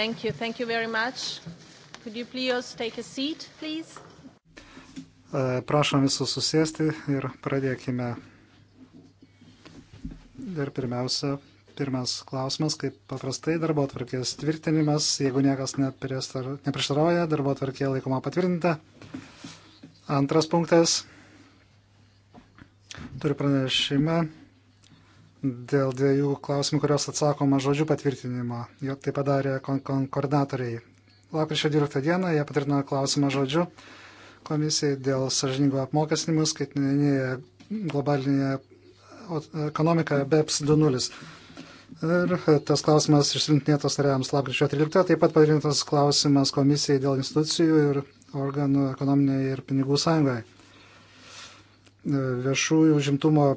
Thank you. Thank you very much. Could you please take a seat, please? E, prašom visus susėsti ir pradėkime. Ir pirmiausia, pirmas klausimas, kaip paprastai darbo atvarkės tvirtinimas, jeigu niekas neprieštarauja, darbo atvarkė laikoma patvirtinta. Antras punktas. Turiu pranešimą dėl dviejų klausimų, kurios atsakoma žodžių patvirtinimo. Jo tai padarė kon kon koordinatoriai. Lapkričio 12 dieną jie patvirtino klausimą žodžiu komisijai dėl sažiningo apmokestinimų skaitinėje globalinėje ekonomikoje BEPS 2.0. Ir tas klausimas išsiuntinėtas nariams lapkričio 13, taip pat padarintas klausimas komisijai dėl institucijų ir organų ekonominėje ir pinigų sąjungoje. Viešųjų žimtumo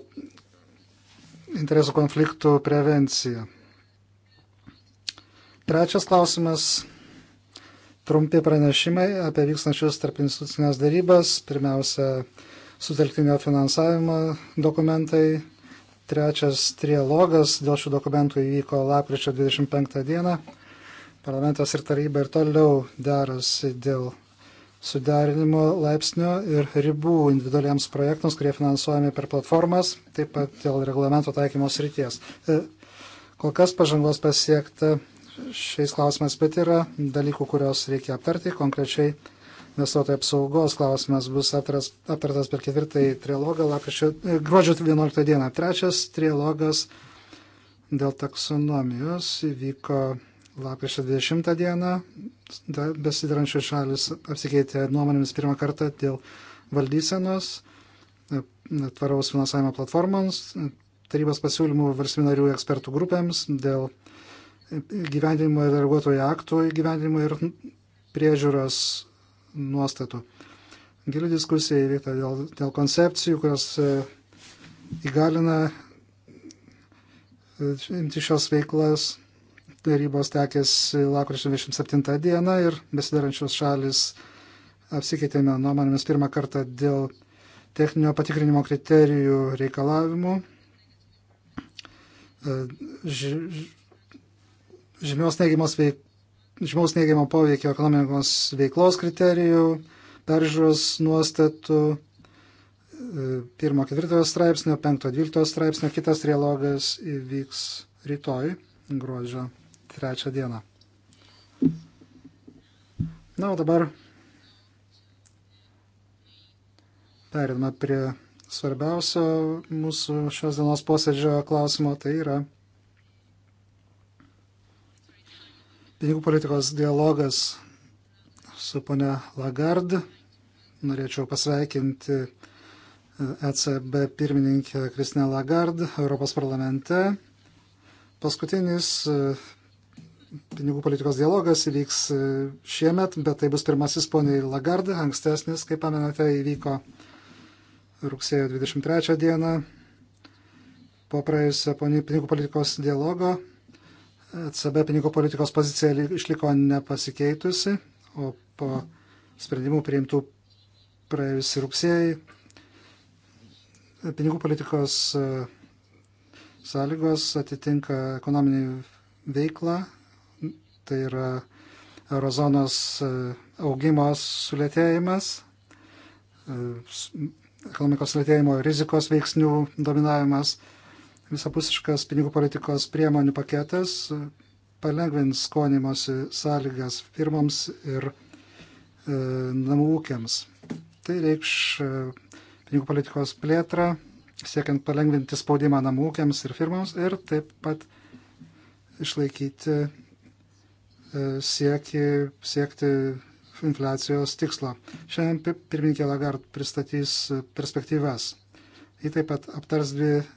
interesų konfliktų prevencija. Trečias klausimas. Trumpi pranešimai apie vykstančius tarp institucinės darybas. Pirmiausia, sutelktinio finansavimo dokumentai. Trečias trialogas dėl šių dokumentų įvyko lapkričio 25 dieną. Parlamentas ir taryba ir toliau derasi dėl suderinimo laipsnio ir ribų individualiems projektams, kurie finansuojami per platformas, taip pat dėl reglamento taikymos ryties. E, kol kas pažangos pasiekta šiais klausimais, bet yra dalykų, kurios reikia aptarti. Konkrečiai investuotojų apsaugos klausimas bus aptaras, aptartas per ketvirtąjį trilogą lapkričio, e, gruodžio 11 dieną. Trečias trilogas dėl taksonomijos įvyko Lapkričio 20 dieną besidarančių šalis apsikeitė nuomonėmis pirmą kartą dėl valdysenos, e, tvaraus finansavimo platformoms, tarybos pasiūlymų valstybinarių ekspertų grupėms dėl gyvendinimo ir darbuotojų aktų įgyvendinimo ir priežiūros nuostatų. Gili diskusija įvykta dėl, dėl koncepcijų, kurios e, įgalina e, imti šios veiklas darybos tekėsi lakryčio 27 dieną ir besidarančios šalis apsikeitėme nuomonėmis pirmą kartą dėl techninio patikrinimo kriterijų reikalavimų. E, žymios neigiamos veik, žymiaus neigiamo poveikio ekonomikos veiklos kriterijų, peržiūros nuostatų, e, pirmo ketvirtojo straipsnio, penkto dvyliktojo straipsnio, kitas trialogas įvyks rytoj gruodžio trečią dieną. Na, o dabar periname prie svarbiausio mūsų šios dienos posėdžio klausimo, tai yra pinigų politikos dialogas su ponia Lagarde. Norėčiau pasveikinti ECB e pirmininkę Kristinę Lagarde Europos parlamente. Paskutinis e, pinigų politikos dialogas įvyks e, šiemet, bet tai bus pirmasis poniai Lagarde, ankstesnis, kaip pamenate, įvyko rugsėjo 23 dieną po praėjusio pinigų politikos dialogo. ECB pinigų politikos pozicija išliko nepasikeitusi, o po sprendimų priimtų praėjusį rugsėjai pinigų politikos e, sąlygos atitinka ekonominį veiklą tai yra eurozonos e, augimos sulėtėjimas, e, ekonomikos sulėtėjimo rizikos veiksnių dominavimas, visapusiškas pinigų politikos priemonių paketas palengvins skonimosi sąlygas firmoms ir e, namų ūkiams. Tai reikš e, pinigų politikos plėtrą, siekiant palengvinti spaudimą namų ūkiams ir firmoms ir taip pat išlaikyti E, sieki, siekti infliacijos tikslo. Šiandien pirmininkė Lagard pristatys e, perspektyvas. Ji taip pat aptars dvi e,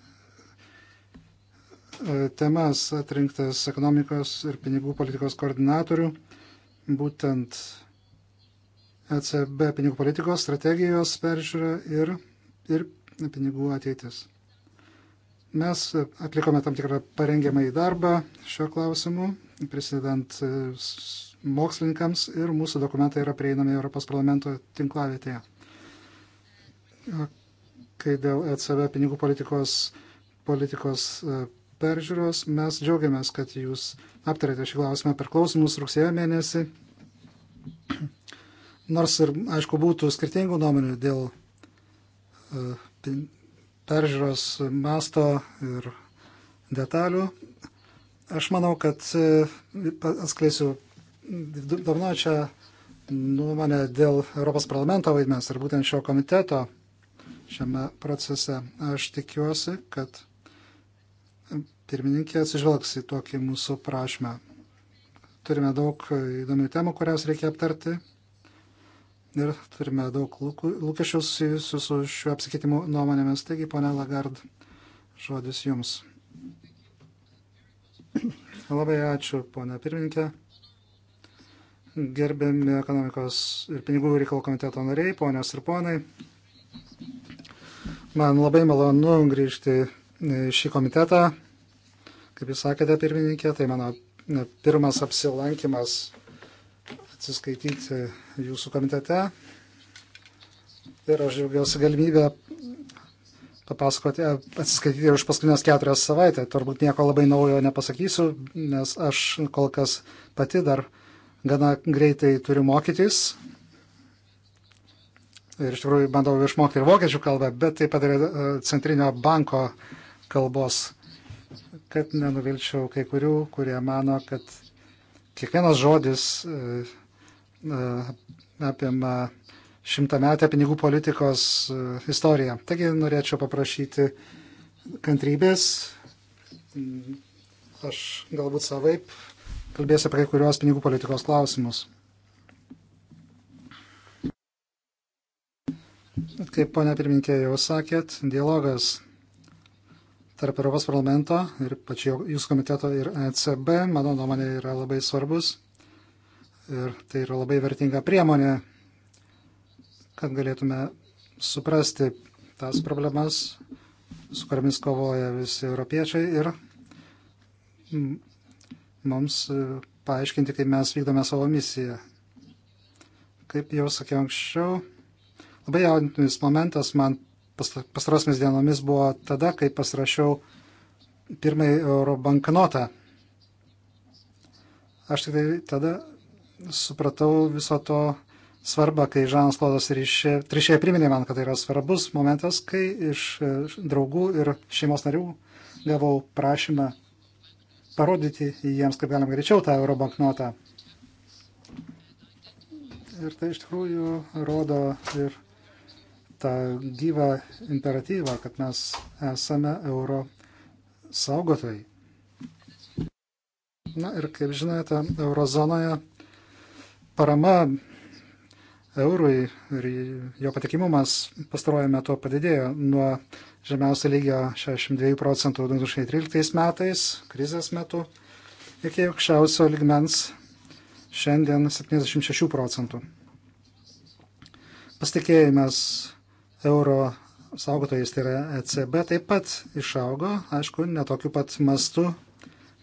temas atrinktas ekonomikos ir pinigų politikos koordinatorių, būtent ECB pinigų politikos strategijos peržiūra ir, ir pinigų ateitis. Mes atlikome tam tikrą parengiamą į darbą šiuo klausimu, prisidedant e, mokslininkams ir mūsų dokumentai yra prieinami Europos parlamento tinklavietėje. E, kai dėl ECB pinigų politikos, politikos e, peržiūros, mes džiaugiamės, kad jūs aptarėte šį klausimą per klausimus rugsėjo mėnesį. Nors ir, aišku, būtų skirtingų nuomonių dėl peržiūros masto ir detalių, Aš manau, kad e, atskleisiu dominočią nuomonę dėl Europos parlamento vaidmens ir būtent šio komiteto šiame procese. Aš tikiuosi, kad pirmininkė atsižvelgs į tokį mūsų prašymą. Turime daug įdomių temų, kurias reikia aptarti ir turime daug lūkesčių susijusių su šiuo apsikeitimu nuomonėmis. Taigi, ponė Lagard, žodis jums. Labai ačiū, ponia pirmininkė. Gerbiami ekonomikos ir pinigų reikalų komiteto nariai, ponios ir ponai. Man labai malonu grįžti į šį komitetą. Kaip jūs sakėte, pirmininkė, tai mano pirmas apsilankimas atsiskaityti jūsų komitete. Ir aš džiaugiuosi galimybę papasakoti, atsiskaityti už paskutinės keturias savaitę. Turbūt nieko labai naujo nepasakysiu, nes aš kol kas pati dar gana greitai turiu mokytis. Ir iš tikrųjų bandau išmokti ir vokiečių kalbą, bet taip pat ir e, centrinio banko kalbos, kad nenuvilčiau kai kurių, kurie mano, kad kiekvienas žodis e, e, apima šimtametę pinigų politikos e, istoriją. Taigi norėčiau paprašyti kantrybės. Mm, aš galbūt savaip kalbėsiu apie kai kurios pinigų politikos klausimus. Kaip ponia pirmininkė jau sakėt, dialogas tarp Europos parlamento ir pačio jūsų komiteto ir ECB, mano nuomonė, yra labai svarbus. Ir tai yra labai vertinga priemonė kad galėtume suprasti tas problemas, su kuriamis kovoja visi europiečiai ir mm, mums e, paaiškinti, kaip mes vykdome savo misiją. Kaip jau sakiau anksčiau, labai jaudintinis momentas man pastarosiamis dienomis buvo tada, kai pasirašiau pirmąjį euro banknotą. Aš tik tai tada supratau viso to svarbą, kai Žanas Klodas Trišė priminė man, kad tai yra svarbus momentas, kai iš e, draugų ir šeimos narių gavau prašymą parodyti jiems, kaip galima greičiau tą eurobanknotą. Ir tai iš tikrųjų rodo ir tą gyvą imperatyvą, kad mes esame euro saugotojai. Na ir kaip žinote, eurozonoje parama eurui ir jo patikimumas pastarojame metu padidėjo nuo žemiausio lygio 62 procentų 2013 metais, krizės metu, iki aukščiausio ligmens šiandien 76 procentų. Pasitikėjimas euro saugotojais, tai yra ECB, taip pat išaugo, aišku, netokiu pat mastu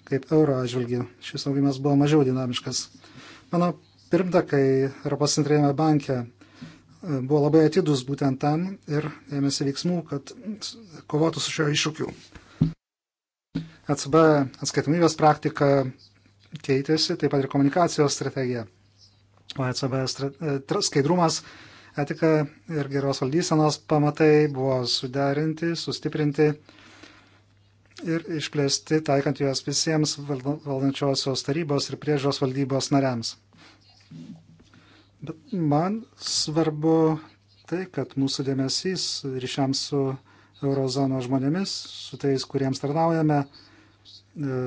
kaip euro atžvilgiu. Šis augimas buvo mažiau dinamiškas. Mano pirmdakai Europos centrinėme banke e, buvo labai atidus būtent tam ir ėmėsi veiksmų, kad kovotų su šio iššūkiu. ECB atskaitomybės praktika keitėsi, taip pat ir komunikacijos strategija. O ECB e, skaidrumas, etika ir geros valdysenos pamatai buvo suderinti, sustiprinti ir išplėsti, taikant juos visiems valdančiosios tarybos ir priežiūros valdybos nariams. Bet man svarbu tai, kad mūsų dėmesys ryšiams su eurozono žmonėmis, su tais, kuriems tarnaujame, e,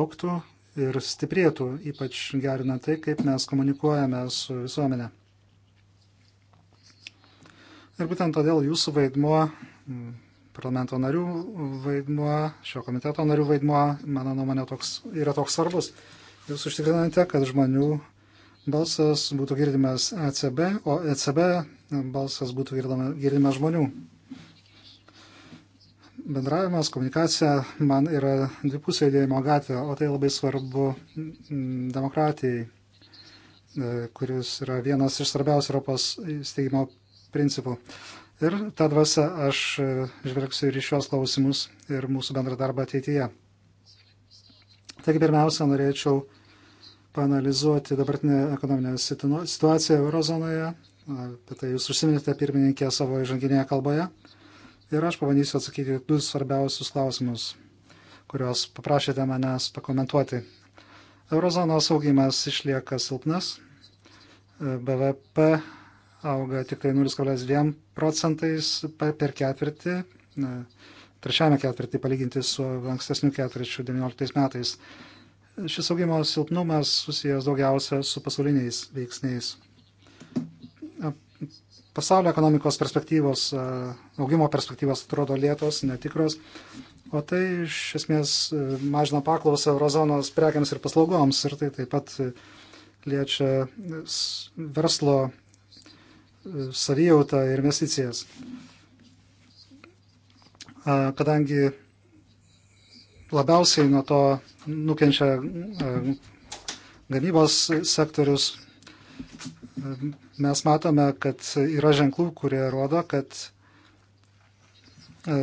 auktų ir stiprėtų, ypač gerina tai, kaip mes komunikuojame su visuomenė. Ir būtent todėl jūsų vaidmuo, parlamento narių vaidmuo, šio komiteto narių vaidmuo, mano nuomonė, toks, yra toks svarbus. Jūs užtikrinate, kad žmonių balsas būtų girdimas ECB, o ECB balsas būtų girdimas žmonių. Bendravimas, komunikacija man yra dvipusio judėjimo gatvė, o tai labai svarbu demokratijai, kuris yra vienas iš svarbiausių Europos steigimo principų. Ir tą dvasę aš žvelgsiu ir iš šios klausimus ir mūsų bendradarbą ateityje. Taigi pirmiausia, norėčiau panalizuoti dabartinę ekonominę situaciją Eurozonoje. Apie tai jūs užsiminėte pirmininkė savo įžanginėje kalboje. Ir aš pabandysiu atsakyti du svarbiausius klausimus, kuriuos paprašėte manęs pakomentuoti. Eurozonos augimas išlieka silpnas. BVP auga tik tai 0,2 procentais per ketvirtį, trečiame ketvirtį palyginti su ankstesniu ketvirčiu 19 metais. Šis augimo silpnumas susijęs daugiausia su pasauliniais veiksniais. Pasaulio ekonomikos perspektyvos, augimo perspektyvos atrodo lėtos, netikros, o tai iš esmės mažina paklausą eurozonos prekiams ir paslaugoms ir tai taip pat liečia verslo savijautą ir investicijas. Kadangi Labiausiai nuo to nukenčia e, gamybos sektorius. Mes matome, kad yra ženklų, kurie rodo, kad e,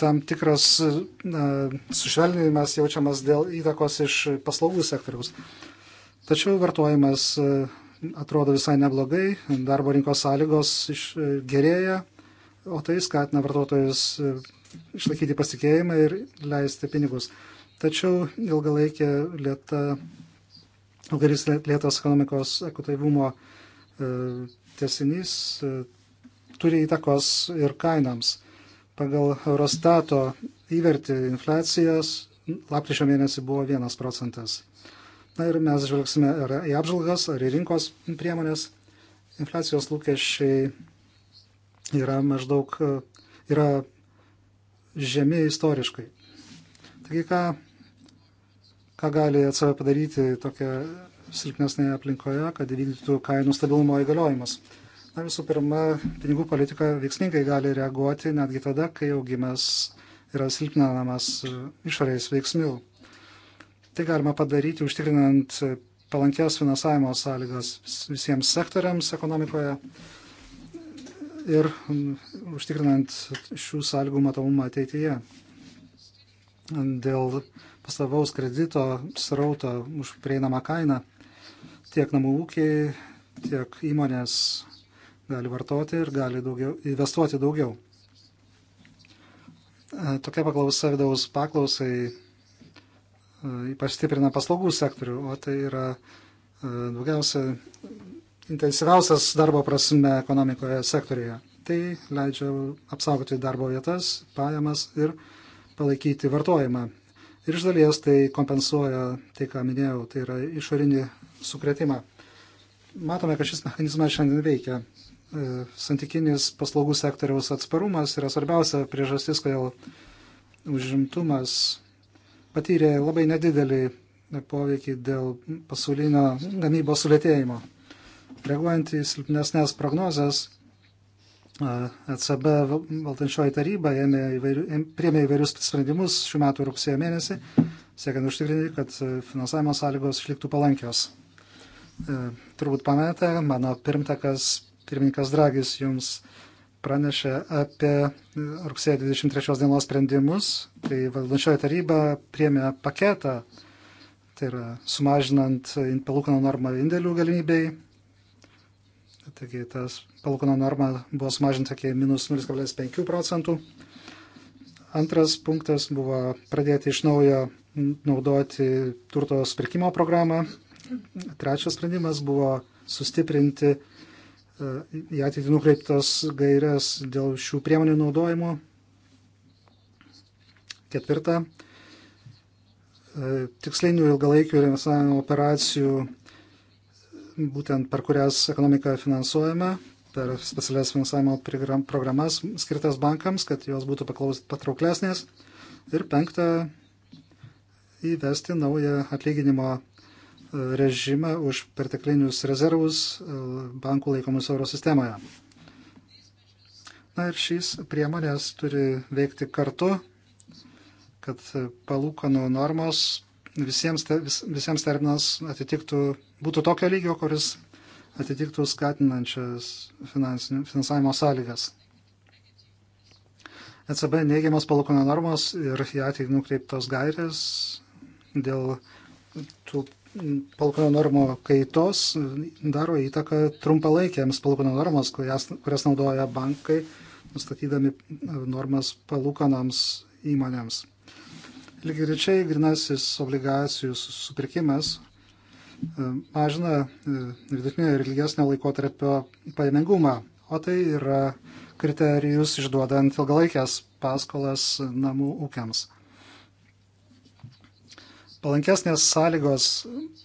tam tikras e, sušvelninimas jaučiamas dėl įtakos iš paslaugų sektoriaus. Tačiau vartojimas atrodo visai neblogai, darbo rinkos sąlygos gerėja, o tai skatina vartotojus išlaikyti pasikėjimą ir leisti pinigus. Tačiau ilgalaikė lėta, ilgalis lėtas ekonomikos ekotaivumo e, tesinys e, turi įtakos ir kainams. Pagal Eurostato įvertį infliacijos lapkričio mėnesį buvo 1 procentas. Na ir mes žvelgsime ar į apžvalgas, ar į rinkos priemonės. Infliacijos lūkesčiai yra maždaug, e, yra žemi istoriškai. Taigi, ką, ką gali atsave padaryti tokia silpnesnėje aplinkoje, kad įvykdytų kainų stabilumo įgaliojimus? Na, visų pirma, pinigų politika veiksmingai gali reaguoti netgi tada, kai augimas yra silpninamas išorės veiksmių. Tai galima padaryti užtikrinant palankias finansavimo sąlygas visiems sektoriams ekonomikoje ir mm, užtikrinant šių sąlygų matomumą ateityje. Dėl pastovaus kredito srauto už prieinamą kainą tiek namų ūkiai, tiek įmonės gali vartoti ir gali daugiau, investuoti daugiau. E, tokia paklausa vidaus paklausai e, ypač stiprina paslaugų sektorių, o tai yra e, daugiausia intensyviausias darbo prasme ekonomikoje sektoriuje. Tai leidžia apsaugoti darbo vietas, pajamas ir palaikyti vartojimą. Ir iš dalies tai kompensuoja tai, ką minėjau, tai yra išorinį sukretimą. Matome, kad šis mechanizmas šiandien veikia. E, Santikinis paslaugų sektoriaus atsparumas yra svarbiausia priežastis, kodėl užimtumas patyrė labai nedidelį poveikį dėl pasaulinio gamybos sulėtėjimo. Reaguojant į silpnesnės prognozes, ECB valdančioji taryba įvairių, priemė įvairius sprendimus šių metų rugsėjo mėnesį, siekiant užtikrinti, kad e, finansavimo sąlygos išliktų palankios. E, turbūt pametę, mano pirmtakas, pirmininkas Dragis jums pranešė apie e, rugsėjo 23 dienos sprendimus, kai valdančioji taryba priemė paketą, tai yra sumažinant palūkanų normą indėlių galimybėjai taigi tas palūkanų norma buvo sumažinta iki minus 0,5 procentų. Antras punktas buvo pradėti iš naujo naudoti turtos pirkimo programą. Trečias sprendimas buvo sustiprinti e, į ateitį nukreiptas gairias dėl šių priemonių naudojimo. Ketvirta, e, tikslinių ilgalaikių investavimo operacijų būtent per kurias ekonomiką finansuojame, per specialias finansavimo programas skirtas bankams, kad jos būtų patrauklesnės. Ir penkta, įvesti naują atlyginimo e, režimą už perteklinius rezervus e, bankų laikomus euro sistemoje. Na ir šīs priemonės turi veikti kartu, kad palūkanų normos visiems, vis, visiems terminas atitiktų, būtų tokio lygio, kuris atitiktų skatinančias finansavimo sąlygas. ECB neigiamas palūkanų normos ir į ateitį nukreiptos gairės dėl tų palūkanų normų kaitos daro įtaką trumpalaikėms palūkanų normos, kurias, kurias naudoja bankai, nustatydami normas palūkanams įmonėms. Lygiai grinasis obligacijų supirkimas e, mažina e, vidutinio ir ilgesnio laikotarpio pajamingumą, o tai yra kriterijus išduodant ilgalaikės paskolas namų ūkiams. Palankesnės sąlygos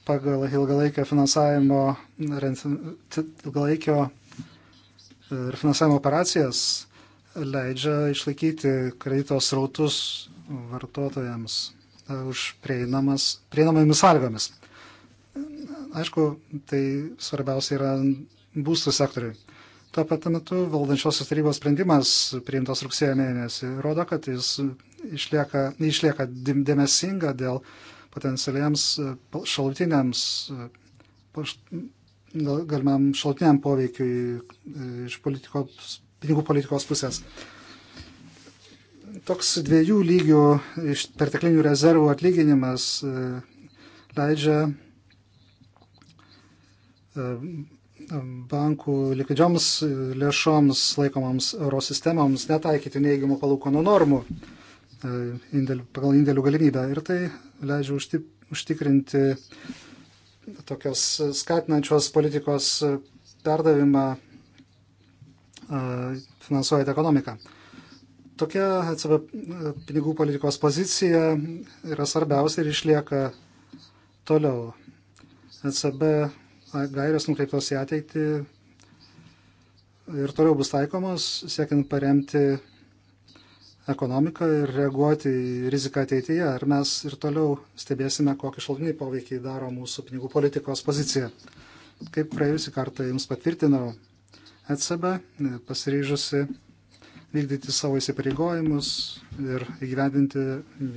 pagal ilgalaikio finansavimo, ilgalaikio ir e, finansavimo operacijas leidžia išlaikyti kreditos rautus vartotojams e, už prieinamomis sąlygomis. Aišku, tai svarbiausia yra būstų sektoriui. Tuo pat metu valdančiosios tarybos sprendimas priimtas rugsėjo mėnesį rodo, kad jis išlieka, išlieka dėmesinga dėl potencialiems e, šalutiniams e, galimam šalutiniam poveikiui iš politikos, pinigų politikos pusės. Toks dviejų lygių iš perteklinių rezervų atlyginimas e, leidžia e, bankų likvidžioms e, lėšoms laikomoms euro sistemoms netaikyti neįgimų palūkanų normų indėlių, pagal indėlių galimybę. Ir tai leidžia užtip, užtikrinti tokios skatinančios politikos perdavimą finansuojant ekonomiką. Tokia ECB pinigų politikos pozicija yra svarbiausia ir išlieka toliau. ECB gairės nukreiptos į ateitį ir toliau bus taikomos, siekiant paremti ekonomiką ir reaguoti į riziką ateityje. Ar mes ir toliau stebėsime, kokį šaltinį poveikį daro mūsų pinigų politikos pozicija. Kaip praėjusį kartą jums patvirtinau, ECB pasiryžusi vykdyti savo įsipareigojimus ir įgyvendinti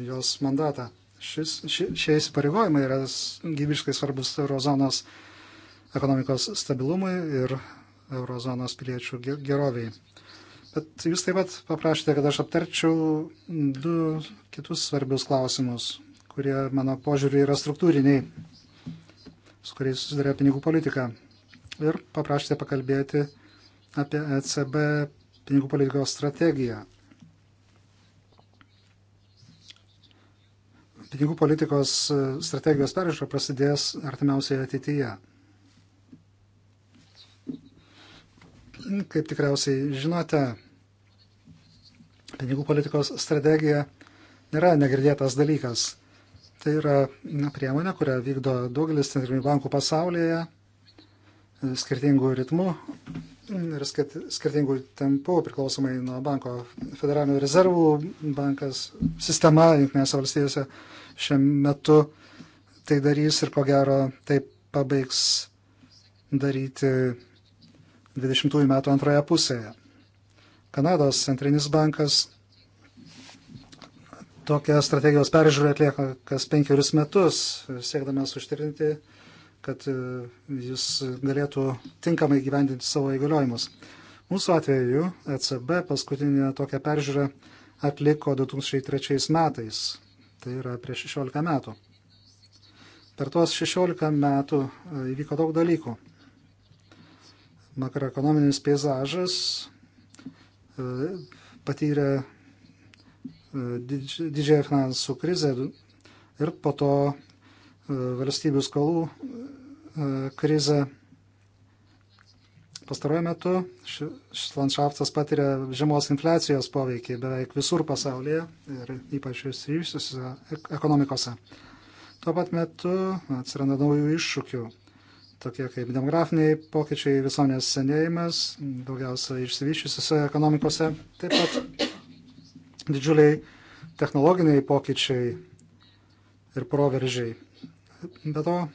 jos mandatą. Šis, ši, šie įsipareigojimai yra gyviškai svarbus eurozonos ekonomikos stabilumui ir eurozonos piliečių geroviai. Bet jūs taip pat paprašėte, kad aš aptarčiau du kitus svarbius klausimus, kurie mano požiūriu yra struktūriniai, su kuriais susidarė pinigų politika. Ir paprašėte pakalbėti apie ECB pinigų politikos strategiją. Pinigų politikos e, strategijos peržiūra prasidės artimiausioje ateityje. Kaip tikriausiai žinote, pinigų politikos strategija nėra negirdėtas dalykas. Tai yra priemonė, kurią vykdo daugelis centrinių bankų pasaulyje skirtingų ritmų ir skirtingų tempų priklausomai nuo banko. Federalinių rezervų bankas sistema Junktinėse valstijose šiuo metu tai darys ir ko gero taip pabaigs daryti 20 metų antroje pusėje. Kanados centrinis bankas tokią strategijos peržiūrą atlieka kas penkerius metus, siekdamas užtikrinti, kad e, jis galėtų tinkamai gyvendinti savo įgaliojimus. Mūsų atveju ECB paskutinę tokią peržiūrą atliko 2003 metais, tai yra prieš 16 metų. Per tuos 16 metų e, įvyko daug dalykų. Makroekonominis peizažas e, patyrė didžiąją finansų krizę ir po to E, valstybių skolų e, krizę. Pastaruoju metu šis landšaftas patiria žemos infliacijos poveikį beveik visur pasaulyje ir ypač išsivyščiusiuose ekonomikose. Tuo pat metu atsiranda naujų iššūkių, tokie kaip demografiniai pokyčiai, visuomenės senėjimas, daugiausia išsivyščiusiuose ekonomikose, taip pat didžiuliai technologiniai pokyčiai ir proveržiai. Be to,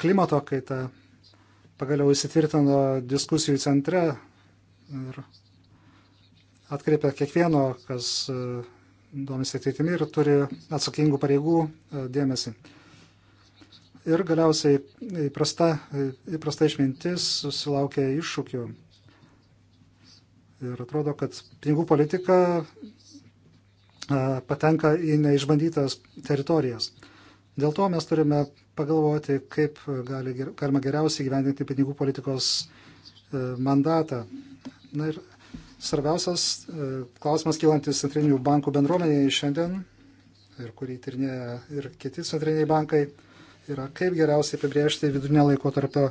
klimato kaita pagaliau įsitvirtino diskusijų centre ir atkreipia kiekvieno, kas e, domisi ateitimi ir turi atsakingų pareigų e, dėmesį. Ir galiausiai įprasta, e, įprasta išmintis susilaukė iššūkių. Ir atrodo, kad pinigų politika patenka į neišbandytas teritorijas. Dėl to mes turime pagalvoti, kaip gali, galima geriausiai gyvendinti pinigų politikos e, mandatą. Na ir svarbiausias e, klausimas kylantis centrinių bankų bendruomeniai šiandien ir kurį tirinėja ir kiti centriniai bankai, yra kaip geriausiai apibriežti vidurinio laiko tarpio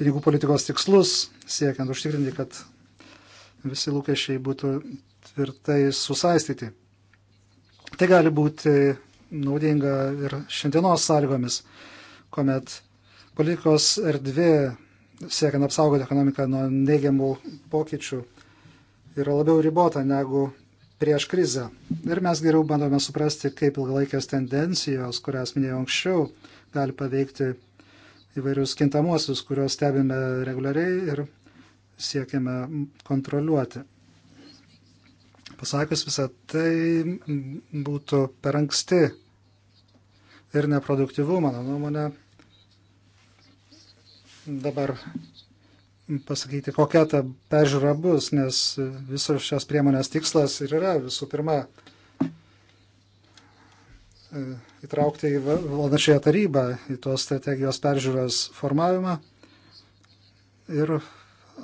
pinigų politikos tikslus, siekiant užtikrinti, kad visi lūkesčiai būtų tvirtai susaistyti. Tai gali būti naudinga ir šiandienos sąlygomis, kuomet politikos erdvė siekiant apsaugoti ekonomiką nuo neigiamų pokyčių yra labiau ribota negu prieš krizę. Ir mes geriau bandome suprasti, kaip ilgalaikės tendencijos, kurias minėjau anksčiau, gali paveikti įvairius kintamuosius, kuriuos stebime reguliariai ir siekiame kontroliuoti. Pasakius visą tai būtų per anksti ir neproduktyvu, mano nuomonė, dabar pasakyti, kokia ta peržiūra bus, nes visos šios priemonės tikslas ir yra visų pirma e, įtraukti į valdančiąją tarybą, į tos strategijos peržiūros formavimą ir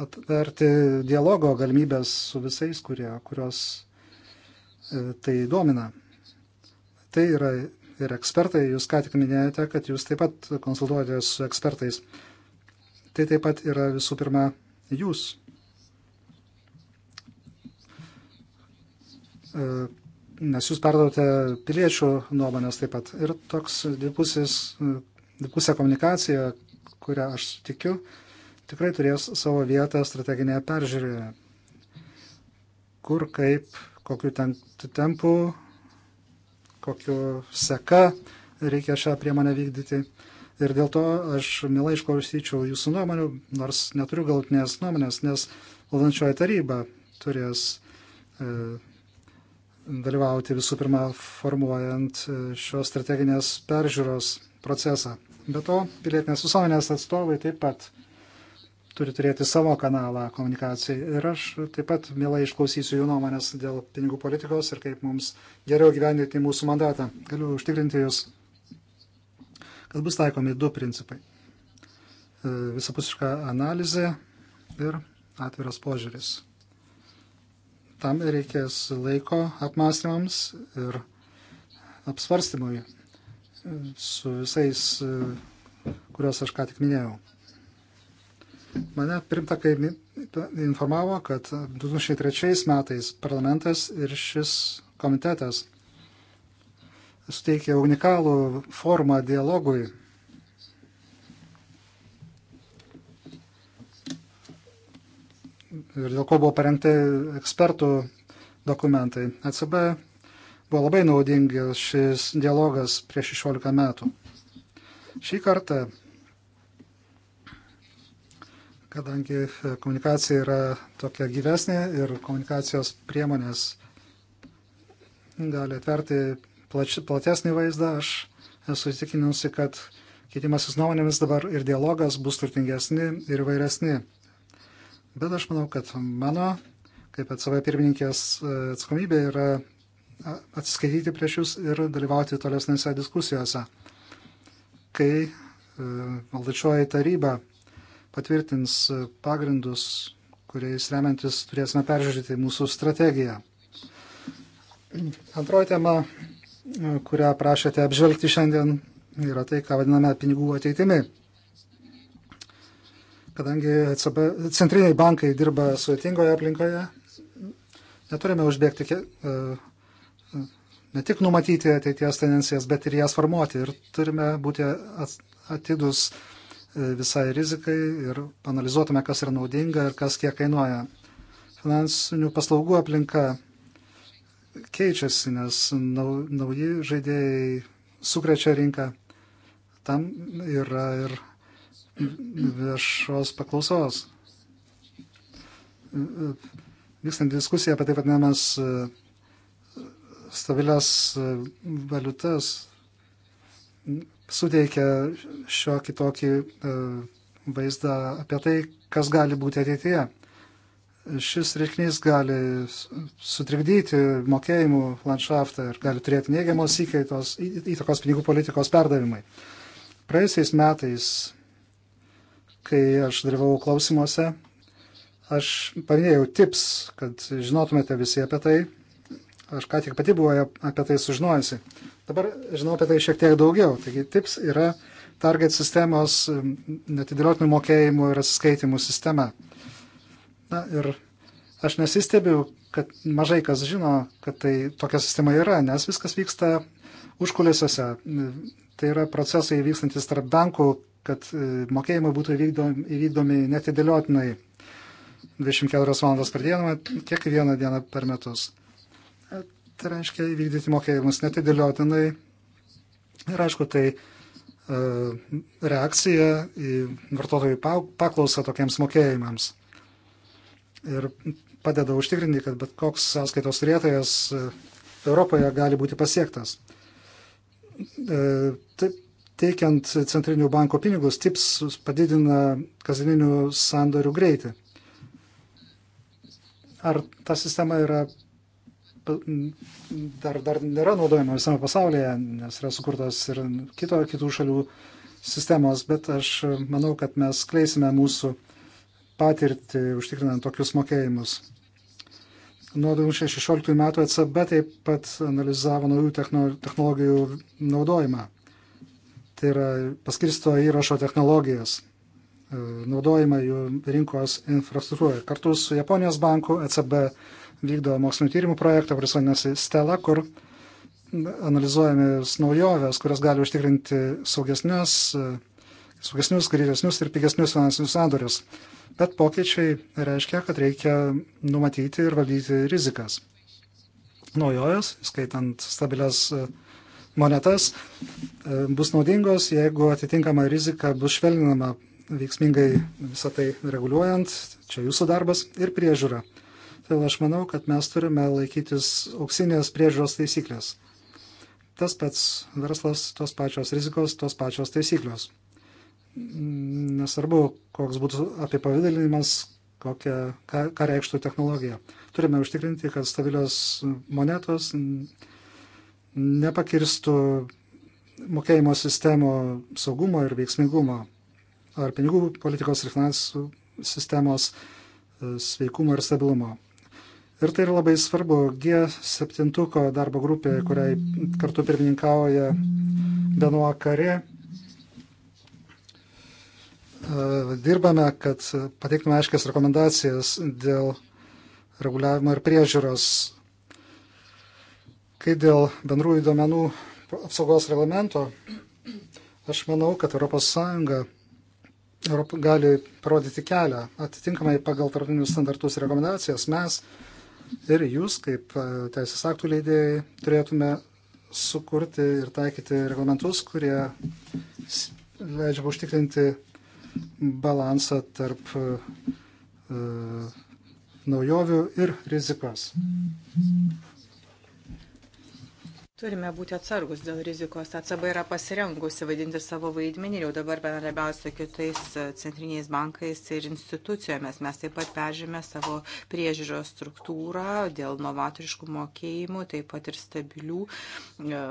atverti dialogo galimybės su visais, kurie, kurios e, tai domina. Tai yra ir ekspertai, jūs ką tik minėjote, kad jūs taip pat konsultuojate su ekspertais. Tai taip pat yra visų pirma jūs. E, nes jūs perdote piliečių nuomonės taip pat. Ir toks dvipusė e, komunikacija, kurią aš tikiu, tikrai turės savo vietą strateginėje peržiūroje. Kur, kaip, kokiu tempu, kokiu seka reikia šią priemonę vykdyti. Ir dėl to aš mielai išklausyčiau jūsų nuomonių, nors neturiu galtinės nuomonės, nes valdančioji taryba turės e, dalyvauti visų pirma formuojant e, šios strateginės peržiūros procesą. Be to, pilietinės visuomenės atstovai taip pat turi turėti savo kanalą komunikacijai. Ir aš taip pat mielai išklausysiu jų nuomonės dėl pinigų politikos ir kaip mums geriau gyvendyti mūsų mandatą. Galiu užtikrinti jūs, kad bus taikomi du principai. E, visapusiška analizė ir atviras požiūris. Tam reikės laiko apmąstymams ir apsvarstymui e, su visais, e, kuriuos aš ką tik minėjau. Mane pirmtakai informavo, kad 2003 metais parlamentas ir šis komitetas suteikė unikalų formą dialogui. Ir dėl ko buvo parengti ekspertų dokumentai. ECB buvo labai naudingas šis dialogas prieš 16 metų. Šį kartą kadangi komunikacija yra tokia gyvesnė ir komunikacijos priemonės gali atverti plač, platesnį vaizdą, aš esu įsitikinusi, kad keitimasis nuomonėmis dabar ir dialogas bus turtingesni ir vairesni. Bet aš manau, kad mano, kaip atsavai pirmininkės e, atsakomybė, yra atsiskaityti prieš jūs ir dalyvauti tolesnėse diskusijose. Kai e, valdačioji taryba patvirtins pagrindus, kuriais remiantis turėsime peržiūrėti mūsų strategiją. Antroji tema, kurią prašėte apžvelgti šiandien, yra tai, ką vadiname pinigų ateitimi. Kadangi ECB, centriniai bankai dirba sudėtingoje aplinkoje, neturime užbėgti e, ne tik numatyti ateities tendencijas, bet ir jas formuoti. Ir turime būti atidus visai rizikai ir analizuotume, kas yra naudinga ir kas kiek kainuoja. Finansinių paslaugų aplinka keičiasi, nes nauji žaidėjai sukrečia rinką. Tam yra ir viešos paklausos. Vykstant diskusiją apie taip vadinamas e, stabilias e, valiutas, suteikia šio kitokį e, vaizdą apie tai, kas gali būti ateityje. Šis reikinys gali sutrikdyti mokėjimų landšaftą ir gali turėti neigiamos įkaitos įtakos pinigų politikos perdavimai. Praėjusiais metais, kai aš dalyvau klausimuose, aš paminėjau tips, kad žinotumėte visi apie tai. Aš ką tik pati buvau apie tai sužinojusi. Dabar žinau apie tai šiek tiek daugiau. Taigi TIPS yra target sistemos netidėliotinių mokėjimų ir atsiskaitimų sistema. Na ir aš nesistebiu, kad mažai kas žino, kad tai tokia sistema yra, nes viskas vyksta užkulisiuose. Tai yra procesai vykstantis tarp bankų, kad e, mokėjimai būtų įvykdomi, įvykdomi netidėliotinai 24 valandas per dieną, kiekvieną dieną per metus. Tai reiškia įvykdyti mokėjimus netidėliotinai. Ir aišku, tai e, reakcija į vartotojų paklausą tokiems mokėjimams. Ir padeda užtikrinti, kad bet koks sąskaitos rėtojas e, Europoje gali būti pasiektas. E, taip, teikiant centrinių banko pinigus, TIPS padidina kasdieninių sandorių greitį. Ar ta sistema yra dar, dar nėra naudojama visame pasaulyje, nes yra sukurtos ir kito, kitų šalių sistemos, bet aš manau, kad mes kleisime mūsų patirtį užtikrinant tokius mokėjimus. Nuo 2016 metų ECB taip pat analizavo naujų technologijų naudojimą. Tai yra paskirsto įrašo technologijas, e, naudojimą jų rinkos infrastruktūroje. Kartu su Japonijos banku ECB vykdo mokslinio tyrimų projektą, kuris vadinasi Stela, kur analizuojamės naujoves, kurios gali užtikrinti saugesnius, saugesnius, greitesnius ir pigesnius finansinius sandorius. Bet pokyčiai reiškia, kad reikia numatyti ir valdyti rizikas. Naujojas, skaitant stabilias e, monetas, e, bus naudingos, jeigu atitinkama rizika bus švelninama veiksmingai visą tai reguliuojant, čia jūsų darbas ir priežiūra. Todėl aš manau, kad mes turime laikytis auksinės priežiūros taisyklės. Tas pats verslas, tos pačios rizikos, tos pačios taisyklios. Nesvarbu, koks būtų apipavydalinimas, kokia, ką, ką reikštų technologija. Turime užtikrinti, kad stabilios monetos nepakirstų mokėjimo sistemo saugumo ir veiksmingumo, ar pinigų politikos ir finansų sistemos e, sveikumo ir stabilumo. Ir tai yra labai svarbu. G7 darbo grupė, kuriai kartu pirmininkauja Benuo Karė, e, dirbame, kad pateiktume aiškias rekomendacijas dėl reguliavimo ir priežiūros. Kai dėl bendrųjų duomenų apsaugos reglamento, aš manau, kad ES gali parodyti kelią. Atitinkamai pagal tarptautinius standartus ir rekomendacijas mes Ir jūs, kaip e, teisės aktų leidėjai, turėtume sukurti ir taikyti reglamentus, kurie leidžia užtikrinti balansą tarp uh, naujovių ir rizikos. Turime būti atsargus dėl rizikos. ECB yra pasirengusi vaidinti savo vaidmenį ir jau dabar bendradarbiausia su kitais e, centriniais bankais ir institucijomis. Mes taip pat peržymė savo priežiūros struktūrą dėl novatoriškų mokėjimų, taip pat ir stabilių e,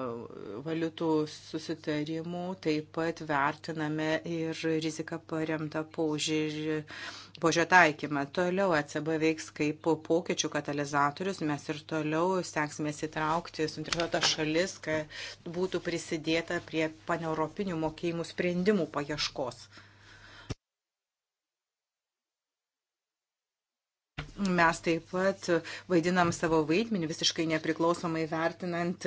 valiutų susitarimų, taip pat vertiname ir riziką paremtą požiūrį požio taikymą. Toliau ECB veiks kaip pokyčių katalizatorius. Mes ir toliau stengsime įtraukti suinteresuotas šalis, kad būtų prisidėta prie paneuropinių mokėjimų sprendimų paieškos. Mes taip pat vaidinam savo vaidmenį visiškai nepriklausomai vertinant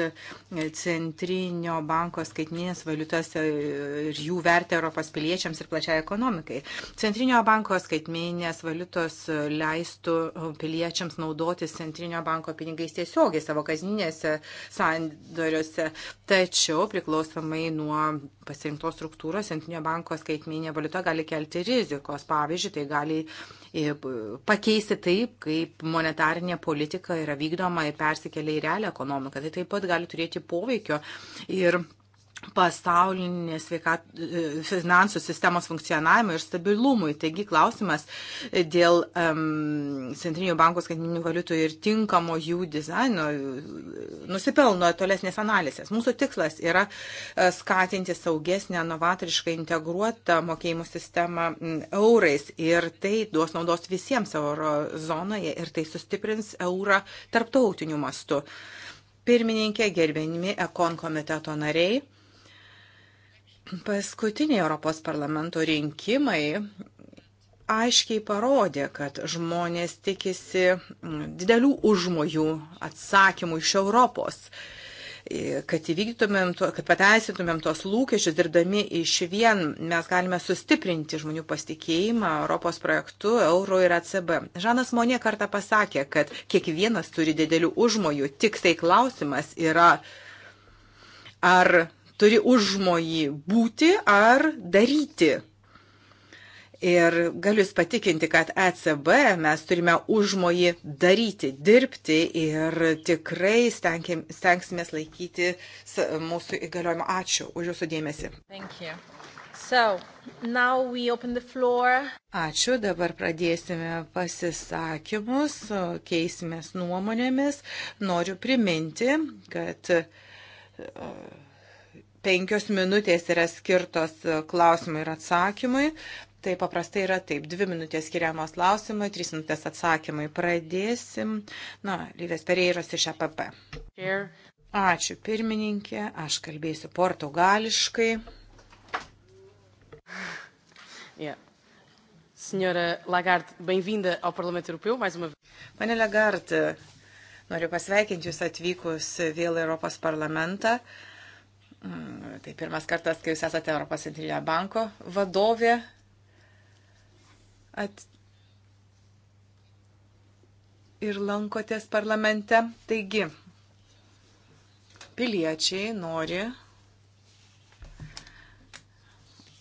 centrinio banko skaitminės valiutas ir jų vertę Europos piliečiams ir plačiai ekonomikai. Centrinio banko skaitminės valiutos leistų piliečiams naudotis centrinio banko pinigais tiesiogiai savo kasminėse sandoriuose. Tačiau priklausomai nuo pasirinktos struktūros centrinio banko skaitminė valiuta gali kelti rizikos. Pavyzdžiui, tai gali e, pakeisti tai, taip, kaip monetarinė politika yra vykdoma ir persikelia į realią ekonomiką. Tai taip pat gali turėti poveikio ir pasaulinės sveikat, e, finansų sistemos funkcionavimui ir stabilumui. Taigi klausimas dėl um, centrinių bankų skaitmeninių valiutų ir tinkamo jų dizaino e, nusipelno tolesnės analizės. Mūsų tikslas yra e, skatinti saugesnę, novatorišką, integruotą mokėjimų sistemą eurais ir tai duos naudos visiems euro zonoje ir tai sustiprins eurą tarptautiniu mastu. Pirmininkė, gerbėnimi Ekon komiteto nariai. Paskutiniai Europos parlamento rinkimai aiškiai parodė, kad žmonės tikisi mm, didelių užmojų atsakymų iš Europos kad įvykdytumėm, kad pateisintumėm tuos lūkesčius, dirbdami iš vien, mes galime sustiprinti žmonių pasitikėjimą Europos projektu, euro ir ACB. Žanas Monė kartą pasakė, kad kiekvienas turi didelių užmojų, tik tai klausimas yra, ar turi užmojį būti ar daryti. Ir galiu jūs patikinti, kad ECB mes turime užmojį daryti, dirbti ir tikrai stengiam, stengsimės laikyti mūsų įgaliojimo. Ačiū už jūsų dėmesį. So, Ačiū, dabar pradėsime pasisakymus, keisimės nuomonėmis. Noriu priminti, kad. Uh, penkios minutės yra skirtos klausimui ir atsakymui. Tai paprastai yra taip, dvi minutės skiriamos klausimui, trys minutės atsakymui. Pradėsim. Na, Lyvės Pereiros iš APP. Ačiū pirmininkė, aš kalbėsiu portugališkai. Yeah. Senhora Lagarde, bem-vinda ao Parlamento Europeu mais uma vez. Pane Lagarde, noriu pasveikinti Jūs atvykus vėl Europos parlamentą. Uh, Mm, tai pirmas kartas, kai jūs esate Europos centrinio banko vadovė. At... Ir lankotės parlamente. Taigi, piliečiai nori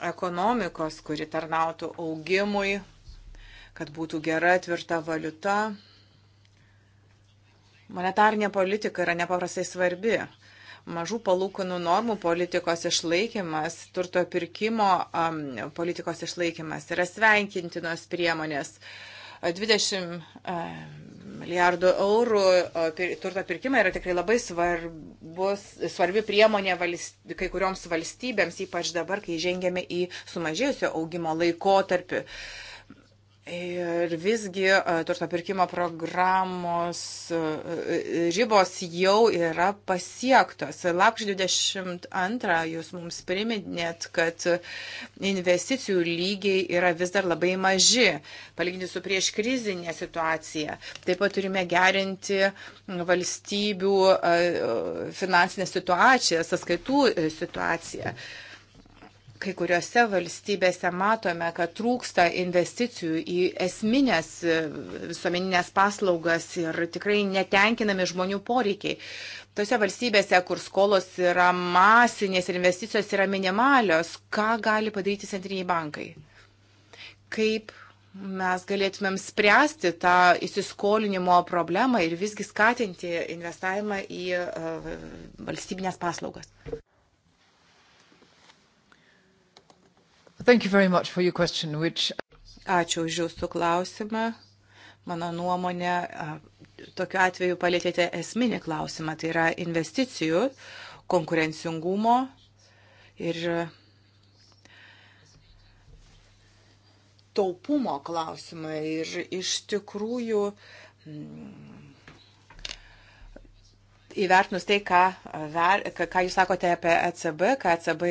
ekonomikos, kuri tarnautų augimui, kad būtų gera tvirta valiuta. Monetarinė politika yra nepaprastai svarbi mažų palūkanų normų politikos išlaikymas, turto pirkimo um, politikos išlaikymas yra sveikintinos priemonės. 20 milijardų eurų turto pirkimai yra tikrai labai svarbus, svarbi priemonė valst, kai kurioms valstybėms, ypač dabar, kai žengėme į sumažėjusio augimo laikotarpį. Uh, Ir visgi e, turto pirkimo programos e, e, ribos jau yra pasiektos. Lapkričio 22 jūs mums priminėt, kad investicijų lygiai yra vis dar labai maži, palyginti su prieš krizinė situacija. Taip pat turime gerinti valstybių finansinę situaciją, saskaitų situaciją. Mhm kai kuriuose valstybėse matome, kad trūksta investicijų į esminės e, visuomeninės paslaugas ir tikrai netenkinami žmonių poreikiai. Tose valstybėse, kur skolos yra masinės ir investicijos yra minimalios, ką gali padaryti centriniai bankai? Kaip mes galėtumėm spręsti tą įsiskolinimo problemą ir visgi skatinti investavimą į e, valstybinės paslaugas? Question, which... Ačiū už Jūsų klausimą. Mano nuomonė, tokiu atveju palėtėte esminį klausimą, tai yra investicijų, konkurencingumo ir taupumo klausimai. Ir iš tikrųjų. Mm, įvertinus tai, ką, ver, ką jūs sakote apie ECB, ką ECB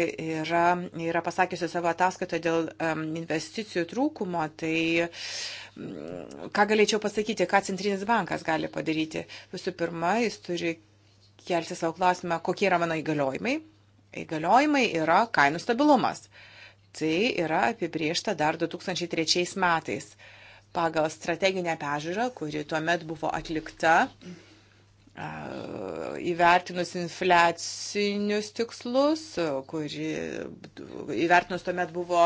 yra, yra pasakiusi savo ataskaitoje dėl um, investicijų trūkumo, tai um, ką galėčiau pasakyti, ką Centrinis bankas gali padaryti. Visų pirma, jis turi kelti savo klausimą, kokie yra mano įgaliojimai. Įgaliojimai yra kainų stabilumas. Tai yra apibriešta dar 2003 metais pagal strateginę pežiūrą, kuri tuo met buvo atlikta. Mhm įvertinus infliacinius tikslus, kuri įvertinus tuomet buvo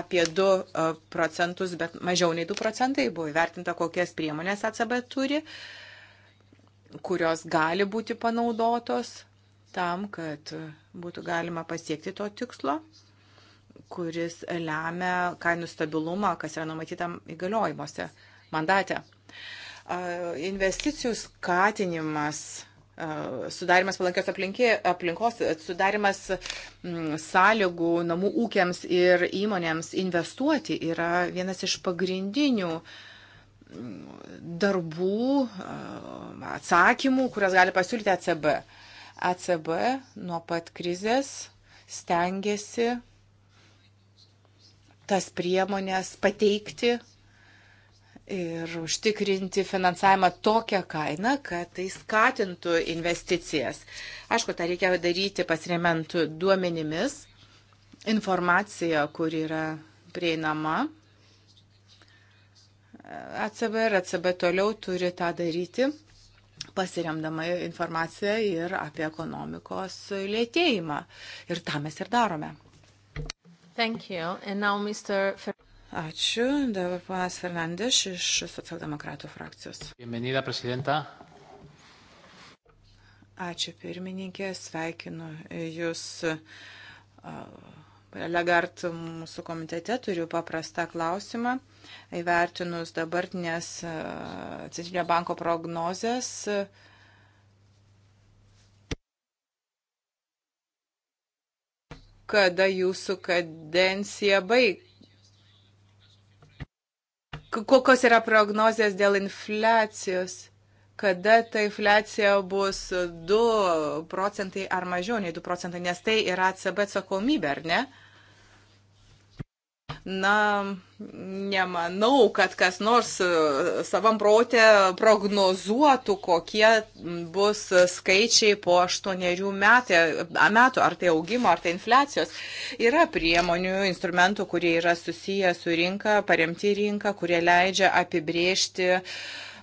apie 2 procentus, bet mažiau nei 2 procentai, buvo įvertinta, kokias priemonės ACB turi, kurios gali būti panaudotos tam, kad būtų galima pasiekti to tikslo, kuris lemia kainų stabilumą, kas yra numatytam įgaliojimuose mandate. Uh, Investicijų skatinimas sudarimas palankios aplinkė, aplinkos, sudarimas sąlygų namų ūkiams ir įmonėms investuoti yra vienas iš pagrindinių darbų, atsakymų, kurias gali pasiūlyti ECB. ECB nuo pat krizės stengiasi tas priemonės pateikti ir užtikrinti finansavimą tokią kainą, kad tai skatintų investicijas. Aišku, tą reikia daryti pasiremiant duomenimis, informacija, kur yra prieinama. ACB ir ACB toliau turi tą daryti, pasiremdama informaciją ir apie ekonomikos lėtėjimą. Ir tą mes ir darome. Thank you. And now Mr. Fer Ačiū. Dabar ponas Fernandes iš socialdemokratų frakcijos. Bienvenida, prezidenta. Ačiū pirmininkė, sveikinu Jūs. Legart mūsų komitete turiu paprastą klausimą. Įvertinus dabartinės Centrinio banko prognozes, kada jūsų kadencija baig, kokios yra prognozijas dėl infliacijos? kada ta infliacija bus 2 procentai ar mažiau nei 2 procentai, nes tai yra ACB atsakomybė, ar ne? Na, nemanau, kad kas nors e, savam protė prognozuotų, kokie bus skaičiai po aštuonerių metų, ar tai augimo, ar tai infliacijos. Yra priemonių, instrumentų, kurie yra susiję su rinka, paremti rinka, kurie leidžia apibriežti uh,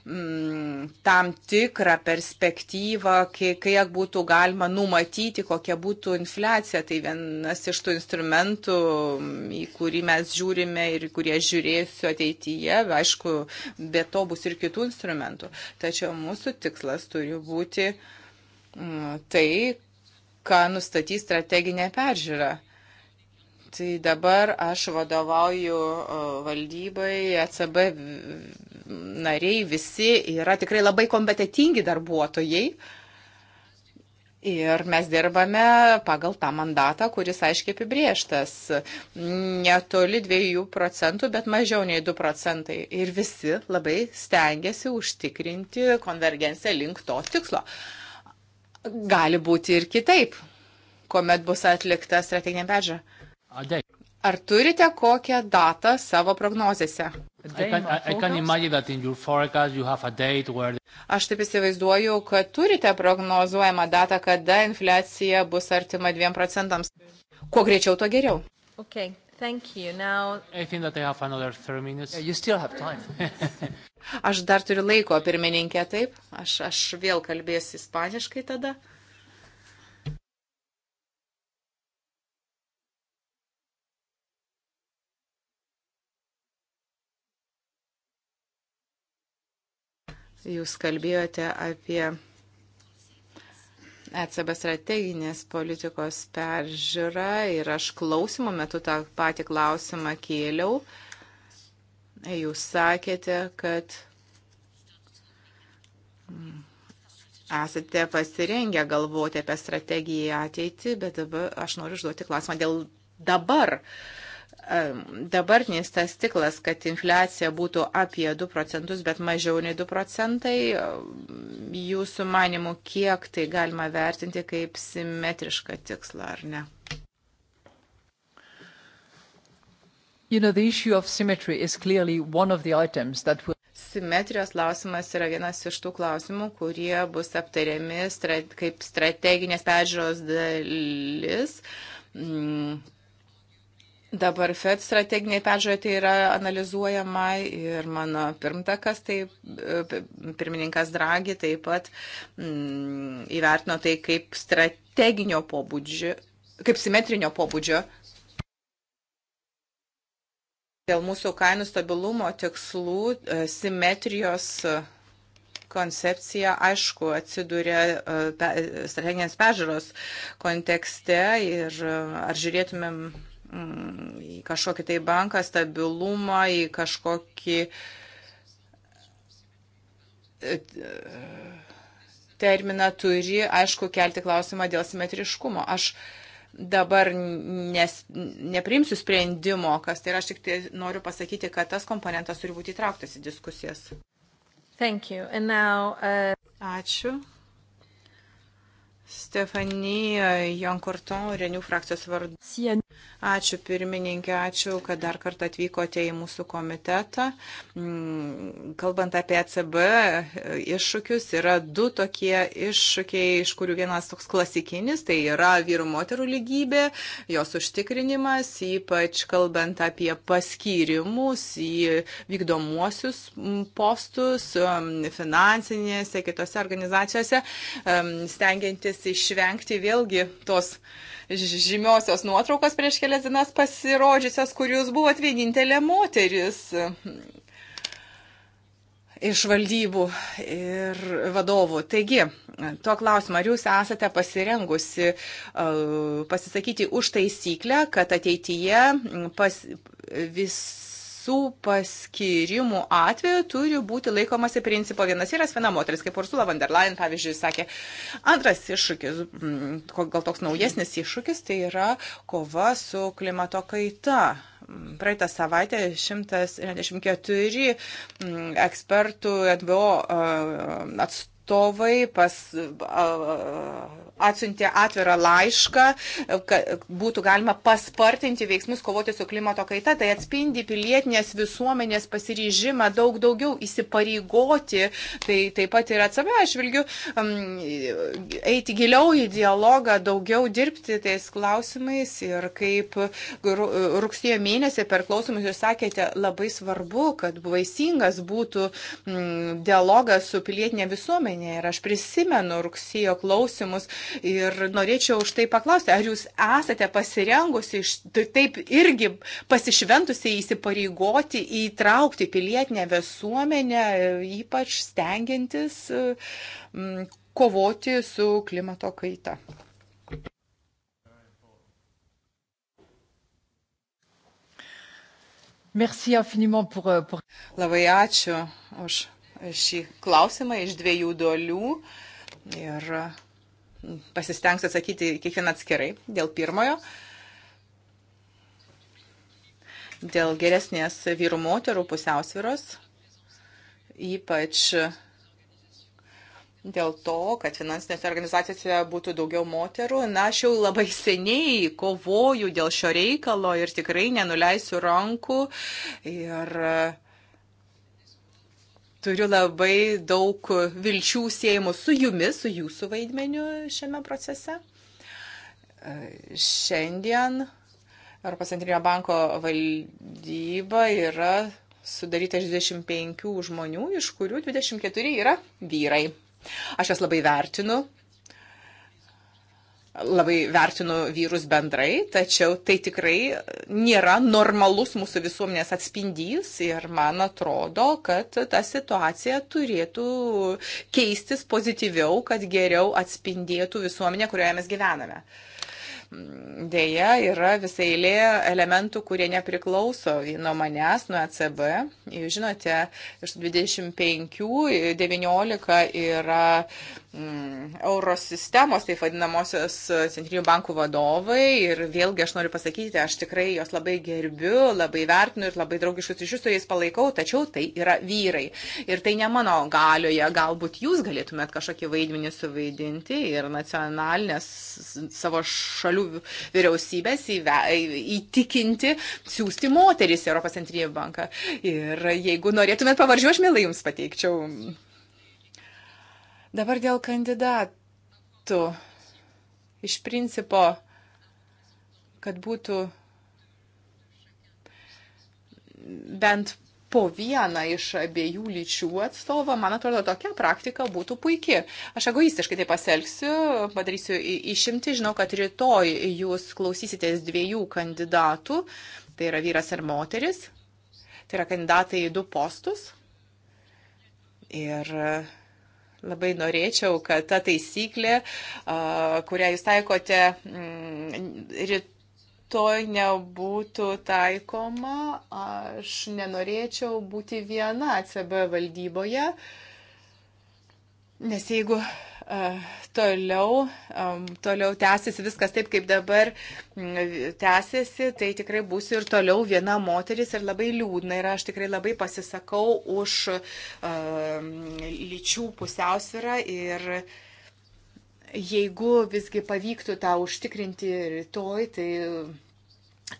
m, mm, tam tikrą perspektyvą, kiek būtų galima numatyti, kokia būtų infliacija. Tai vienas iš tų instrumentų, mm, į kurį mes žiūrime ir kurie žiūrėsiu ateityje. Aišku, be to bus ir kitų instrumentų. Tačiau mūsų tikslas turi būti m, mm, tai, ką nustatys strateginė peržiūra. Tai dabar aš vadovauju valdybai ECB nariai visi yra tikrai labai kompetitingi darbuotojai. Ir mes dirbame pagal tą mandatą, kuris aiškiai apibrieštas. Netoli 2 procentų, bet mažiau nei 2 procentai. Ir visi labai stengiasi užtikrinti konvergenciją link to tikslo. Gali būti ir kitaip, kuomet bus atlikta strateginė peržiūra. Ar turite kokią datą savo prognozėse? I can, I, I can imagine that in your forecast you have a date where... Aš taip įsivaizduoju, kad turite prognozuojamą datą, kada infliacija bus artima 2 procentams. Kuo greičiau, to geriau. Okay. Thank you. Now... I think that I have another three minutes. Yeah, you still have time. aš dar turiu laiko, pirmininkė, taip. Aš, aš vėl kalbėsiu ispaniškai tada. Uh, Jūs kalbėjote apie ECB strateginės politikos peržiūrą ir aš klausimų metu tą patį klausimą kėliau. Jūs sakėte, kad esate pasirengę galvoti apie strategiją ateitį, bet dabar aš noriu užduoti klausimą dėl dabar. Uh, dabartinis tas tiklas, kad infliacija būtų apie 2 procentus, bet mažiau nei 2 procentai, jūsų manimų, kiek tai galima vertinti kaip simetrišką tikslą ar ne? You know, the issue of symmetry is clearly one of the items that will simetrijos klausimas yra vienas iš tų klausimų, kurie bus aptariami strate, kaip strateginės peržiūros dalis. Mm Dabar FED strateginiai peržiūrė tai yra analizuojama ir mano pirmtakas, tai e, pirmininkas Dragi taip pat mm, įvertino tai kaip strateginio pobūdžio, kaip simetrinio pobūdžio dėl mūsų kainų stabilumo tikslų e, simetrijos e, koncepcija, aišku, atsiduria strateginės pežiūros kontekste ir ar žiūrėtumėm Mm, į kažkokį tai banką, stabilumą, į kažkokį e, terminą turi, aišku, kelti klausimą dėl simetriškumo. Aš dabar nes, neprimsiu sprendimo, kas tai yra, aš tik tai noriu pasakyti, kad tas komponentas turi būti įtrauktas į diskusijas. Thank you. And now, uh... Ačiū. Stefanija Jankurto, Renių frakcijos vardu. Ačiū pirmininkė, ačiū, kad dar kartą atvykote į mūsų komitetą. Mm, kalbant apie ECB iššūkius, yra du tokie iššūkiai, iš kurių vienas toks klasikinis, tai yra vyrų moterų lygybė, jos užtikrinimas, ypač kalbant apie paskyrimus į vykdomuosius mm, postus mm, finansinėse, kitose organizacijose, stengiantis stengiasi išvengti vėlgi tos žymiosios nuotraukos prieš kelias dienas pasirodžiusios, kur jūs buvot vienintelė moteris iš valdybų ir vadovų. Taigi, tuo klausimu, ar jūs esate pasirengusi e, pasisakyti už taisyklę, kad ateityje pas, vis visų paskirimų atveju turi būti laikomasi principo vienas vyras, viena moteris, kaip Ursula von der Leyen, pavyzdžiui, sakė. Antras iššūkis, mm, gal toks naujesnis iššūkis, tai yra kova su klimato kaita praeitą savaitę 174 mm, ekspertų NVO e, atstovų atstovai pas, atsiuntė atvirą laišką, kad būtų galima paspartinti veiksmus kovoti su klimato kaita. Tai atspindi pilietinės visuomenės pasiryžimą daug daugiau įsipareigoti. Tai taip pat ir atsavę ašvilgiu eiti giliau į dialogą, daugiau dirbti tais klausimais. Ir kaip rugsėjo mėnesį per klausimus jūs sakėte, labai svarbu, kad vaisingas būtų dialogas su pilietinė visuomenė užsienį. Ir aš prisimenu rugsėjo klausimus ir norėčiau už tai paklausti, ar jūs esate pasirengusi iš, taip irgi pasišventusiai įsipareigoti įtraukti pilietinę visuomenę, ypač stengiantis kovoti su klimato kaita. Merci infiniment pour, pour... Labai ačiū už šį klausimą iš dviejų dalių ir pasistengsiu atsakyti kiekvieną atskirai dėl pirmojo. Dėl geresnės vyrų moterų pusiausviros, ypač dėl to, kad finansinėse organizacijose būtų daugiau moterų. Na, aš jau labai seniai kovoju dėl šio reikalo ir tikrai nenuleisiu rankų. Ir uh, turiu labai daug vilčių siejimų su jumis, su jūsų vaidmeniu šiame procese. Šiandien Europos centrinio banko valdyba yra sudaryta iš 25 žmonių, iš kurių 24 yra vyrai. Aš jas labai vertinu, labai vertinu vyrus bendrai, tačiau tai tikrai nėra normalus mūsų visuomenės atspindys ir man atrodo, kad ta situacija turėtų keistis pozityviau, kad geriau atspindėtų visuomenę, kurioje mes gyvename dėja yra visai eilė elementų, kurie nepriklauso nuo manęs, nuo ECB. Jūs žinote, iš 25, 19 yra Mm, eurosistemos, taip vadinamosios e, centrinių bankų vadovai. Ir vėlgi aš noriu pasakyti, aš tikrai jos labai gerbiu, labai vertinu ir labai draugiškus ryšius su jais palaikau, tačiau tai yra vyrai. Ir tai ne mano galioje, galbūt jūs galėtumėt kažkokį vaidmenį suvaidinti ir nacionalinės savo šalių vyriausybės įve, įtikinti siūsti moteris į Europos centrinį banką. Ir jeigu norėtumėt pavaržių, aš mielai jums pateikčiau Dabar dėl kandidatų. Iš principo, kad būtų bent po vieną iš abiejų lyčių atstovą, man atrodo, tokia praktika būtų puikia. Aš egoistiškai tai pasielgsiu, padarysiu išimti, žinau, kad rytoj jūs klausysitės dviejų kandidatų, tai yra vyras ir moteris, tai yra kandidatai į du postus. Ir Labai norėčiau, kad ta taisyklė, kurią jūs taikote, mm, rytoj nebūtų taikoma. Aš nenorėčiau būti viena ACB valdyboje, nes jeigu Eh, toliau, toliau tęsis viskas taip, kaip dabar mm, tęsiasi, tai tikrai būsiu ir toliau viena moteris ir labai liūdna ir aš tikrai labai pasisakau už lyčių pusiausvyrą ir jeigu visgi pavyktų tą užtikrinti rytoj, tai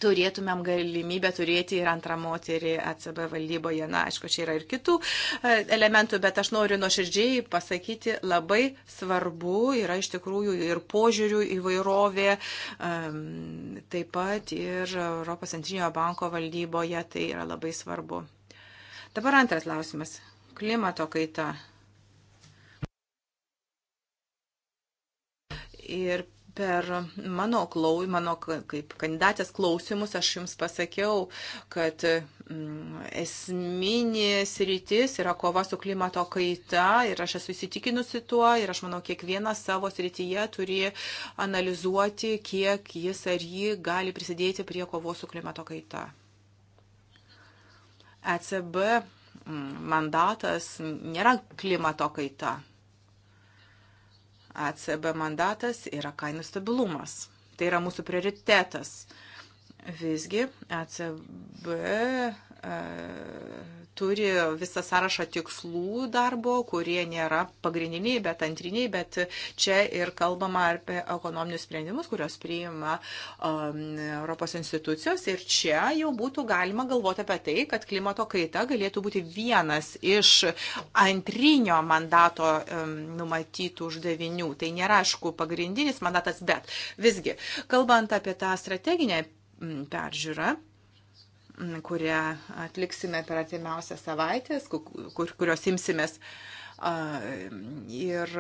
turėtumėm galimybę turėti ir antrą moterį ACB valdyboje. Na, aišku, čia yra ir kitų e, elementų, bet aš noriu nuoširdžiai pasakyti, labai svarbu yra iš tikrųjų ir požiūrių įvairovė, taip pat ir Europos centrinio banko valdyboje tai yra labai svarbu. Dabar antras klausimas. Klimato kaita. Ir Per mano klaui, mano kaip kandidatės klausimus aš jums pasakiau, kad mm, esminė sritis yra kova su klimato kaita ir aš esu įsitikinusi tuo ir aš manau, kiekvienas savo srityje turi analizuoti, kiek jis ar ji gali prisidėti prie kovos su klimato kaita. ECB mm, mandatas nėra klimato kaita ECB mandatas yra kainų stabilumas. Tai yra mūsų prioritetas. Visgi ECB turi visą sąrašą tikslų darbo, kurie nėra pagrindiniai, bet antriniai, bet čia ir kalbama apie ekonominius sprendimus, kurios priima um, Europos institucijos. Ir čia jau būtų galima galvoti apie tai, kad klimato kaita galėtų būti vienas iš antrinio mandato um, numatytų uždavinių. Tai nėra, aišku, pagrindinis mandatas, bet visgi, kalbant apie tą strateginę peržiūrą, kurią atliksime per artimiausias savaitės, kur, kurios imsimės. Ir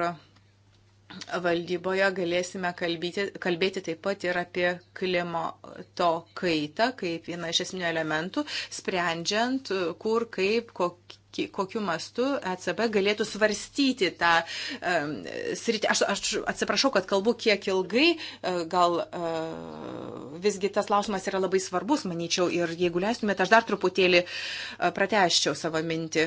valdyboje galėsime kalbėti, kalbėti taip pat ir apie klimato kaitą kaip vieną iš esminių elementų, sprendžiant kur, kaip, kokie kokiu mastu ECB galėtų svarstyti tą um, sritį. Aš, aš atsiprašau, kad kalbu kiek ilgai, e, gal uh, visgi tas klausimas yra labai svarbus, manyčiau, ir jeigu leistumėte, aš dar truputėlį e, prateščiau savo mintį.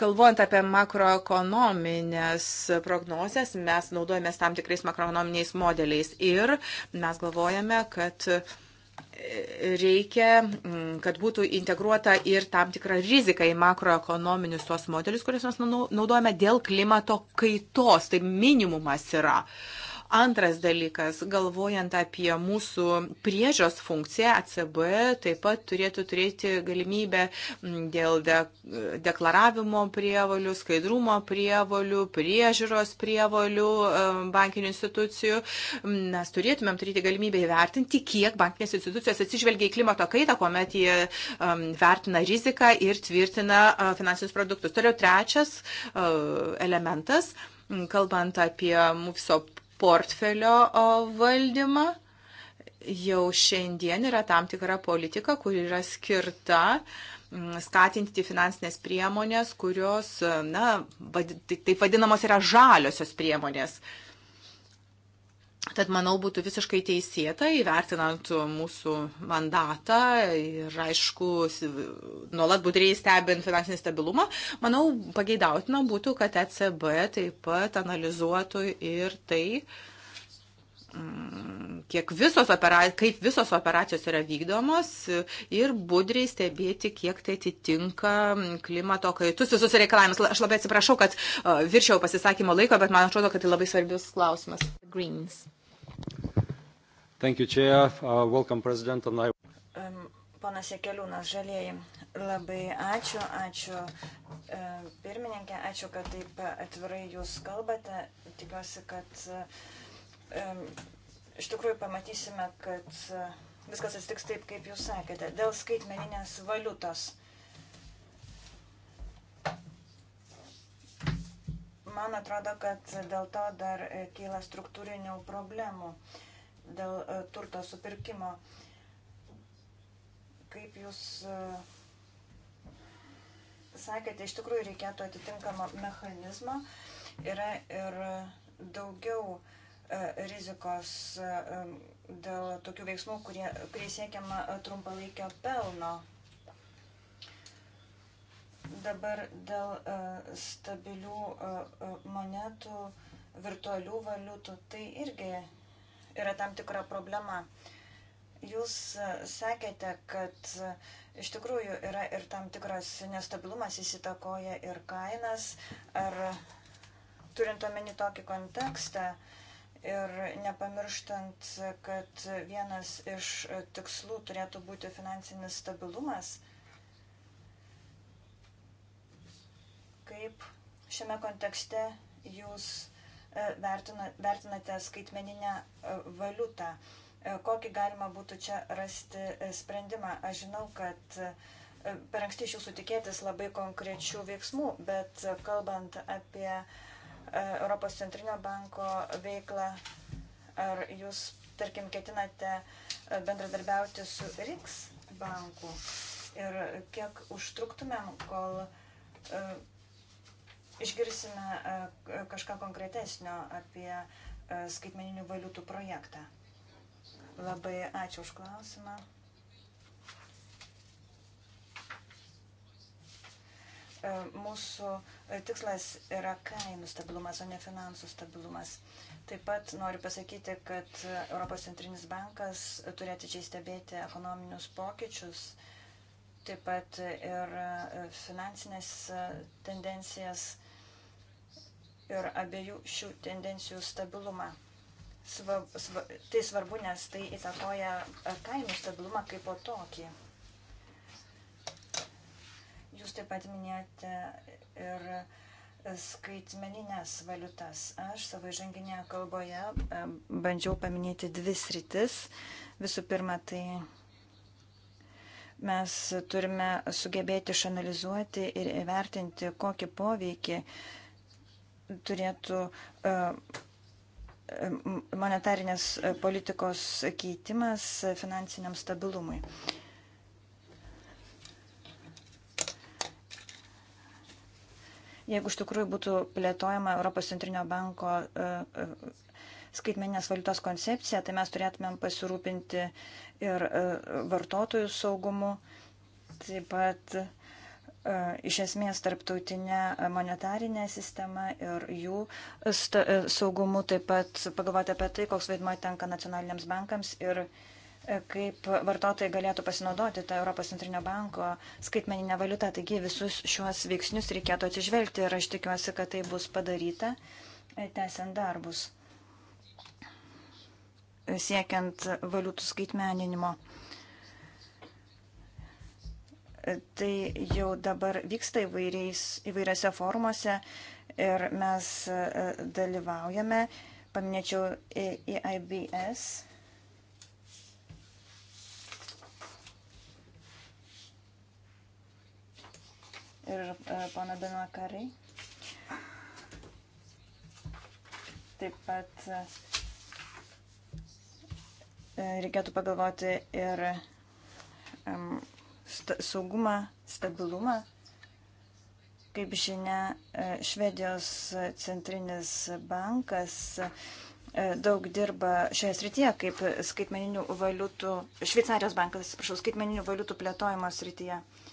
Kalbuojant apie makroekonominės prognozes, mes naudojame tam tikrais makroekonominiais modeliais ir mes galvojame, kad uh, reikia, mm, kad būtų integruota ir tam tikra rizika į makroekonominius tuos modelius, kuriuos mes naudojame dėl klimato kaitos. Tai minimumas yra. Uh, Antras dalykas, galvojant apie mūsų priežios funkciją, ACB taip pat turėtų turėti galimybę dėl de, deklaravimo prievalių, skaidrumo prievalių, priežiūros prievalių e, bankinių institucijų. Mes turėtumėm turėti galimybę įvertinti, kiek bankinės institucijos atsižvelgia į klimato kaitą, kuomet jie um, vertina riziką ir tvirtina uh, finansinius produktus. Toliau trečias uh, elementas, kalbant apie mūsų portfelio valdymą jau šiandien yra tam tikra politika, kuri yra skirta skatinti finansinės priemonės, kurios, na, tai, taip vadinamos yra žaliosios priemonės. Uh, Tad, manau, būtų visiškai teisėta įvertinant mūsų mandatą ir, aišku, nuolat budriai stebint finansinį stabilumą, manau, pageidautina būtų, kad ECB taip pat analizuotų ir tai, mm, kiek visos opera, kaip visos operacijos yra vykdomos ir budriai stebėti, kiek tai atitinka klimato kaitus visus reikalavimus. Aš labai atsiprašau, kad viršiau pasisakymo laiko, bet man atrodo, kad tai labai svarbus klausimas. Greens. Thank you, Chair. Uh, welcome, President. And I... um, Ponas Jekeliūnas, žalieji, labai ačiū, ačiū uh, pirmininkė, ačiū, kad taip atvirai jūs kalbate. Tikiuosi, kad um, iš tikrųjų pamatysime, kad e, viskas atsitiks taip, kaip jūs sakėte, dėl skaitmeninės valiutos. Man atrodo, kad dėl to dar e, kyla struktūrinių problemų dėl e, turto supirkimo. Kaip jūs sakėte, iš tikrųjų reikėtų atitinkamo mechanizmo. Yra ir daugiau uh, E, rizikos e, e, dėl tokių veiksmų, kurie, kurie siekiama trumpalaikio pelno. Dabar dėl stabilių monetų, virtualių valiutų, tai irgi yra tam tikra problema. Jūs sakėte, kad iš tikrųjų yra ir tam tikras nestabilumas įsitakoja ir kainas, ar turint omeny tokį kontekstą, uh, Ir nepamirštant, kad vienas iš tikslų turėtų būti finansinis stabilumas, kaip šiame kontekste jūs e, vertina, vertinate skaitmeninę e, valiutą, e, kokį galima būtų čia rasti sprendimą. Aš žinau, kad per anksti iš jūsų tikėtis labai konkrečių veiksmų, bet kalbant apie uh, E, Europos centrinio banko veiklą, ar jūs, tarkim, ketinate e, bendradarbiauti su RIX banku ir kiek užtruktumėm, kol e, išgirsime kažką konkretesnio apie skaitmeninių valiutų projektą. Labai ačiū už klausimą. E, mūsų e, tikslas yra kainų stabilumas, o ne finansų stabilumas. Taip pat noriu pasakyti, kad Europos centrinis bankas turi atidžiai stebėti ekonominius pokyčius, taip pat ir e, finansinės tendencijas ir abiejų šių tendencijų stabilumą. Svab, svab, tai svarbu, nes tai įtakoja kainų stabilumą kaip po tokį jūs taip pat minėjote ir skaitmeninės valiutas. Aš savo žanginėje kalboje e, bandžiau paminėti dvi sritis. Visų pirma, tai mes turime sugebėti išanalizuoti ir įvertinti, kokį poveikį turėtų e, monetarinės politikos keitimas finansiniam stabilumui. Uh, jeigu iš tikrųjų būtų plėtojama Europos centrinio banko e, e, skaitmeninės valiutos koncepcija, tai mes turėtumėm pasirūpinti ir e, vartotojų saugumu, taip pat iš esmės tarptautinė monetarinė sistema ir jų saugumu, taip pat pagalvoti apie tai, koks vaidmo tenka nacionaliniams bankams ir bankams kaip vartotojai galėtų pasinaudoti tą Europos centrinio banko skaitmeninę valiutą. Taigi visus šiuos veiksnius reikėtų atsižvelgti ir aš tikiuosi, kad tai bus padaryta, e, tęsiant darbus, siekiant valiutų skaitmeninimo. E, tai jau dabar vyksta įvairiose formuose ir mes e, dalyvaujame. Paminėčiau EIBS. E ir e, pana Beno Karai. Taip pat e, reikėtų pagalvoti ir um, sta saugumą, stabilumą. Kaip žinia, e, Švedijos centrinis bankas daug dirba šioje srityje, kaip skaitmeninių valiutų, Šveicarijos bankas, atsiprašau, skaitmeninių valiutų plėtojimo srityje. Uh,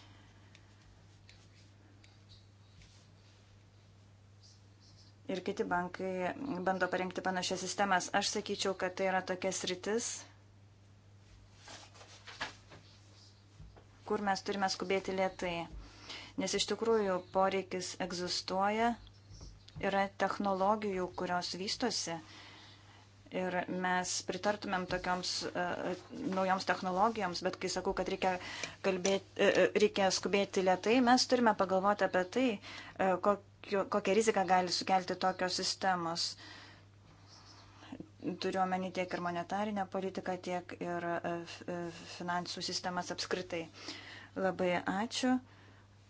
ir kiti bankai bando parengti panašias sistemas. Aš sakyčiau, kad tai yra tokia sritis, kur mes turime skubėti lietai. Nes iš tikrųjų poreikis egzistuoja, yra technologijų, kurios vystosi. Ir mes pritartumėm tokioms uh, naujoms technologijoms, bet kai sakau, kad reikia, kalbėti, uh, e, e, reikia skubėti lietai, mes turime pagalvoti apie tai, uh, kokie kokio, kokią riziką gali sukelti tokios sistemos. Turiuomenį tiek ir monetarinę politiką, tiek ir e, e, finansų sistemas apskritai. Labai ačiū.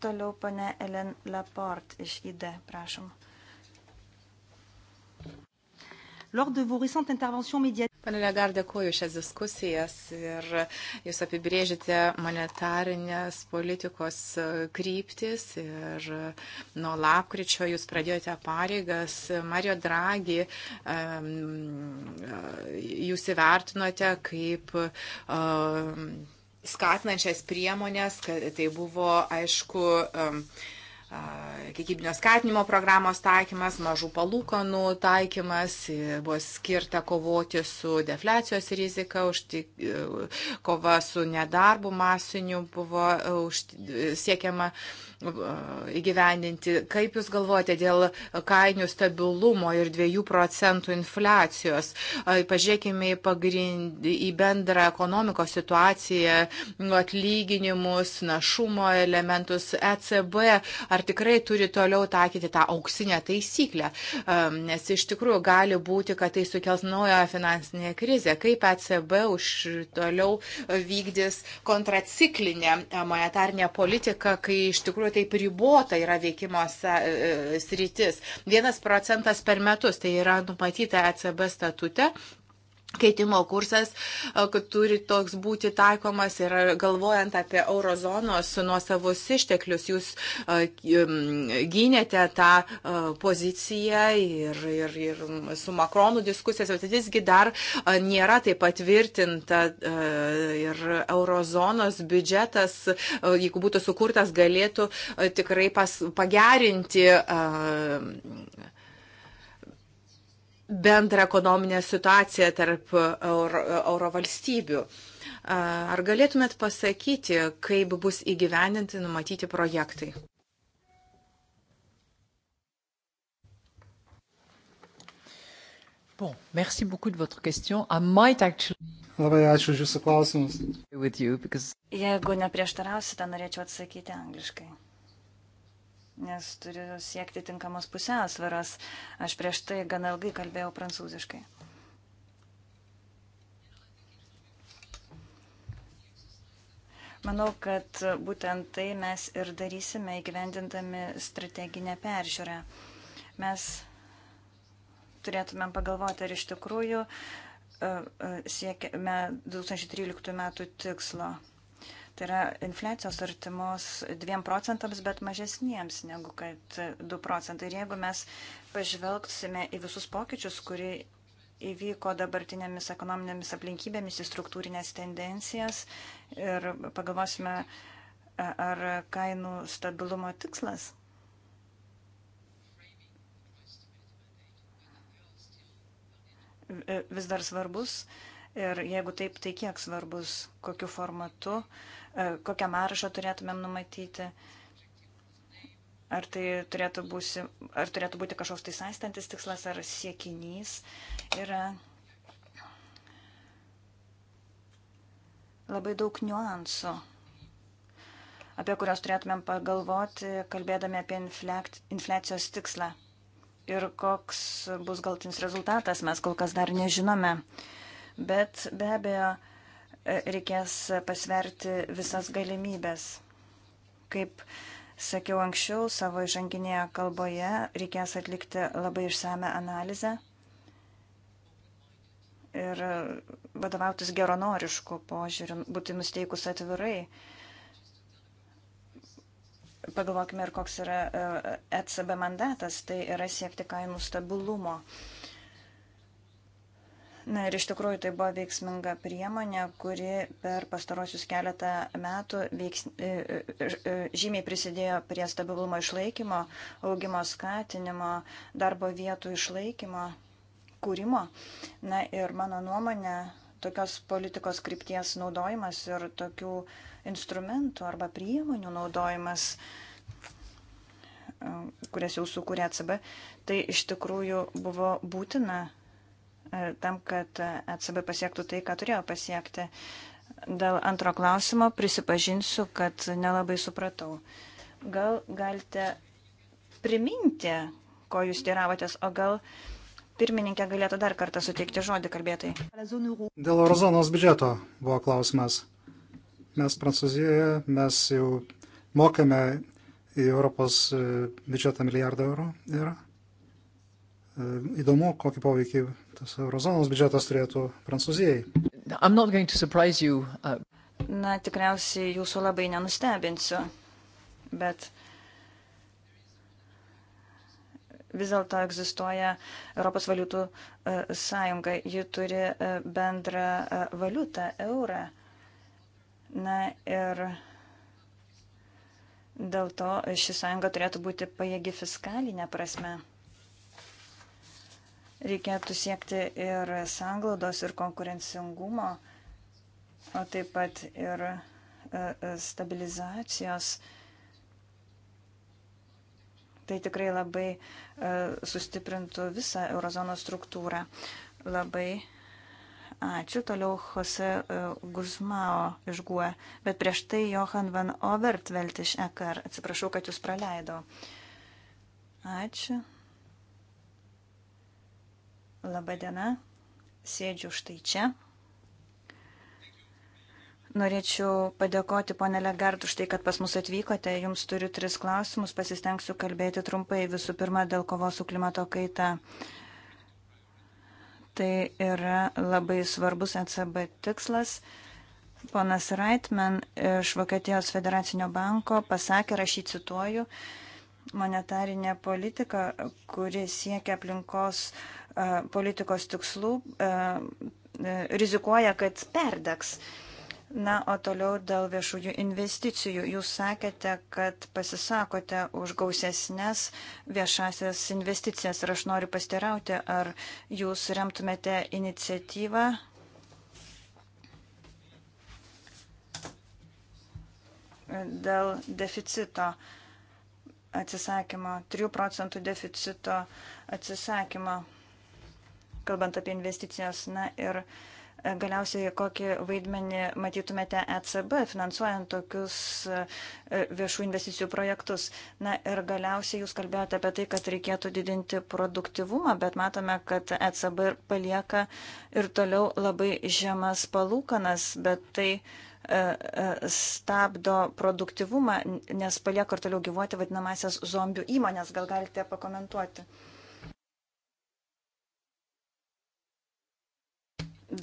Toliau pane Elen Laport iš ID, prašom lors de vos récentes interventions médiatiques. Pane Legar, dėkuoju šias diskusijas ir jūs apibrėžite monetarinės politikos e, kryptis ir e, nuo lapkričio jūs pradėjote pareigas. Mario Draghi, e, jūs įvertinote kaip skatinančias priemonės, kad tai buvo, aišku, kiekybinio skatinimo programos taikymas, mažų palūkanų taikymas, buvo skirta kovoti su defliacijos rizika, užtik, kova su nedarbu masiniu buvo užti, siekiama E, įgyvendinti. Kaip Jūs galvojate dėl kainų stabilumo ir 2 procentų infliacijos? E, pažiūrėkime į, pagrind, į bendrą ekonomikos situaciją, atlyginimus, našumo elementus, ECB. Ar tikrai turi toliau taikyti tą auksinę taisyklę? E, nes iš tikrųjų gali būti, kad tai sukels naują finansinę krizę. Kaip ECB už toliau vykdys kontraciklinę monetarinę politiką, kai iš tikrųjų taip ribota yra veikimo e, e, sritis. Vienas procentas per metus tai yra numatyta ECB statute keitimo kursas, e, kad turi toks būti taikomas ir galvojant apie eurozonos nuosavus išteklius, jūs e, gynėte tą e, poziciją ir, ir, ir su Makronų diskusijas, bet visgi dar nėra taip patvirtinta ir eurozonos biudžetas, jeigu būtų sukurtas, galėtų tikrai pas, pagerinti bendrą ekonominę situaciją tarp euro, euro valstybių. Ar galėtumėt pasakyti, kaip bus įgyveninti numatyti projektai? Bon, merci beaucoup de votre question. I might actually... Labai ačiū už Jūsų klausimus. You, because... Jeigu neprieštarausite, norėčiau atsakyti angliškai nes turiu siekti tinkamos pusiausvaros. Aš prieš tai gana ilgai kalbėjau prancūziškai. Manau, kad būtent tai mes ir darysime įgyvendintami strateginę peržiūrą. Mes turėtumėm pagalvoti, ar iš tikrųjų e, e, siekime 2013 metų tikslo. Tai yra infliacijos artimos 2 procentams, bet mažesniems negu kad 2 procentai. Ir jeigu mes pažvelgsime į visus pokyčius, kurie įvyko dabartinėmis ekonominėmis aplinkybėmis, į struktūrinės tendencijas ir pagalvosime, ar kainų stabilumo tikslas. vis dar svarbus ir jeigu taip, tai kiek svarbus, kokiu formatu E, kokią maršą turėtumėm numatyti, ar tai turėtų, būsi, ar turėtų būti kažkoks tai saistantis tikslas ar siekinys. Yra labai daug niuansų, apie kurios turėtumėm pagalvoti, kalbėdami apie infliacijos tikslą. Ir koks bus galtinis rezultatas, mes kol kas dar nežinome. Bet be abejo, reikės pasverti visas galimybės. Kaip sakiau anksčiau savo įžanginėje kalboje, reikės atlikti labai išsame analizę ir vadovautis geronorišku požiūriu, būti nusteikus atvirai. Pagalvokime ir koks yra e, e, ECB mandatas, tai yra siekti kainų stabilumo. Uh, Na ir iš tikrųjų tai buvo veiksminga priemonė, kuri per pastarosius keletą metų veiks, e, e, e, žymiai prisidėjo prie stabilumo išlaikymo, augimo skatinimo, darbo vietų išlaikymo, kūrimo. Na ir mano nuomonė, tokios politikos krypties naudojimas ir tokių instrumentų arba priemonių naudojimas kurias jau sukūrė ECB, tai iš tikrųjų buvo būtina E, tam, kad ECB pasiektų tai, ką turėjo pasiekti. Dėl antro klausimo prisipažinsiu, kad nelabai supratau. Gal galite priminti, ko jūs teiravotės, o gal pirmininkė galėtų dar kartą suteikti žodį kalbėtai. Dėl eurozonos biudžeto buvo klausimas. Mes Prancūzijoje, mes jau mokame į Europos e, biudžetą milijardą eurų ir Ehm, įdomu, kokį poveikį tas eurozonos biudžetas turėtų Prancūzijai. You, uh... Na, tikriausiai jūsų labai nenustebinsiu, bet vis dėlto egzistuoja Europos valiutų e, sąjunga, ji turi e, bendrą e, valiutą, eurą. Na ir dėl to ši sąjunga turėtų būti pajėgi fiskalinė prasme. Reikėtų siekti ir sanglaudos, ir konkurencingumo, o taip pat ir e, e, stabilizacijos. Tai tikrai labai e, sustiprintų visą eurozono struktūrą. Labai ačiū. Toliau Jose Guzmao iš GUE, bet prieš tai Johan van Obertvelt iš EKR. Atsiprašau, kad jūs praleidau. Ačiū. Labadiena, sėdžiu štai čia. Norėčiau padėkoti ponė Legard už tai, kad pas mus atvykote. Jums turiu tris klausimus, pasistengsiu kalbėti trumpai. Visų pirma, dėl kovos su klimato kaita. Tai yra labai svarbus ECB tikslas. Ponas Reitman iš Vokietijos federacinio banko pasakė, aš jį cituoju, monetarinė politika, kuri siekia aplinkos uh, politikos tikslų, rizikuoja, kad perdegs. Na, o toliau dėl viešųjų investicijų. Jūs sakėte, kad pasisakote už gausesnės viešasias investicijas ir aš noriu pastirauti, ar jūs remtumėte iniciatyvą dėl deficito atsisakymo, 3 procentų deficito atsisakymo kalbant apie investicijas. Na ir e, galiausiai kokį vaidmenį matytumėte ECB finansuojant tokius e, viešų investicijų projektus. Na ir galiausiai jūs kalbėjote apie tai, kad reikėtų didinti produktivumą, bet matome, kad ECB palieka ir toliau labai žemas palūkanas, bet tai e, stabdo produktivumą, nes palieka ir toliau gyvuoti vadinamasias zombių įmonės. Gal galite pakomentuoti?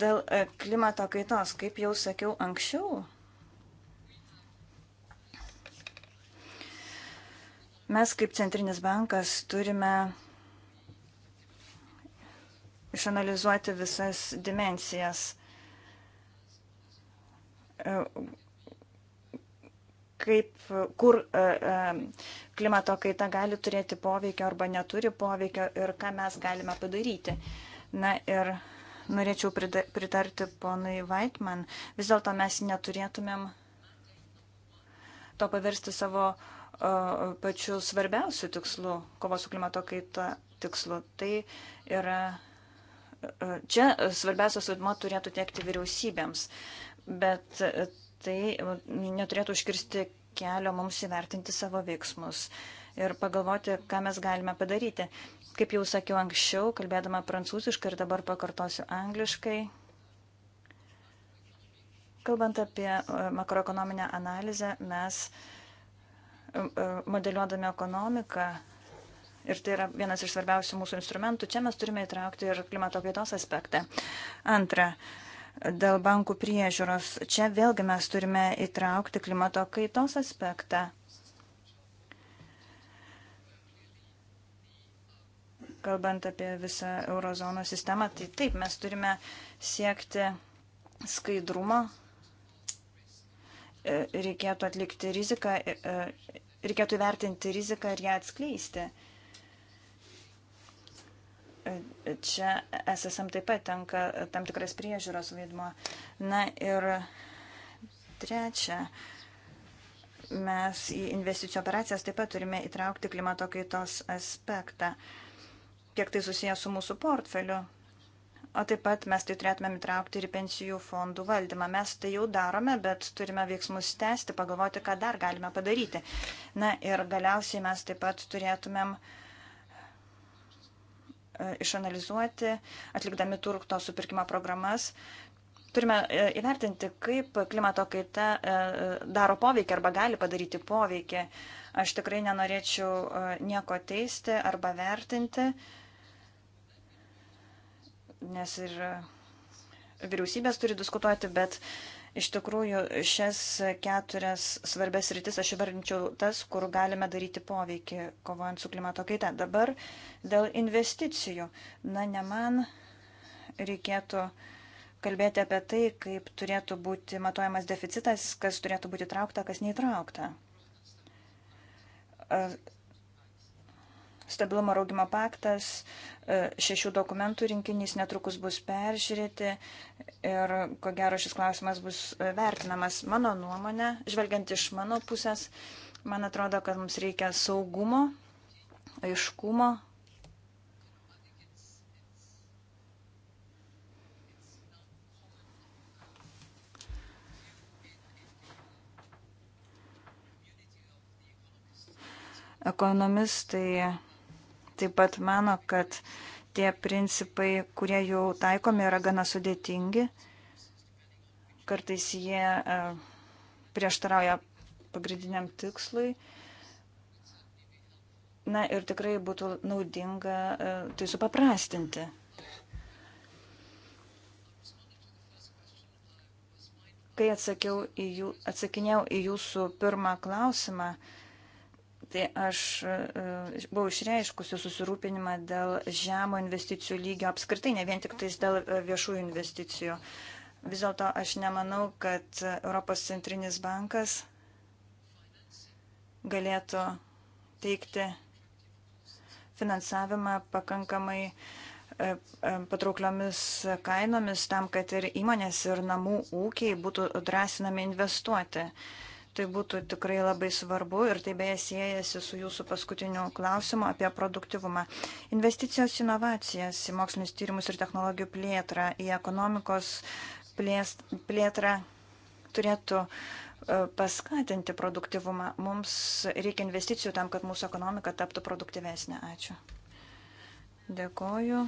Dėl e, klimato kaitos, kaip jau sakiau anksčiau, mes kaip centrinis bankas turime išanalizuoti visas dimensijas. E, kaip, kur e, klimato kaita gali turėti poveikio arba neturi poveikio ir ką mes galime padaryti. Na ir norėčiau pritarti ponui Vaitman. Vis dėlto mes neturėtumėm to paversti savo uh, pačiu svarbiausiu tikslu, kovos su klimato kaita tikslu. Tai yra, uh, čia svarbiausias vaidmo turėtų tekti vyriausybėms, bet tai neturėtų užkirsti kelio mums įvertinti savo veiksmus ir pagalvoti, ką mes galime padaryti. Kaip jau sakiau anksčiau, kalbėdama prancūziškai ir dabar pakartosiu angliškai, kalbant apie e, makroekonominę analizę, mes e, e, modeliuodami ekonomiką, ir tai yra vienas iš svarbiausių mūsų instrumentų, čia mes turime įtraukti ir klimato kaitos aspektą. Antra, dėl bankų priežiūros, čia vėlgi mes turime įtraukti klimato kaitos aspektą. kalbant apie visą eurozono sistemą, tai taip, mes turime siekti skaidrumo, e, reikėtų atlikti riziką, e, e, reikėtų vertinti riziką ir ją atskleisti. Čia SSM taip pat tenka tam tikras priežiūros vaidmo. Na ir trečia, mes į investicijų operacijas taip pat turime įtraukti klimato kaitos aspektą. Uh, kiek tai susijęs su mūsų portfeliu. O taip pat mes tai turėtumėm įtraukti ir pensijų fondų valdymą. Mes tai jau darome, bet turime veiksmus tęsti, pagalvoti, ką dar galime padaryti. Na ir galiausiai mes taip pat turėtumėm e, išanalizuoti, atlikdami turkto supirkimo programas, Turime e, įvertinti, kaip klimato kaita e, daro poveikį arba gali padaryti poveikį. Aš tikrai nenorėčiau nieko teisti arba vertinti nes ir e, vyriausybės turi diskutuoti, bet iš tikrųjų šias keturias svarbės rytis aš įvardinčiau tas, kur galime daryti poveikį kovojant su klimato kaita. Dabar dėl investicijų. Na, ne man reikėtų kalbėti apie tai, kaip turėtų būti matuojamas deficitas, kas turėtų būti traukta, kas neįtraukta e, Stabilumo raugimo paktas, e, šešių dokumentų rinkinys netrukus bus peržiūrėti ir ko gero šis klausimas bus e, vertinamas mano nuomonė, žvelgiant iš mano pusės. Man atrodo, kad mums reikia saugumo, aiškumo, ekonomistai taip pat mano, kad tie principai, kurie jau taikomi, yra gana sudėtingi. Kartais jie e, prieštarauja pagrindiniam tikslui. Na ir tikrai būtų naudinga e, tai supaprastinti. Kai atsakiau į jų, atsakinėjau į jūsų pirmą klausimą, uh, tai aš e, buvau išreiškusi susirūpinimą dėl žemo investicijų lygio apskritai, ne vien tik tais dėl e, viešųjų investicijų. Vis dėlto aš nemanau, kad Europos centrinis bankas galėtų teikti finansavimą pakankamai e, patraukliomis kainomis tam, kad ir įmonės ir namų ūkiai būtų drąsinami investuoti. Uh, Tai būtų tikrai labai svarbu ir tai beje siejasi su jūsų paskutiniu klausimu apie produktivumą. Investicijos inovacijas į mokslinius tyrimus ir technologijų plėtrą, į ekonomikos plėtrą turėtų e, paskatinti produktivumą. Mums reikia investicijų tam, kad mūsų ekonomika taptų produktyvesnė. Ačiū. Dėkoju.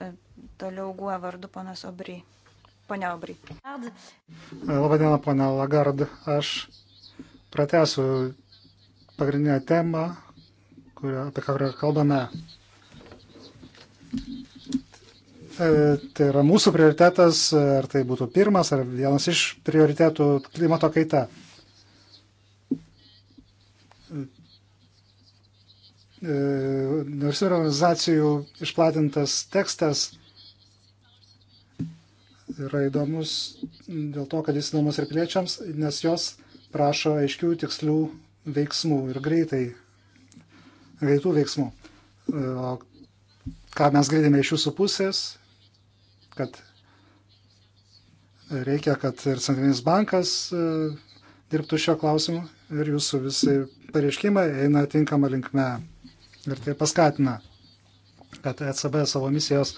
E, toliau guo vardu panas Obry. Pane Obry. Labadiena, e, pane Lagard. Aš pratęsiu pagrindinę temą, kurio, apie ką kalbame. E, tai yra mūsų prioritetas, ar tai būtų pirmas, ar vienas iš prioritetų klimato kaita. E, universitetų organizacijų išplatintas tekstas yra įdomus dėl to, kad jis įdomus ir piliečiams, nes jos prašo aiškių tikslių veiksmų ir greitai, greitų veiksmų. O ką mes girdime iš jūsų pusės, kad reikia, kad ir Centrinis bankas e, dirbtų šio klausimu ir jūsų visi pareiškimai eina tinkama linkme ir tai paskatina, kad ECB savo misijos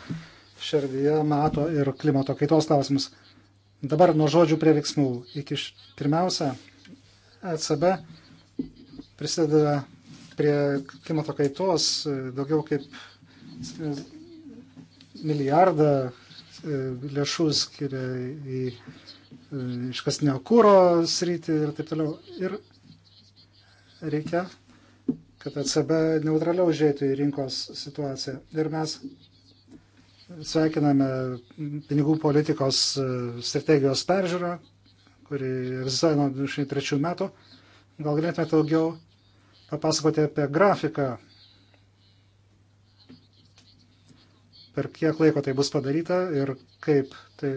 širdyje mato ir klimato kaitos klausimus. Dabar nuo žodžių prie veiksmų. Iki š... pirmiausia, ECB prisideda prie klimato kaitos e, daugiau kaip e, milijardą e, lėšų skiria į iškasnio kūro sritį ir taip toliau. Ir reikia, kad ECB neutraliau žiūrėtų į rinkos situaciją. Ir mes sveikiname pinigų politikos e, strategijos peržiūrą, kuri egzistuoja nuo 2003 metų. Gal galėtume daugiau papasakoti apie grafiką, per kiek laiko tai bus padaryta ir kaip tai,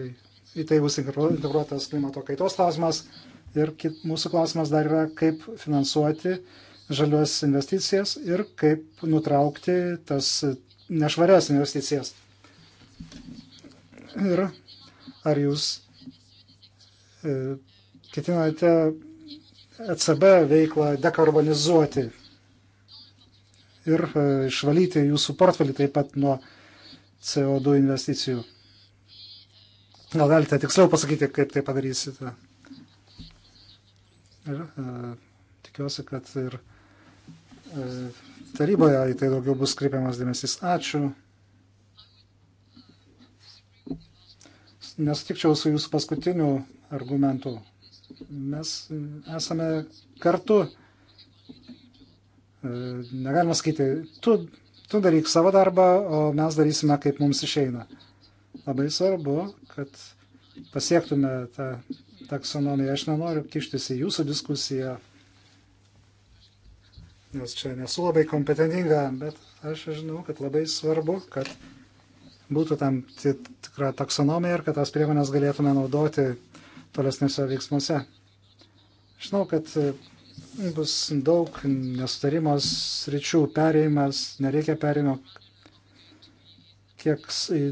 į tai bus integruotas klimato kaitos klausimas. Ir kit, mūsų klausimas dar yra, kaip finansuoti žalios investicijas ir kaip nutraukti tas nešvarias investicijas. Ir ar jūs e, ketinate ECB veiklą dekarbonizuoti ir e, išvalyti jūsų portfelį taip pat nuo CO2 investicijų? Gal galite tiksliau pasakyti, kaip tai padarysite? Ir e, tikiuosi, kad ir e, taryboje į tai daugiau bus kreipiamas dėmesys. Ačiū. nesutikčiau su jūsų paskutiniu argumentu. Mes esame kartu. E, negalima sakyti, tu, tu daryk savo darbą, o mes darysime, kaip mums išeina. Labai svarbu, kad pasiektume tą taksonomiją. Aš nenoriu kištis į jūsų diskusiją, nes čia nesu labai kompetentinga, bet aš žinau, kad labai svarbu, kad būtų tam tikra taksonomija ir kad tas priemonės galėtume naudoti tolesnėse veiksmuose. Žinau, kad e, bus daug nesutarimos ryčių perėjimas, nereikia perėjimo. Kiek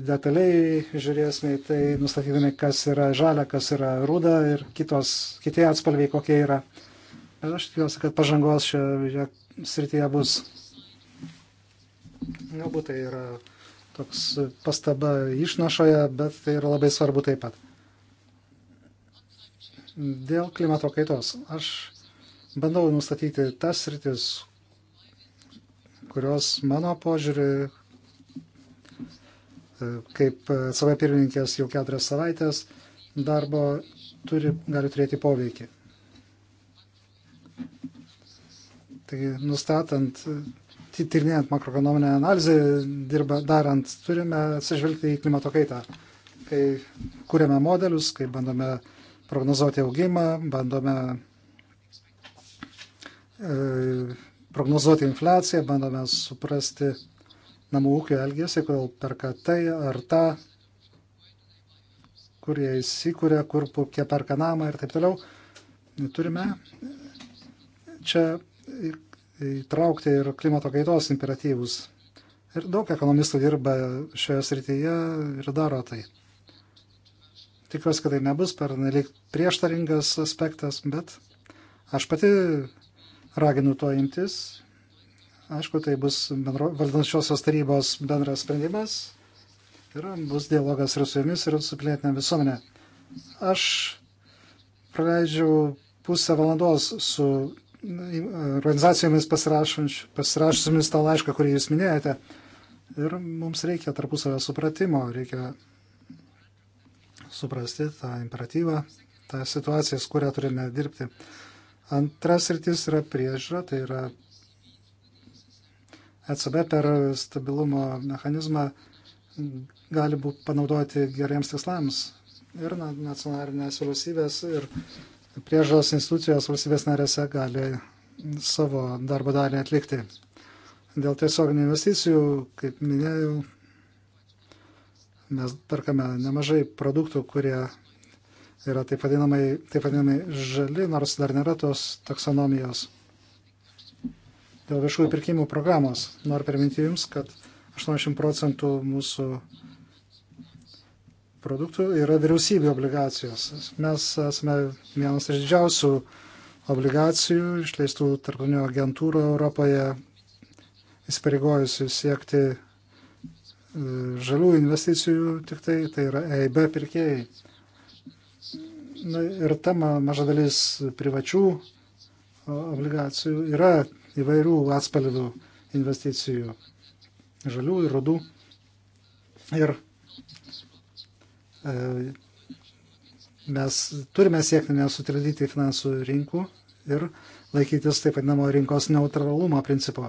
detaliai žiūrėsime, tai nustatydami, kas yra žalia, kas yra rūda ir kitos, kiti atspalviai, kokie yra. Ir aš tikiuosi, kad pažangos šioje srityje bus. Galbūt tai yra toks pastaba išnašoje, bet tai yra labai svarbu taip pat. Dėl klimato kaitos aš bandau nustatyti tas rytis, kurios mano požiūrį, e, kaip savo pirmininkės jau keturias savaitės darbo turi, gali turėti poveikį. Tai nustatant tyrinėjant makroekonominę analizę, dirba, darant, turime atsižvelgti į klimato kaitą. Kai kūrėme modelius, kai bandome prognozuoti augimą, bandome e, prognozuoti infliaciją, bandome suprasti namų ūkio elgesį, kodėl perka tai ar tą, kurie įsikūrė, kur kokie perka namą ir taip toliau. Turime čia įtraukti ir klimato kaitos imperatyvus. Ir daug ekonomistų dirba šioje srityje ir daro tai. Tikiuosi, kad tai nebus per nelik prieštaringas aspektas, bet aš pati raginu to imtis. Aišku, tai bus bendro, valdančiosios tarybos bendras sprendimas ir bus dialogas ir su jumis, ir su pilietinė visuomenė. Aš praleidžiau pusę valandos su organizacijomis pasirašusiamis tą laišką, kurį jūs minėjote. Ir mums reikia tarpusavio supratimo, reikia suprasti tą imperatyvą, tą situaciją, su kuria turime dirbti. Antras rytis yra priežiūra, tai yra ECB per stabilumo mechanizmą gali būti panaudoti geriems tikslams ir nacionalinės vyriausybės ir priežos institucijos valstybės narėse gali savo darbo dalį atlikti. Dėl tiesioginių investicijų, kaip minėjau, mes perkame nemažai produktų, kurie yra taip vadinamai, taip vadinamai žali, nors dar nėra tos taksonomijos. Dėl viešųjų pirkimų programos noriu priminti Jums, kad 80 procentų mūsų produktų yra vyriausybių obligacijos. Mes esame vienas iš didžiausių obligacijų išleistų tarptautinių agentūrų Europoje, įsipareigojusių siekti e, žalių investicijų, tik tai, tai yra EIB pirkėjai. Na, ir ta maža dalis privačių obligacijų yra įvairių atspalvių investicijų - žalių ir rudų. Ir E, mes turime siekti nesutrikdyti finansų rinkų ir laikytis taip vadinamo rinkos neutralumo principo.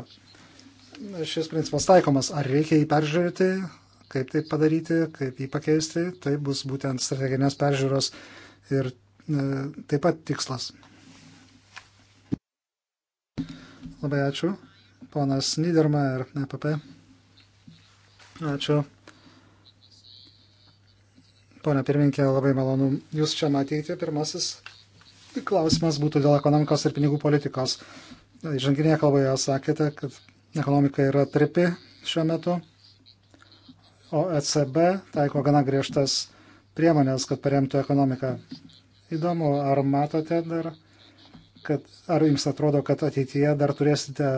Šis principas taikomas, ar reikia jį peržiūrėti, kaip tai padaryti, kaip jį pakeisti, tai bus būtent strateginės peržiūros ir e, taip pat tikslas. Labai ačiū. Ponas Niderma ir EPP. Ačiū. Pone pirminkė, labai malonu Jūs čia matyti. Pirmasis klausimas būtų dėl ekonomikos ir pinigų politikos. Žanginėje kalboje sakėte, kad ekonomika yra tripi šiuo metu, o ECB taiko gana griežtas priemonės, kad paremtų ekonomiką. Įdomu, ar matote dar, kad, ar jums atrodo, kad ateityje dar turėsite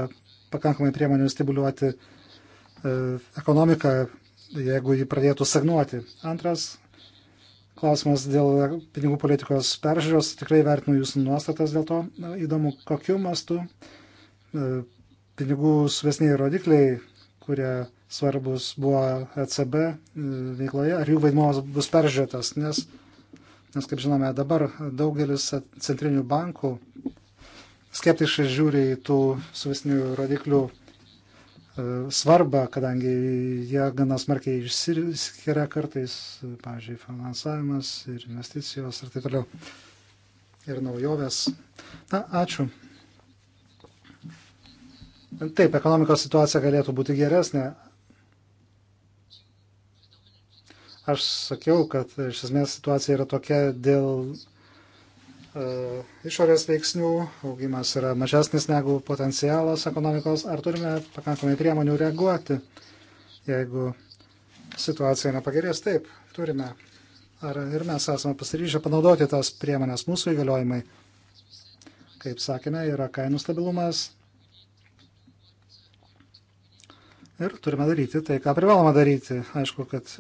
pakankamai priemonių stimuliuoti e, ekonomiką, jeigu ji pradėtų sagnuoti. Antras klausimas dėl pinigų politikos peržiūros. Tikrai vertinu jūsų nuostatas dėl to. Įdomu, kokiu mastu e, pinigų svesniai rodikliai, kurie svarbus buvo ECB e, veikloje, ar jų vaidmuo bus peržiūrėtas, nes, nes, kaip žinome, dabar daugelis centrinių bankų skeptiškai žiūri į tų svesnių rodiklių E, svarbą, kadangi jie gana smarkiai išsiskiria kartais, pavyzdžiui, finansavimas ir investicijos ir taip toliau. Ir naujovės. Na, ačiū. Taip, ekonomikos situacija galėtų būti geresnė. Aš sakiau, kad iš esmės situacija yra tokia dėl E, išorės veiksnių, augimas yra mažesnis negu potencialas ekonomikos, ar turime pakankamai priemonių reaguoti, jeigu situacija nepagerės, taip, turime. Ar ir mes esame pasiryžę panaudoti tas priemonės mūsų įgaliojimai. Kaip sakėme, yra kainų stabilumas. Ir turime daryti tai, ką privaloma daryti. Aišku, kad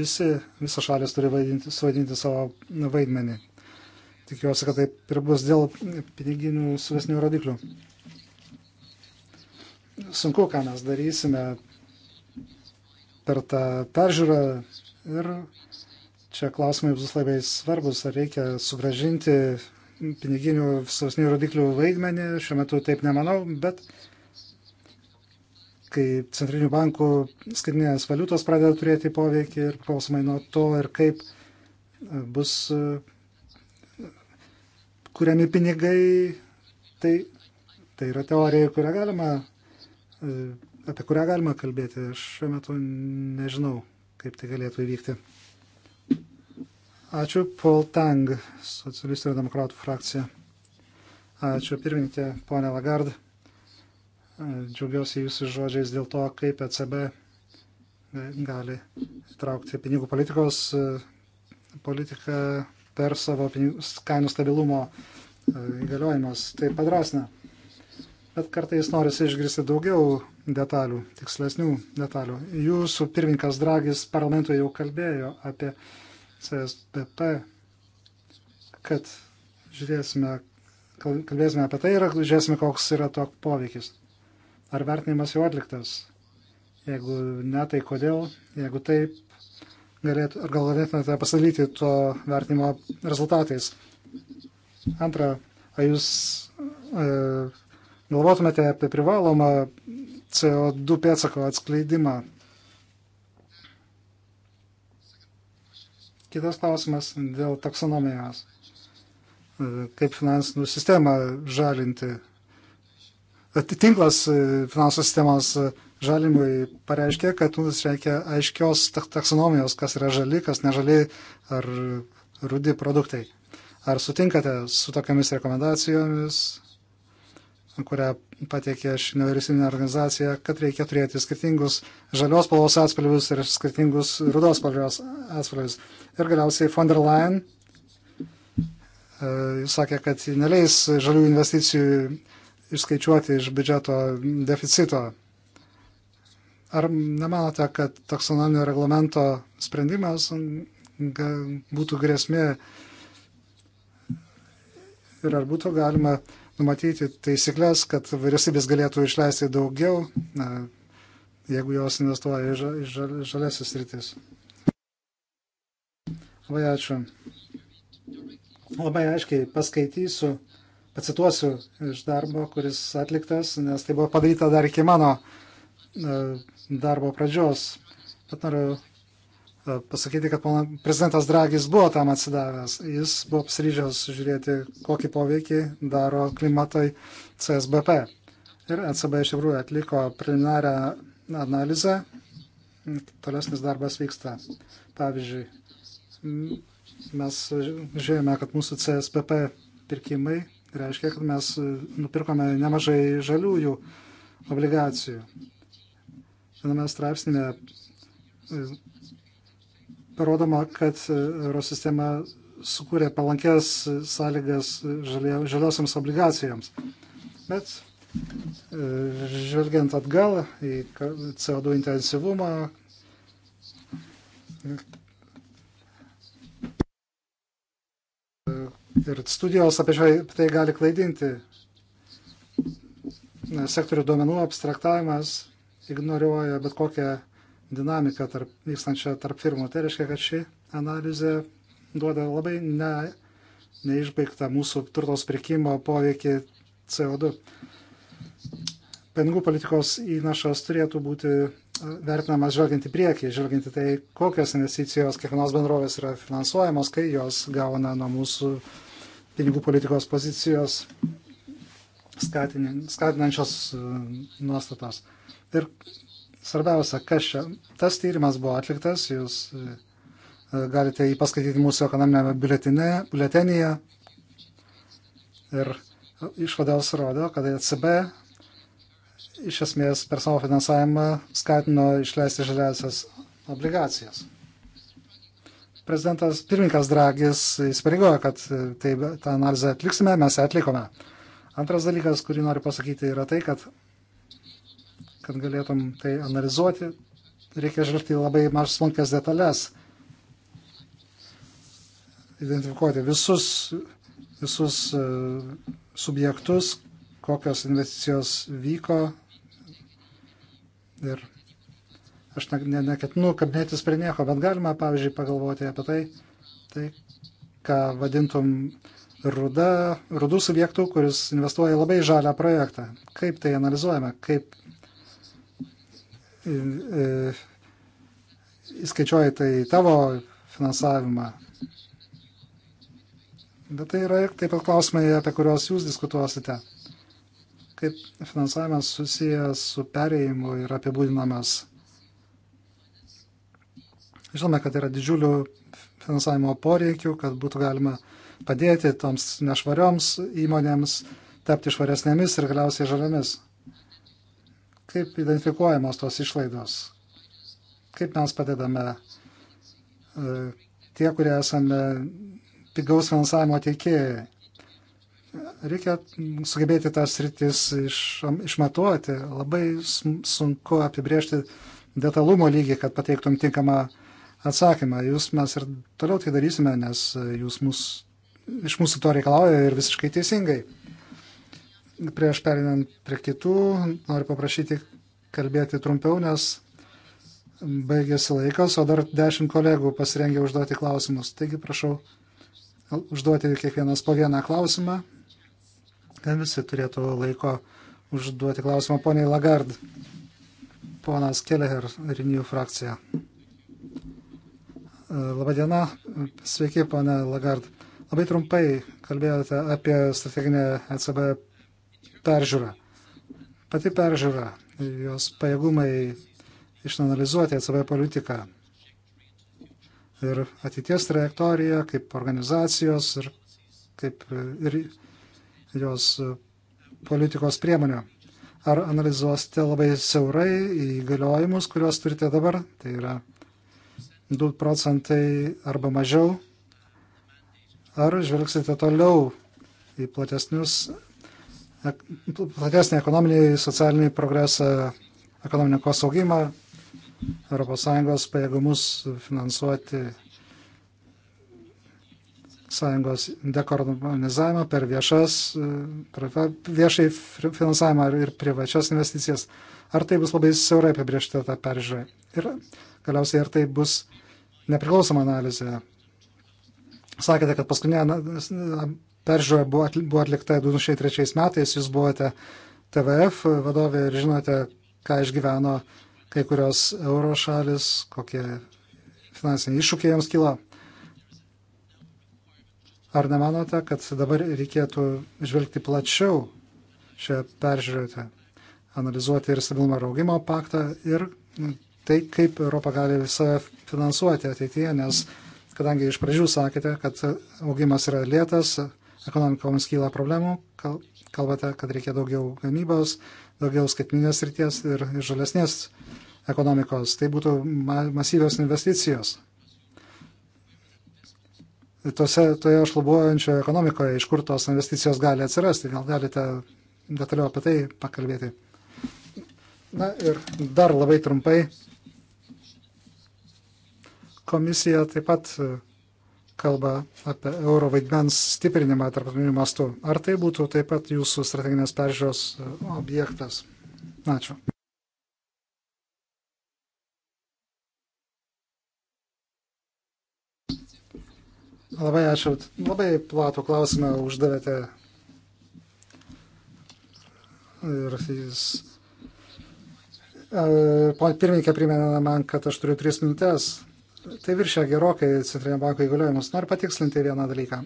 visi, visas šalis turi vaidinti, suvaidinti savo vaidmenį. Tikiuosi, kad taip ir bus dėl piniginių suvesnių rodiklių. Sunku, ką mes darysime per tą peržiūrą ir čia klausimai bus labai svarbus, ar reikia sugražinti piniginių sausnių rodiklių vaidmenį, šiuo metu taip nemanau, bet kai centrinių bankų skaitinės valiutos pradeda turėti poveikį ir klausimai nuo to ir kaip bus kuriami pinigai, tai, tai yra teorija, kurią galima, e, apie kurią galima kalbėti. Aš šiuo metu nežinau, kaip tai galėtų įvykti. Ačiū, Paul Tang, socialistų ir demokratų frakcija. Ačiū, pirmininkė, ponė Lagard. E, džiaugiuosi jūsų žodžiais dėl to, kaip ECB gali traukti pinigų politikos e, politiką per savo kainų stabilumo e, įgaliojimus. Tai padrasna. Bet kartais norisi išgirsti daugiau detalių, tikslesnių detalių. Jūsų pirmininkas Dragis parlamentui jau kalbėjo apie CSBP, kad žiūrėsime, kalbėsime apie tai ir žiūrėsime, koks yra to poveikis. Ar vertinimas jau atliktas? Jeigu ne, tai kodėl? Jeigu taip, galėt, ar gal galėtumėte pasidalyti to vertinimo rezultatais? Antra, ar jūs e, galvotumėte apie privalomą CO2 pėtsako atskleidimą? Kitas klausimas dėl taksonomijos. E, kaip finansų sistemą žalinti? Tinklas e, finansų sistemos e, Žalimui pareiškė, kad mums reikia aiškios taksonomijos, kas yra žali, kas nežali ar rudi produktai. Ar sutinkate su tokiamis rekomendacijomis, kurią patiekė ši nevyriausybinė organizacija, kad reikia turėti skirtingus žalios spalvos atspalvius ir skirtingus rudos spalvos atspalvius. Ir galiausiai von der Leyen e, Jis sakė, kad neleis žalių investicijų išskaičiuoti iš biudžeto deficito. Ar nemanote, kad taksonominio reglamento sprendimas būtų grėsmė ir ar būtų galima numatyti taisyklės, kad vyriausybės galėtų išleisti daugiau, jeigu jos investuoja į žalėsis rytis? Labai ačiū. Labai aiškiai paskaitysiu, pacituosiu iš darbo, kuris atliktas, nes tai buvo padaryta dar iki mano uh, darbo pradžios, bet noriu e, pasakyti, kad prezidentas Dragis buvo tam atsidavęs. Jis buvo pasiryžęs žiūrėti, kokį poveikį daro klimatai CSBP. Ir ECB iš tikrųjų atliko preliminarią analizę, tolesnis darbas vyksta. Pavyzdžiui, mes žiūrėjome, kad mūsų CSPP pirkimai reiškia, kad mes nupirkome nemažai žaliųjų obligacijų. Viename straipsnėje e, parodoma, kad e, Eurosistema sukūrė palankės sąlygas žaliosiams obligacijoms. Bet e, žvelgiant atgal į CO2 intensyvumą, ir studijos apie šią, tai gali klaidinti. Sektorių duomenų abstraktavimas ignoruoja bet kokią dinamiką tarp, vykstančią tarp firmų. Tai reiškia, kad ši analizė duoda labai ne, neišbaigtą mūsų turtos pirkimo poveikį CO2. Pinigų politikos įnašas turėtų būti e, vertinamas žvelgiant į priekį, žvelgiant į tai, kokios investicijos kiekvienos bendrovės yra finansuojamos, kai jos gauna nuo mūsų pinigų politikos pozicijos skatinančios e, nuostatos. Ir svarbiausia, kas čia, tas tyrimas buvo atliktas, jūs e, galite jį paskaityti mūsų ekonominėme biuletenyje. Ir išvados rodo, kad ECB iš esmės per savo finansavimą skatino išleisti žaliasias obligacijas. Prezidentas pirmininkas Dragis įsipareigojo, kad e, taip, tą analizę atliksime, mes ją atlikome. Antras dalykas, kurį noriu pasakyti, yra tai, kad kad galėtum tai analizuoti, reikia žvelgti labai mažas smulkės detalės, identifikuoti visus, visus e, subjektus, kokios investicijos vyko ir aš ne, ne, neketinu kabinėtis prie nieko, bet galima, pavyzdžiui, pagalvoti apie tai, tai ką vadintum ruda, rudų subjektų, kuris investuoja labai žalę projektą. Kaip tai analizuojame, kaip E, įskaičiuoji tai tavo finansavimą. Bet tai yra ir taip pat klausimai, apie kuriuos jūs diskutuosite. Kaip finansavimas susijęs su perėjimu yra apibūdinamas. Žinome, kad yra didžiulių finansavimo poreikių, kad būtų galima padėti toms nešvarioms įmonėms tapti švaresnėmis ir galiausiai žalėmis kaip identifikuojamos tos išlaidos, kaip mes padedame e, tie, kurie esame pigaus finansavimo teikėjai. Reikia sugebėti tas rytis iš, išmatuoti. Labai sunku apibriežti detalumo lygį, kad pateiktum tinkamą atsakymą. Jūs mes ir toliau tai darysime, nes e, jūs mus, iš mūsų to reikalauja ir visiškai teisingai. Prieš perinant prie kitų, noriu paprašyti kalbėti trumpiau, nes baigėsi laikas, o dar dešimt kolegų pasirengė užduoti klausimus. Taigi prašau užduoti kiekvienas po vieną klausimą. Ten visi turėtų laiko užduoti klausimą poniai Lagard. Ponas Keleher, Renew frakcija. Labadiena, sveiki, ponė Lagard. Labai trumpai kalbėjote apie strateginę ECB peržiūra. Pati peržiūra, jos pajėgumai išanalizuoti ECB politiką ir ateities trajektoriją kaip organizacijos ir, kaip, ir jos politikos priemonė. Ar analizuosite labai siaurai įgaliojimus, kuriuos turite dabar, tai yra 2 procentai arba mažiau, ar žvelgsite toliau į platesnius platesnį ekonominį, socialinį progresą, ekonomikos augimą, ES pajėgumus finansuoti sąjungos dekarbonizavimą per viešas, e, per viešai finansavimą ir privačias investicijas. Ar tai bus labai siaurai apibriešta ta peržiūra? Ir galiausiai ar tai bus nepriklausoma analizė? Sakėte, kad paskutinė peržiūra buvo, buvo atlikta 2003 metais, jūs buvote TVF vadovė ir žinote, ką išgyveno kai kurios euro šalis, kokie finansiniai iššūkiai jiems kilo. Ar nemanote, kad dabar reikėtų žvelgti plačiau šią peržiūrėtę, analizuoti ir stabilumo ir augimo paktą ir tai, kaip Europa gali save finansuoti ateityje, nes kadangi iš pradžių sakėte, kad augimas yra lėtas, ekonomikoms kyla problemų, kalbate, kad reikia daugiau gamybos, daugiau skaitminės ryties ir žalesnės ekonomikos. Tai būtų masyvios investicijos. Tose, toje šlubuojančioje ekonomikoje, iš kur tos investicijos gali atsirasti, gal galite detaliau apie tai pakalbėti. Na ir dar labai trumpai. Komisija taip pat kalba apie euro vaidmens stiprinimą tarptautiniu mastu. Ar tai būtų taip pat jūsų strateginės peržiūros e, objektas? Ačiū. Labai ačiū. Labai platų klausimą uždavėte. Ir jis. E, pirmininkė primena man, kad aš turiu tris minutės tai viršia gerokai Centrinio banko įgaliojimus. Noriu patikslinti vieną dalyką.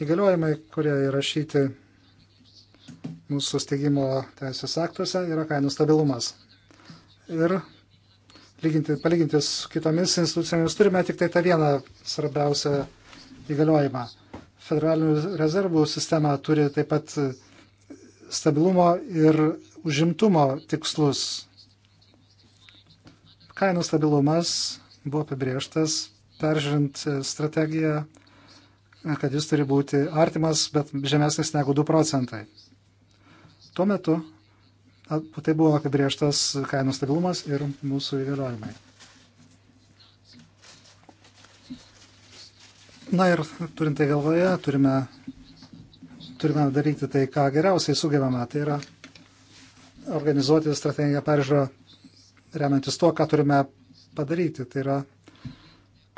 Įgaliojimai, kurie įrašyti mūsų steigimo teisės aktuose, yra kainų stabilumas. Ir lyginti, palyginti su kitomis institucijomis turime tik tai tą vieną svarbiausią įgaliojimą. Federalinių rezervų sistema turi taip pat stabilumo ir užimtumo tikslus. Kainų stabilumas buvo apibrieštas, peržiūrint strategiją, kad jis turi būti artimas, bet žemesnis negu 2 procentai. Tuo metu tai buvo apibrieštas kainų stabilumas ir mūsų įgaliojimai. Na ir turint tai galvoje, turime, turime daryti tai, ką geriausiai sugebame. Tai yra organizuoti strateginę peržiūrą remiantis to, ką turime padaryti, tai yra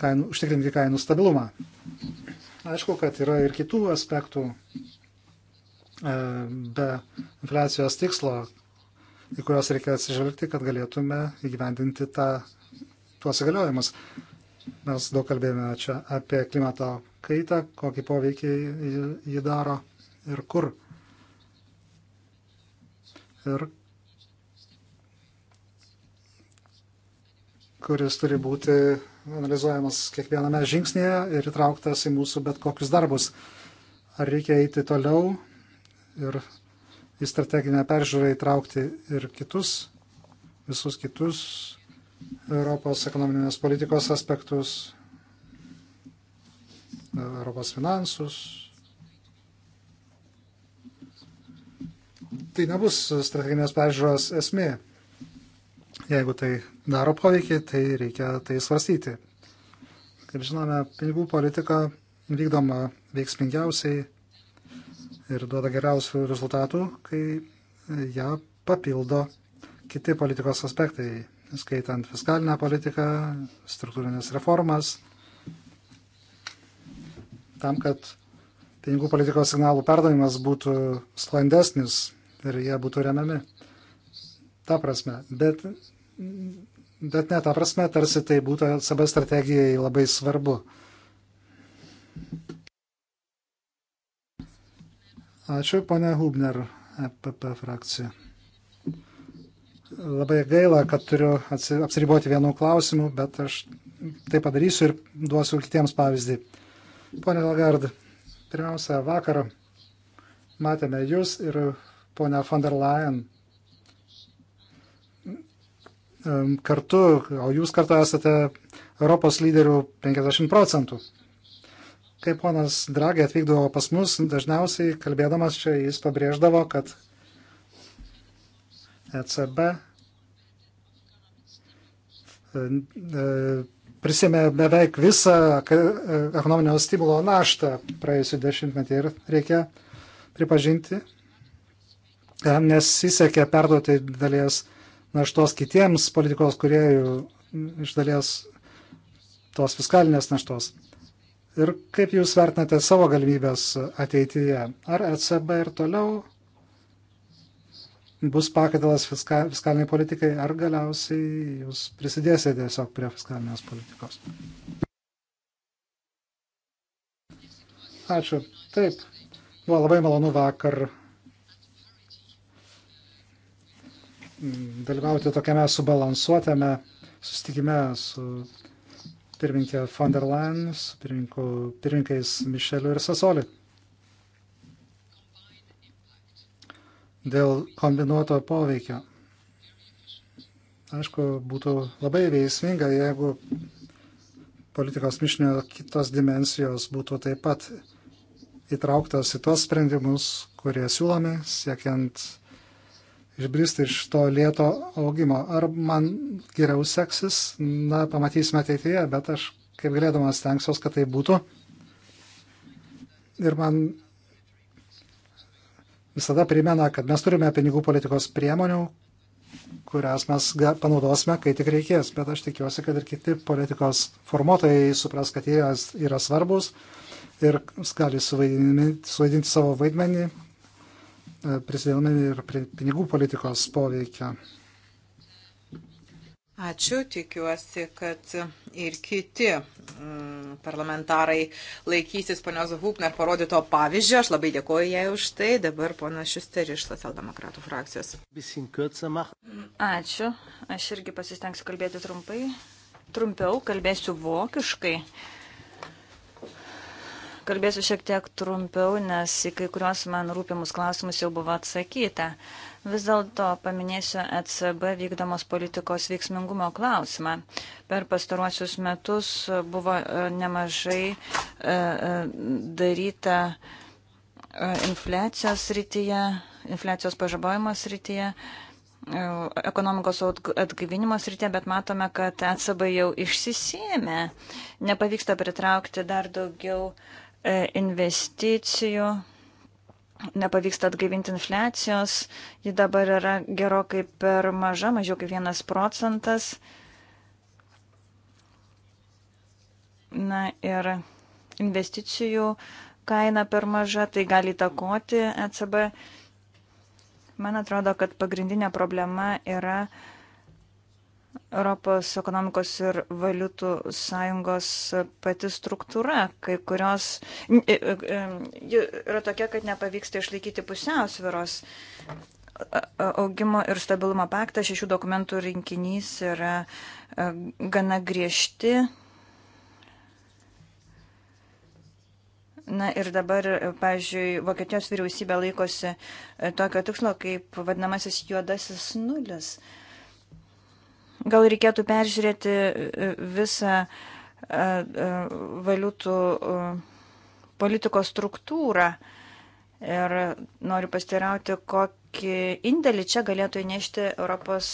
kainų, užtikrinti kainų stabilumą. Aišku, kad yra ir kitų aspektų e, be infliacijos tikslo, į kuriuos reikia atsižvelgti, kad galėtume įgyvendinti tą, tuos įgaliojimus. Mes daug kalbėjome čia apie klimato kaitą, kokį poveikį jį daro ir kur. Ir kuris turi būti analizuojamas kiekviename žingsnėje ir įtrauktas į mūsų bet kokius darbus. Ar reikia eiti toliau ir į strateginę peržiūrą įtraukti ir kitus, visus kitus Europos ekonominės politikos aspektus, Europos finansus. Tai nebus strateginės peržiūros esmė. Jeigu tai daro poveikį, tai reikia tai svarstyti. Kaip žinome, pinigų politika vykdoma veiksmingiausiai ir duoda geriausių rezultatų, kai ją papildo kiti politikos aspektai, skaitant fiskalinę politiką, struktūrinės reformas, tam, kad pinigų politikos signalų perdavimas būtų sklandesnis ir jie būtų remiami. Ta prasme, bet bet net tą prasme, tarsi tai būtų savo strategijai labai svarbu. Ačiū, ponia Hubner, EPP frakcija. Labai gaila, kad turiu apsiriboti vienu klausimu, bet aš tai padarysiu ir duosiu kitiems pavyzdį. Pone Lagard, pirmiausia, vakar matėme jūs ir ponia von der Leyen kartu, o jūs kartu esate Europos lyderių 50 procentų. Kai ponas Dragė atvykdavo pas mus, dažniausiai kalbėdamas čia jis pabrėždavo, kad ECB e, e, prisėmė beveik visą ekonominio stimulo naštą praėjusiu dešimtmetį ir reikia pripažinti, e, nesisekė perduoti dalies naštos kitiems politikos kuriejų iš dalies tos fiskalinės naštos. Ir kaip jūs vertinate savo galimybės ateityje? Ar ECB ir toliau bus pakaitalas fiska, fiskaliniai politikai, ar galiausiai jūs prisidėsite tiesiog prie fiskalinės politikos? Ačiū. Taip, buvo labai malonu vakar dalyvauti tokiame subalansuotame susitikime su pirmininkė von der Leyen, su pirmininkais Mišeliu ir Sasoli. Dėl kombinuoto poveikio. Aišku, būtų labai veiksminga, jeigu politikos mišinio kitos dimensijos būtų taip pat įtrauktos į tuos sprendimus, kurie siūlomi, siekiant išbristi iš to lėto augimo. Ar man geriau seksis, na, pamatysime ateityje, bet aš kaip galėdamas tenksiuos, kad tai būtų. Ir man visada primena, kad mes turime pinigų politikos priemonių, kurias mes panaudosime, kai tik reikės. Bet aš tikiuosi, kad ir kiti politikos formuotojai supras, kad jie yra svarbus ir gali suvaidinti, suvaidinti savo vaidmenį E, prisidėjome ir prie pinigų politikos poveikio. Ačiū, tikiuosi, kad ir kiti mm, parlamentarai laikysis ponios Hupner parodyto pavyzdžio. Aš labai dėkoju jai už tai. Dabar ponas Šusteris iš socialdemokratų frakcijos. Ačiū. Aš irgi pasistengsiu kalbėti trumpai. Trumpiau kalbėsiu vokiškai. Uh, Kalbėsiu šiek tiek trumpiau, nes į kai kuriuos man rūpimus klausimus jau buvo atsakyta. Vis dėlto paminėsiu ECB vykdomos politikos veiksmingumo klausimą. Per pastaruosius metus buvo e, nemažai e, e, daryta infliacijos rytyje, infliacijos pažabojimo rytyje ekonomikos atgyvinimo srityje, bet matome, kad ECB jau išsisėmė, nepavyksta pritraukti dar daugiau uh, E, investicijų, nepavyksta atgaivinti infliacijos, ji dabar yra gerokai per maža, mažiau kaip vienas procentas. Na ir investicijų kaina per maža, tai gali takoti ECB. Man atrodo, kad pagrindinė problema yra uh, Europos ekonomikos ir valiutų sąjungos pati struktūra, kai kurios yra tokia, kad nepavyksta išlaikyti pusiausviros. Augimo ir stabilumo paktas šešių dokumentų rinkinys yra gana griežti. Na ir dabar, pavyzdžiui, Vokietijos vyriausybė laikosi e, tokio tikslo kaip vadinamasis juodasis nulis. Uh, Gal reikėtų peržiūrėti e, e, visą e, valiutų politikos struktūrą ir noriu pastirauti, kokį indėlį čia galėtų įnešti Europos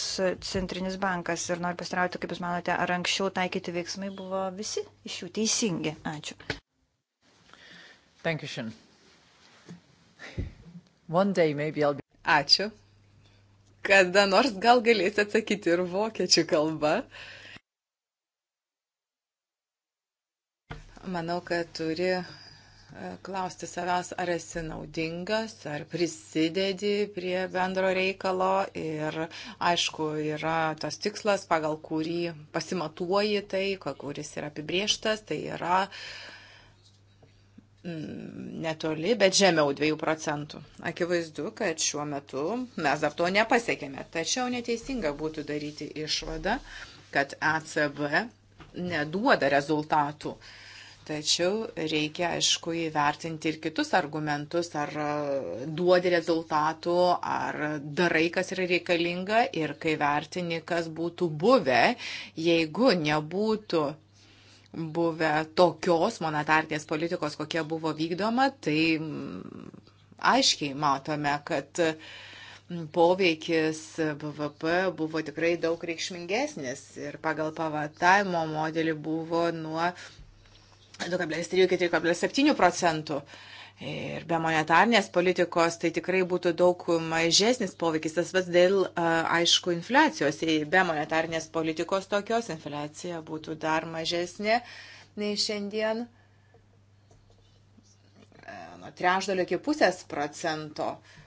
centrinis bankas ir noriu pastirauti, kaip Jūs manote, ar anksčiau taikyti veiksmai buvo visi iš jų teisingi. Ačiū. Ačiū kada nors gal galėsite atsakyti ir vokiečių kalba. Manau, kad turi e, klausti savęs, ar esi naudingas, ar prisidedi prie bendro reikalo ir aišku, yra tas tikslas, pagal kurį pasimatuoji tai, kuris yra apibrieštas, tai yra uh, Mm, netoli, bet žemiau 2 procentų. Akivaizdu, kad šiuo metu mes dar to nepasiekėme. Tačiau neteisinga būtų daryti išvadą, kad ECB neduoda rezultatų. Tačiau reikia, aišku, įvertinti ir kitus argumentus, ar duodi rezultatų, ar darai, kas yra reikalinga ir kai vertini, kas būtų buvę, jeigu nebūtų buvę tokios monetarkės politikos, kokia buvo vykdoma, tai aiškiai matome, kad poveikis BVP buvo tikrai daug reikšmingesnis ir pagal pavatavimo modelį buvo nuo 2,3 iki 3,7 procentų. Ir be monetarnės politikos tai tikrai būtų daug mažesnis poveikis. Tas pats dėl, aišku, infliacijos. Jei be monetarnės politikos tokios infliacija būtų dar mažesnė nei šiandien. E, nuo trešdalio iki pusės procento. Uh,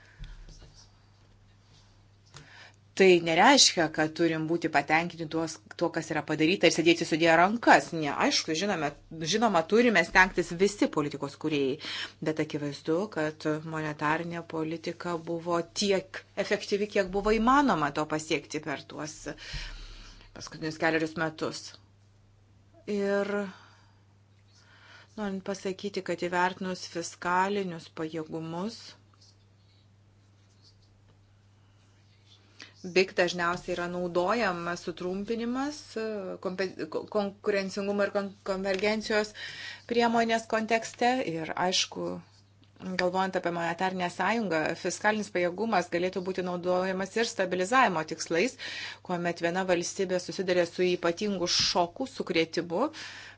Tai nereiškia, kad turim būti patenkinti tuos, tuo, kas yra padaryta ir sėdėti sudėję rankas. Ne, aišku, žinome, žinoma, turime stengtis visi politikos kuriejai, bet akivaizdu, kad monetarinė politika buvo tiek efektyvi, kiek buvo įmanoma to pasiekti per tuos paskutinius keliarius metus. Ir norint pasakyti, kad įvertinus fiskalinius pajėgumus, BIG dažniausiai yra naudojamas sutrumpinimas konkurencingumo ir konvergencijos priemonės kontekste ir aišku galvojant apie monetarinę sąjungą, fiskalinis pajėgumas galėtų būti naudojamas ir stabilizavimo tikslais, kuomet viena valstybė susidarė su ypatingu šoku, sukrėtimu.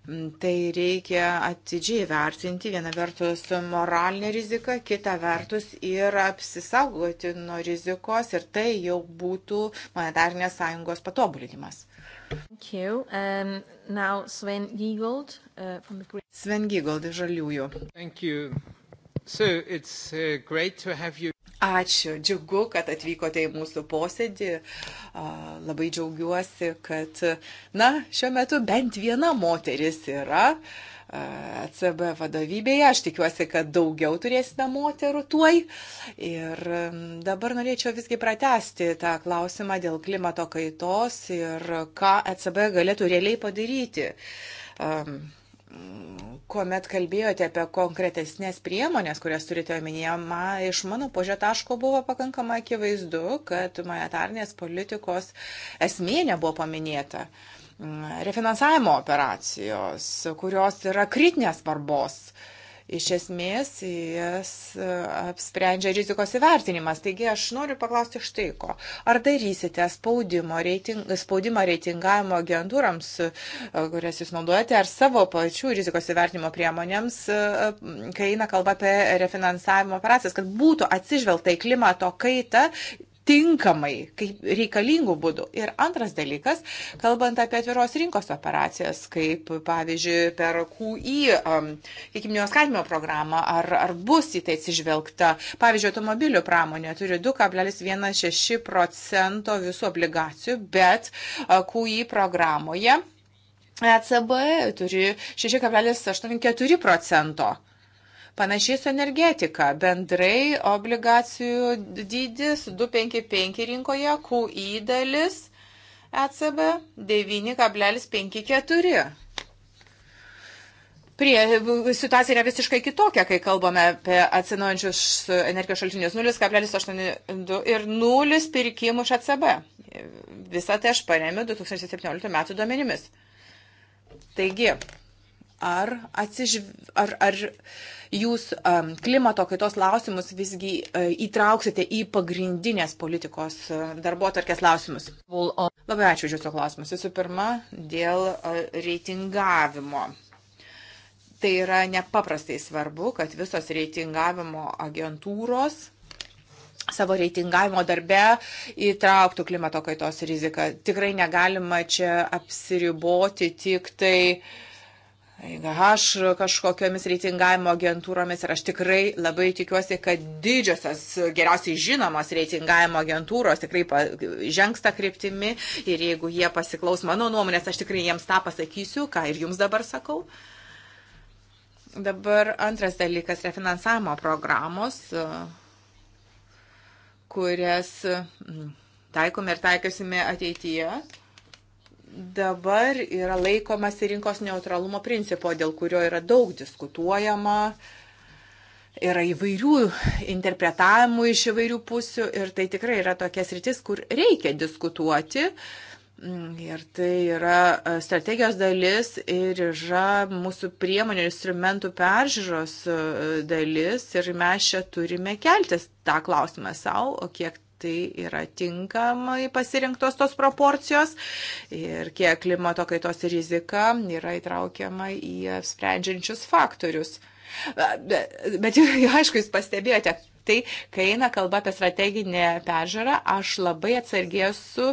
Mm, tai reikia atidžiai vertinti vieną vertus moralinę riziką, kitą vertus ir apsisaugoti nuo rizikos ir tai jau būtų monetarinės sąjungos patobulinimas. Thank you. Um, now Sven Giegold uh, from the Sven Giegold, Žaliųjų. Thank you. So uh, Ačiū, džiugu, kad atvykote į mūsų posėdį. Labai džiaugiuosi, kad, na, šiuo metu bent viena moteris yra. ECB vadovybėje. Aš tikiuosi, kad daugiau turėsime moterų tuoj. Ir dabar norėčiau visgi pratesti tą klausimą dėl klimato kaitos ir ką ECB galėtų realiai padaryti. Um, kuomet kalbėjote apie konkretesnės priemonės, kurias turite omenyje, ma, iš mano požio taško buvo pakankamai akivaizdu, kad monetarnės politikos esmė nebuvo paminėta. Mm, refinansavimo operacijos, kurios yra kritinės svarbos. Uh, iš esmės jas e, apsprendžia rizikos įvertinimas. Taigi aš noriu paklausti štai ko. Ar darysite spaudimo, reiting, spaudimą reitingavimo agentūrams, e, kurias jūs naudojate, ar savo pačių rizikos įvertinimo priemonėms, e, kai eina kalba apie refinansavimo operacijas, kad būtų atsižvelgta į klimato kaitą tinkamai, kaip reikalingų būdų. Ir antras dalykas, kalbant apie atviros rinkos operacijas, kaip pavyzdžiui per QI, um, kiekimnio skatinimo programą, ar, ar bus į tai atsižvelgta. Pavyzdžiui, automobilių pramonė turi 2,16 procento visų obligacijų, bet uh, QI programoje ECB turi 6,84 procento. Panašiai su energetika. Bendrai obligacijų dydis 255 rinkoje, QI dalis ECB 9,54. Prie situacija yra visiškai kitokia, kai kalbame apie atsinaujančius energijos šaltinius 0,82 ir 0 pirkimų iš ECB. Visą tai aš paremiu 2017 metų duomenimis. Taigi, ar, atsižv... ar, ar jūs um, klimato kaitos klausimus visgi e, įtrauksite į pagrindinės politikos e, darbo tarkės klausimus? Labai ačiū už jūsų klausimus. Visų pirma, dėl e, reitingavimo. Tai yra nepaprastai svarbu, kad visos reitingavimo agentūros savo reitingavimo darbe įtrauktų klimato kaitos riziką. Tikrai negalima čia apsiriboti tik tai uh, IGH kažkokiamis reitingavimo agentūromis ir aš tikrai labai tikiuosi, kad didžiosios geriausiai žinomos reitingavimo agentūros tikrai žengs tą kryptimį ir jeigu jie pasiklaus mano nuomonės, aš tikrai jiems tą pasakysiu, ką ir jums dabar sakau. Dabar antras dalykas - refinansavimo programos, kurias mm, taikome ir taikysime ateityje dabar yra laikomasi rinkos neutralumo principo, dėl kurio yra daug diskutuojama, yra įvairių interpretavimų iš įvairių pusių ir tai tikrai yra tokia sritis, kur reikia diskutuoti. Mm, ir tai yra e, strategijos dalis ir yra mūsų priemonių instrumentų peržiūros e, dalis ir mes čia turime keltis tą klausimą savo, kiek tai yra tinkamai pasirinktos tos proporcijos ir kiek klimato kaitos rizika yra įtraukiama į sprendžiančius faktorius. Bet aišku, jūs pastebėjote, tai kai eina kalba apie strateginę peržiūrą, aš labai atsargiai esu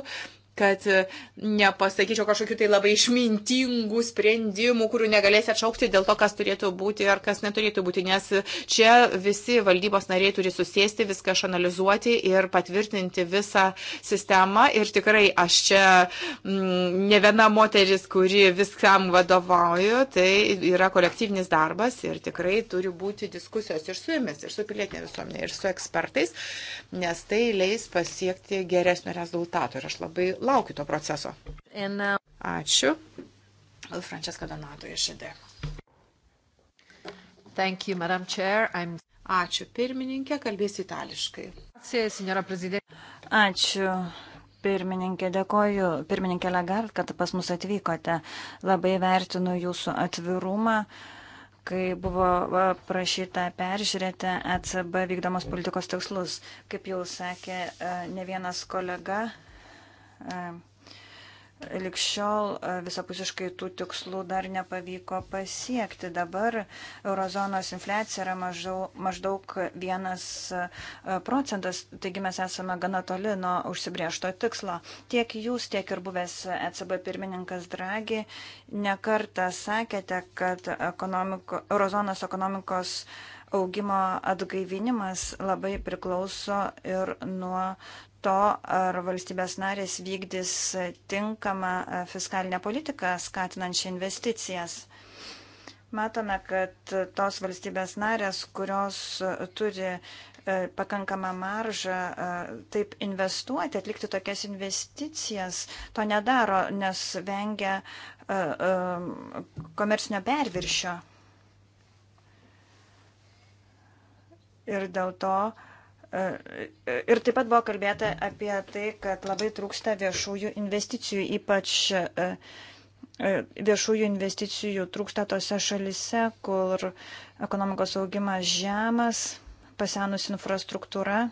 kad e, nepasakyčiau kažkokių tai labai išmintingų sprendimų, kurių negalės atšaukti dėl to, kas turėtų būti ar kas neturėtų būti, nes čia visi valdybos nariai turi susėsti, viską išanalizuoti ir patvirtinti visą sistemą. Ir tikrai aš čia m, mm, ne viena moteris, kuri viskam vadovauju, tai yra kolektyvinis darbas ir tikrai turi būti diskusijos ir su jumis, ir su pilietinė visuomenė, ir su ekspertais, nes tai leis pasiekti geresnio rezultato. Ir aš labai laukiu to proceso. Uh, Ačiū. Francesca Donato iš ID. Thank you, Madam Chair. I'm... Ačiū pirmininkė, kalbėsiu itališkai. Ačiū pirmininkė, dėkoju pirmininkė Lagard, kad pas mus atvykote. Labai vertinu jūsų atvirumą, kai buvo prašyta peržiūrėti ECB vykdomos politikos tikslus. Kaip jau sakė e, ne vienas kolega, Likščiol e, visapusiškai tų tikslų dar nepavyko pasiekti. Dabar eurozonos infliacija yra maždaug, maždaug vienas e, procentas, taigi mes esame gana toli nuo užsibriešto tikslo. Tiek jūs, tiek ir buvęs ECB pirmininkas Dragi nekartą sakėte, kad ekonomiko, eurozonos ekonomikos augimo atgaivinimas labai priklauso ir nuo to, ar valstybės narės vykdys tinkamą e, fiskalinę politiką skatinančią investicijas. Matome, kad tos valstybės narės, kurios e, turi e, pakankamą maržą taip investuoti, atlikti tokias investicijas, to nedaro, nes vengia komercinio perviršio. Ir dėl to uh, Ir taip pat buvo kalbėta apie tai, kad labai trūksta viešųjų investicijų, ypač e, e, viešųjų investicijų trūksta tose šalise, kur ekonomikos augimas žemas, pasenus infrastruktūra.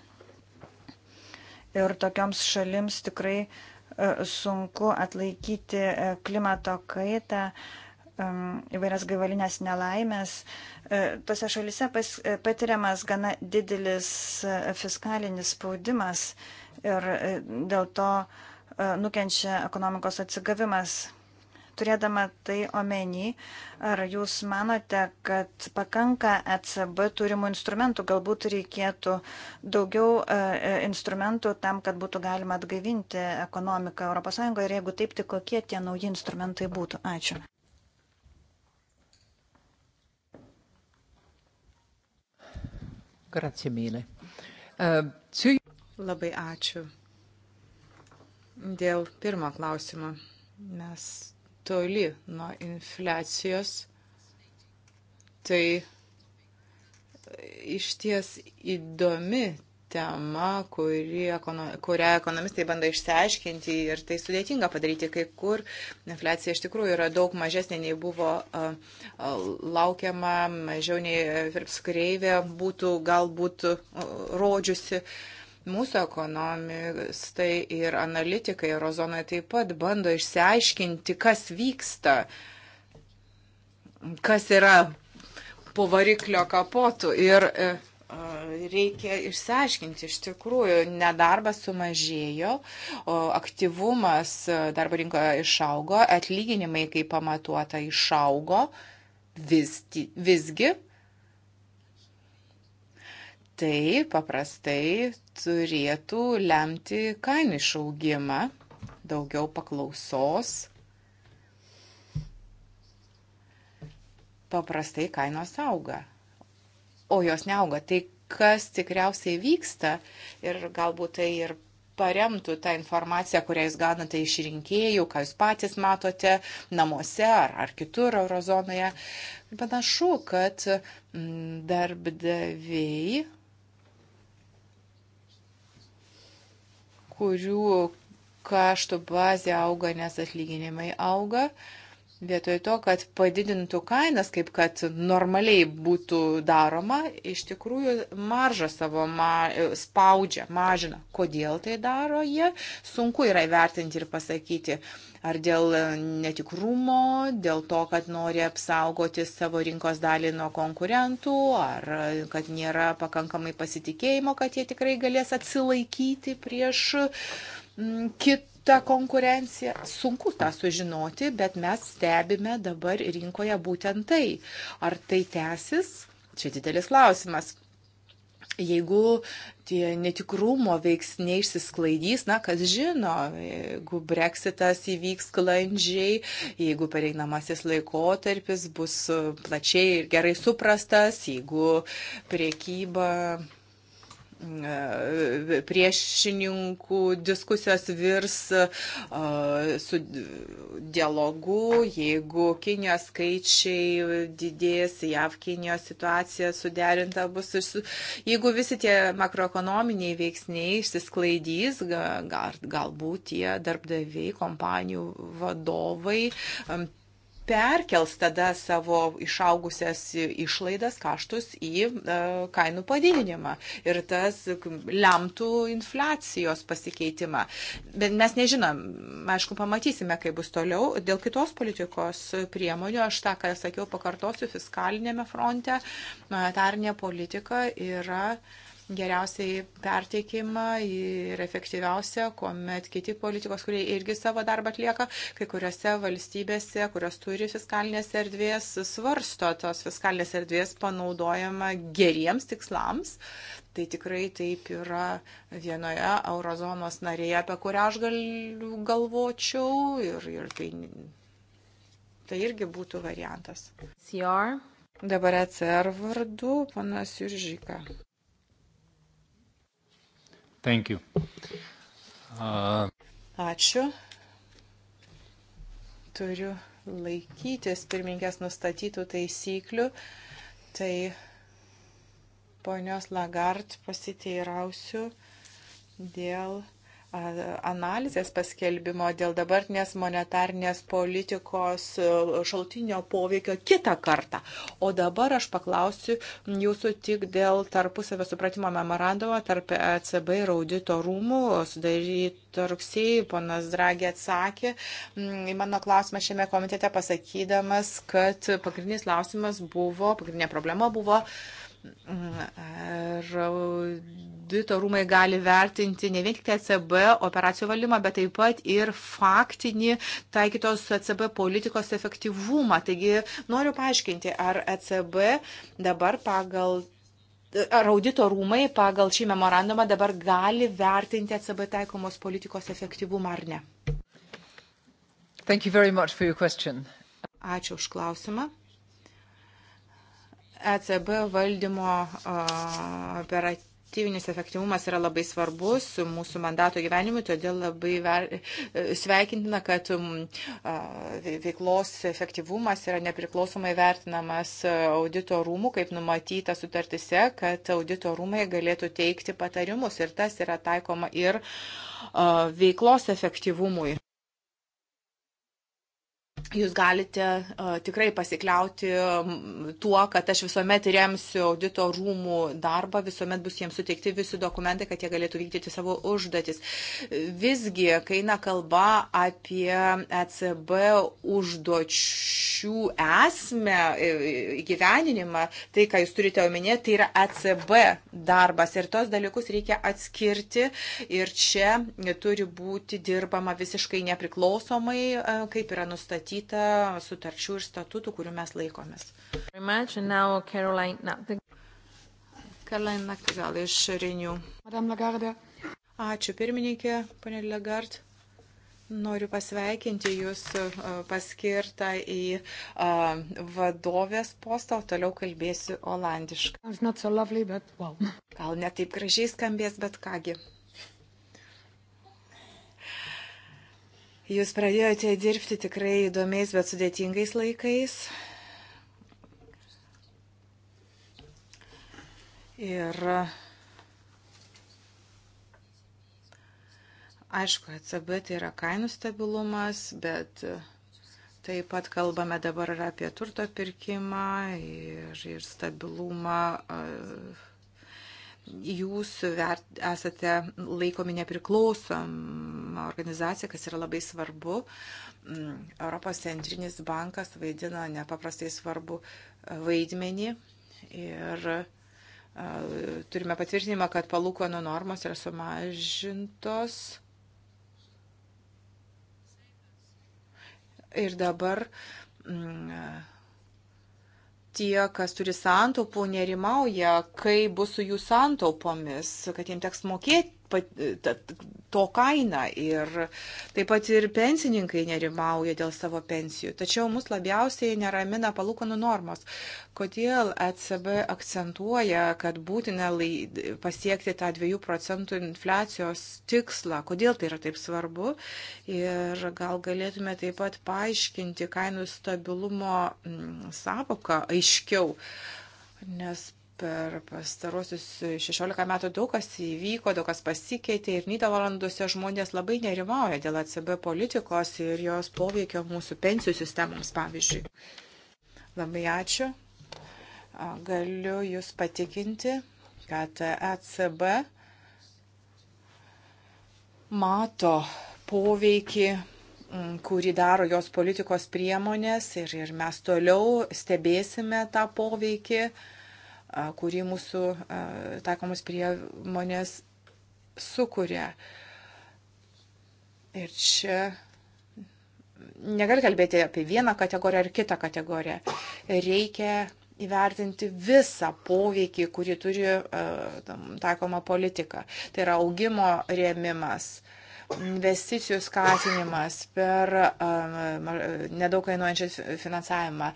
Ir tokioms šalims tikrai e, sunku atlaikyti klimato kaitą, Um, įvairias gaivalinės nelaimės. E, tose šalise pas, e, patiriamas gana didelis e, fiskalinis spaudimas ir dėl to nukenčia ekonomikos atsigavimas. Turėdama tai omeny, ar jūs manote, kad pakanka ECB turimų instrumentų, galbūt reikėtų daugiau instrumentų tam, kad būtų galima atgaivinti ekonomiką ES ir jeigu taip, tai kokie tie nauji instrumentai būtų? Ačiū. Grazie mille. Uh, su... Labai ačiū. Dėl pirmo klausimo. Mes toli nuo infliacijos. Tai iš ties įdomi tema, kuri, kurią ekonomistai bando išsiaiškinti ir tai sudėtinga padaryti, kai kur infliacija iš tikrųjų yra daug mažesnė nei buvo laukiama, mažiau nei Firps kreivė būtų galbūt rodžiusi. Mūsų ekonomistai ir analitikai Eurozonoje taip pat bando išsiaiškinti, kas vyksta, kas yra po variklio kapotų. Ir e, reikia išsiaiškinti iš tikrųjų. Nedarbas sumažėjo, aktyvumas darbo rinkoje išaugo, atlyginimai, kaip pamatuota, išaugo vis, visgi. Tai paprastai turėtų lemti kainų išaugimą, daugiau paklausos. Paprastai kainos auga o jos neauga. Tai kas tikriausiai vyksta ir galbūt tai ir paremtų tą informaciją, kurią jūs gaunate iš rinkėjų, ką jūs patys matote namuose ar, ar kitur eurozonoje. Panašu, kad mm, darbdaviai, kurių kaštų bazė auga, nes atlyginimai auga, uh, vietoj to, kad padidintų kainas, kaip kad normaliai būtų daroma, iš tikrųjų maržą savo ma spaudžia, mažina. Kodėl tai daro jie, sunku yra įvertinti ir pasakyti. Ar dėl netikrumo, dėl to, kad nori apsaugoti savo rinkos dalį nuo konkurentų, ar kad nėra pakankamai pasitikėjimo, kad jie tikrai galės atsilaikyti prieš mm, kit, ta konkurencija. Sunku tą sužinoti, bet mes stebime dabar rinkoje būtent tai. Ar tai tęsis? Čia didelis klausimas. Jeigu tie netikrumo veiksniai išsisklaidys, na, kas žino, jeigu breksitas įvyks sklandžiai, jeigu pereinamasis laikotarpis bus plačiai ir gerai suprastas, jeigu priekyba E, priešininkų diskusijos virs e, su dialogu, jeigu Kinijos skaičiai didės, JAV Kinijos situacija suderinta bus. Jeigu visi tie makroekonominiai veiksniai išsisklaidys, galbūt tie darbdaviai, kompanijų vadovai perkels tada savo išaugusias išlaidas, kaštus į e, kainų padidinimą ir tas lemtų infliacijos pasikeitimą. Bet mes nežinom, aišku, pamatysime, kaip bus toliau. Dėl kitos politikos priemonių, aš tą, ką sakiau, pakartosiu, fiskalinėme fronte monetarinė politika yra. Uh, geriausiai perteikimą ir efektyviausia, kuomet kiti politikos, kurie irgi savo darbą atlieka, kai kuriuose valstybėse, kurios turi fiskalinės erdvės, svarsto tos fiskalinės erdvės panaudojama geriems tikslams. Tai tikrai taip yra vienoje eurozonos narėje, apie kurią aš gal, galvočiau ir, ir tai, tai irgi būtų variantas. CR. Dabar ECR vardu, panas Juržyka. Thank you. Uh... Ačiū. Turiu laikytis pirmininkės nustatytų taisyklių. Tai ponios Lagart pasiteirausiu dėl analizės paskelbimo dėl dabartinės monetarnės politikos e, šaltinio poveikio kitą kartą. O dabar aš paklausiu jūsų tik dėl tarpusavio supratimo memorandumo tarp ECB ir audito rūmų sudaryto rugsėjai. Ponas Dragė atsakė mm, į mano klausimą šiame komitete pasakydamas, kad pagrindinis klausimas buvo, pagrindinė problema buvo, Ir audito rūmai gali vertinti ne vien tik ECB operacijų valymą, bet taip pat ir faktinį taikytos ECB politikos efektyvumą. Taigi noriu paaiškinti, ar ECB dabar pagal. Ar audito rūmai pagal šį memorandumą dabar gali vertinti ECB taikomos politikos efektyvumą ar ne? Ačiū už klausimą. ECB valdymo operatyvų kolektyvinis efektyvumas yra labai svarbus mūsų mandato gyvenimui, todėl labai ver, e, sveikintina, kad veiklos efektyvumas yra nepriklausomai vertinamas audito rūmų, kaip numatyta sutartise, kad audito rūmai galėtų teikti patarimus ir tas yra taikoma ir veiklos efektyvumui jūs galite uh, tikrai pasikliauti tuo, kad aš visuomet remsiu audito rūmų darbą, visuomet bus jiems suteikti visi dokumentai, kad jie galėtų vykdyti savo užduotis. Visgi, kai eina kalba apie ECB užduočių esmę, gyveninimą, tai, ką jūs turite omenyje, tai yra ECB darbas ir tos dalykus reikia atskirti ir čia turi būti dirbama visiškai nepriklausomai, kaip yra nustatyta numatyta sutarčių ir statutų, kurių mes laikomės. Karlain Naktigal iš Renių. Madame Lagardė. Ačiū pirmininkė, ponė Lagard. Noriu pasveikinti Jūs e, paskirtą į a, e, vadovės postą, o toliau kalbėsiu olandiškai. So lovely, but, well. Gal ne taip gražiai skambės, bet kągi. Jūs pradėjote dirbti tikrai įdomiais, bet sudėtingais laikais. Ir aišku, ECB tai yra kainų stabilumas, bet Taip pat kalbame dabar ir apie turto pirkimą ir, ir stabilumą e, jūs vert, esate laikomi nepriklausoma organizacija, kas yra labai svarbu. Mm, Europos centrinis bankas vaidina nepaprastai svarbu e, vaidmenį ir e, turime patvirtinimą, kad palūkanų normos yra sumažintos. Ir dabar mm, tie, kas turi santaupų, nerimauja, kai bus su jų santaupomis, kad jiems teks mokėti to kaina ir taip pat ir pensininkai nerimauja dėl savo pensijų. Tačiau mus labiausiai neramina palūkanų normos. Kodėl ECB akcentuoja, kad būtina pasiekti tą 2 procentų infliacijos tikslą? Kodėl tai yra taip svarbu? Ir gal galėtume taip pat paaiškinti kainų stabilumo mm, savoką aiškiau. Nes per pastarosius 16 metų daug kas įvyko, daug kas pasikeitė ir Niderlanduose žmonės labai nerimauja dėl ACB politikos ir jos poveikio mūsų pensijų sistemoms, pavyzdžiui. Labai ačiū. Galiu Jūs patikinti, kad ECB mato poveikį kurį daro jos politikos priemonės ir, ir mes toliau stebėsime tą poveikį. Uh, kurį mūsų taikomus priemonės sukuria. Ir čia negali kalbėti apie vieną kategoriją ar kitą kategoriją. Reikia įvertinti visą poveikį, kurį turi uh, taikoma politika. Tai yra augimo rėmimas, investicijų skatinimas, per um, nedaug kainuojančią finansavimą,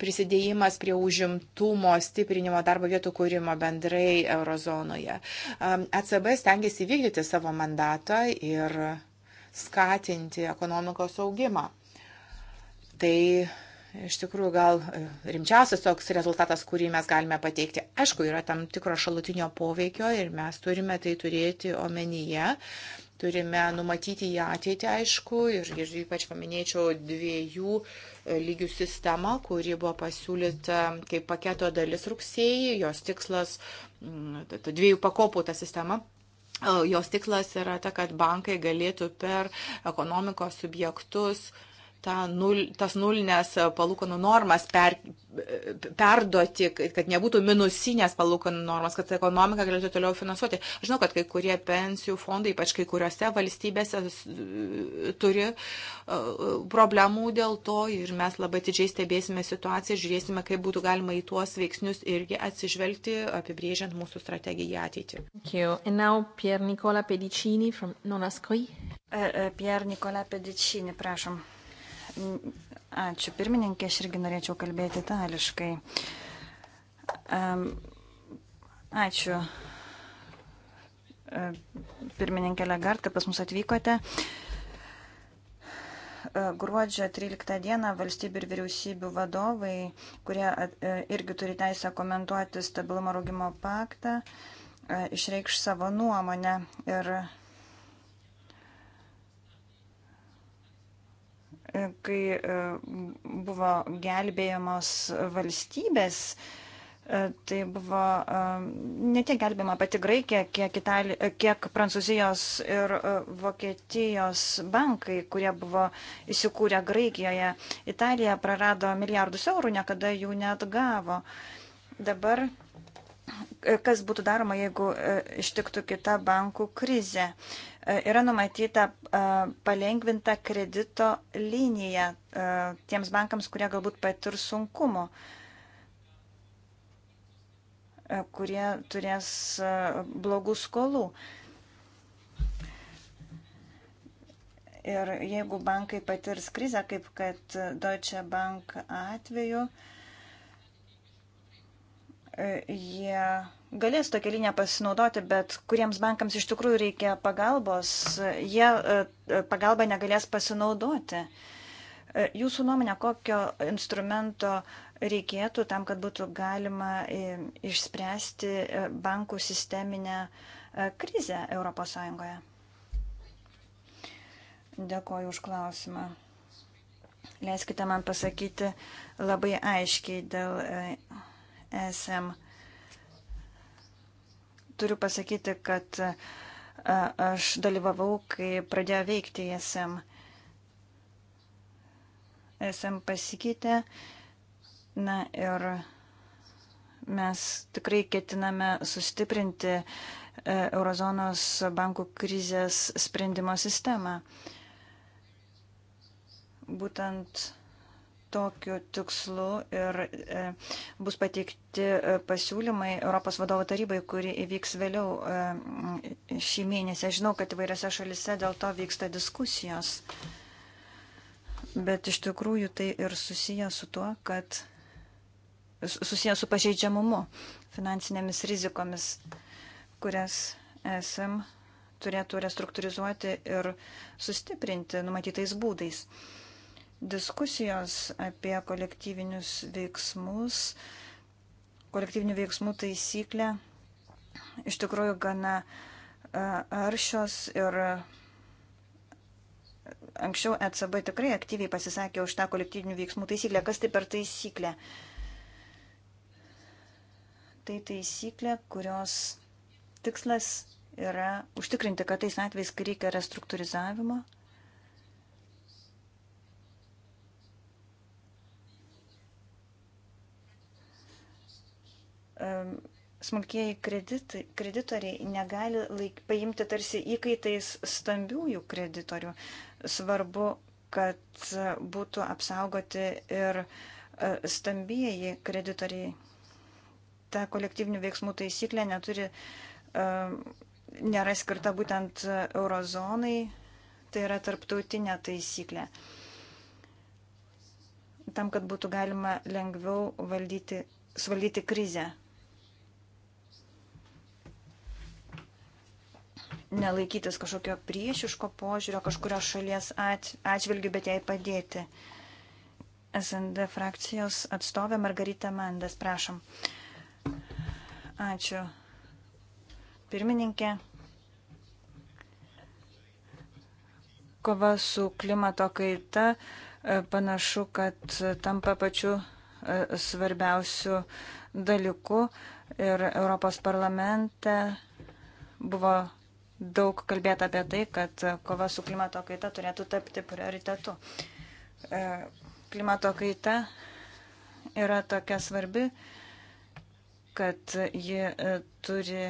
prisidėjimas prie užimtumo, stiprinimo darbo vietų kūrimo bendrai eurozonoje. Um, ECB stengiasi vykdyti savo mandatą ir skatinti ekonomikos augimą. Tai iš tikrųjų gal e, rimčiausias toks rezultatas, kurį mes galime pateikti. Aišku, yra tam tikro šalutinio poveikio ir mes turime tai turėti omenyje, Turime numatyti į ateitį, aišku, ir, ir ypač paminėčiau dviejų e, lygių sistemą, kuri buvo pasiūlyta kaip paketo dalis rugsėjai, jos tikslas, mm, dviejų pakopų ta sistema, e, jos tikslas yra ta, kad bankai galėtų per ekonomikos subjektus uh, ta nul, tas nulinės palūkanų normas per, perduoti, kad nebūtų minusinės palūkanų normas, kad ekonomika galėtų toliau finansuoti. Aš žinau, kad kai kurie pensijų fondai, ypač kai kuriuose valstybėse, turi e, problemų dėl to ir mes labai didžiai stebėsime situaciją, žiūrėsime, kaip būtų galima į tuos veiksnius irgi atsižvelgti, apibrėžiant mūsų strategiją ateitį. Pier Nikola Pedicini, from... Nonaskoi. E, e, Pier Nikola Pedicini, prašom. Ačiū pirmininkė, aš irgi norėčiau kalbėti itališkai. Ačiū pirmininkė Legard, kad pas mus atvykote. E, gruodžio 13 dieną valstybių ir vyriausybių vadovai, kurie e, irgi turi teisę komentuoti stabilumo rūgimo paktą, e, išreikš savo nuomonę ir kai e, buvo gelbėjamos valstybės, e, tai buvo e, ne tiek gelbėjama pati Graikija, kiek, Itali, kiek Prancūzijos ir Vokietijos bankai, kurie buvo įsikūrę Graikijoje. Italija prarado milijardus eurų, niekada jų net gavo. Dabar kas būtų daroma, jeigu e, ištiktų kita bankų krizė. E, yra numatyta e, palengvinta kredito linija tiems bankams, kurie galbūt patir sunkumu, kurie turės blogų skolų. Ir jeigu bankai patirs krizę, kaip kad Deutsche Bank atveju, uh, E, jie galės tokią liniją pasinaudoti, bet kuriems bankams iš tikrųjų reikia pagalbos, jie e, pagalbą negalės pasinaudoti. E, jūsų nuomonė, kokio instrumento reikėtų tam, kad būtų galima išspręsti bankų sisteminę krizę ES? Dėkoju už klausimą. Leiskite man pasakyti labai aiškiai dėl ESM. Turiu pasakyti, kad e, aš dalyvavau, kai pradėjo veikti ESM. ESM pasikeitė. Na ir mes tikrai ketiname sustiprinti e, Eurozonos bankų krizės sprendimo sistemą. Būtent tokiu tikslu ir e, bus pateikti e, pasiūlymai Europos vadovo tarybai, kuri įvyks vėliau e, šį mėnesį. Aš žinau, kad įvairiose šalise dėl to vyksta diskusijos, bet iš tikrųjų tai ir susiję su tuo, kad susiję su pažeidžiamumu, finansinėmis rizikomis, kurias esam turėtų restruktūrizuoti ir sustiprinti numatytais būdais. Diskusijos apie kolektyvinius veiksmus, kolektyvinių veiksmų taisyklę iš tikrųjų gana e, aršios ir e, anksčiau ECB tikrai aktyviai pasisakė už tą kolektyvinių veiksmų taisyklę. Kas tai per taisyklę? Tai taisyklė, kurios tikslas yra užtikrinti, kad tais atvejais, kai reikia restruktūrizavimo, smulkieji kreditai, kreditoriai negali laik, paimti tarsi įkaitais stambiųjų kreditorių. Svarbu, kad būtų apsaugoti ir e, stambieji kreditoriai. Ta kolektyvinių veiksmų taisyklė neturi, nėra skirta būtent eurozonai, tai yra tarptautinė taisyklė tam, kad būtų galima lengviau valdyti, suvaldyti krizę. nelaikytis kažkokio priešiško požiūrio kažkurios šalies atžvilgių, bet jai padėti. SND frakcijos atstovė Margarita Mandas, prašom. Ačiū. Pirmininkė. Kova su klimato kaita e, panašu, kad tampa pačiu e, svarbiausiu dalyku ir Europos parlamente buvo daug kalbėta apie tai, kad kova su klimato kaita turėtų tapti prioritetu. E, klimato kaita yra tokia svarbi, kad ji e, turi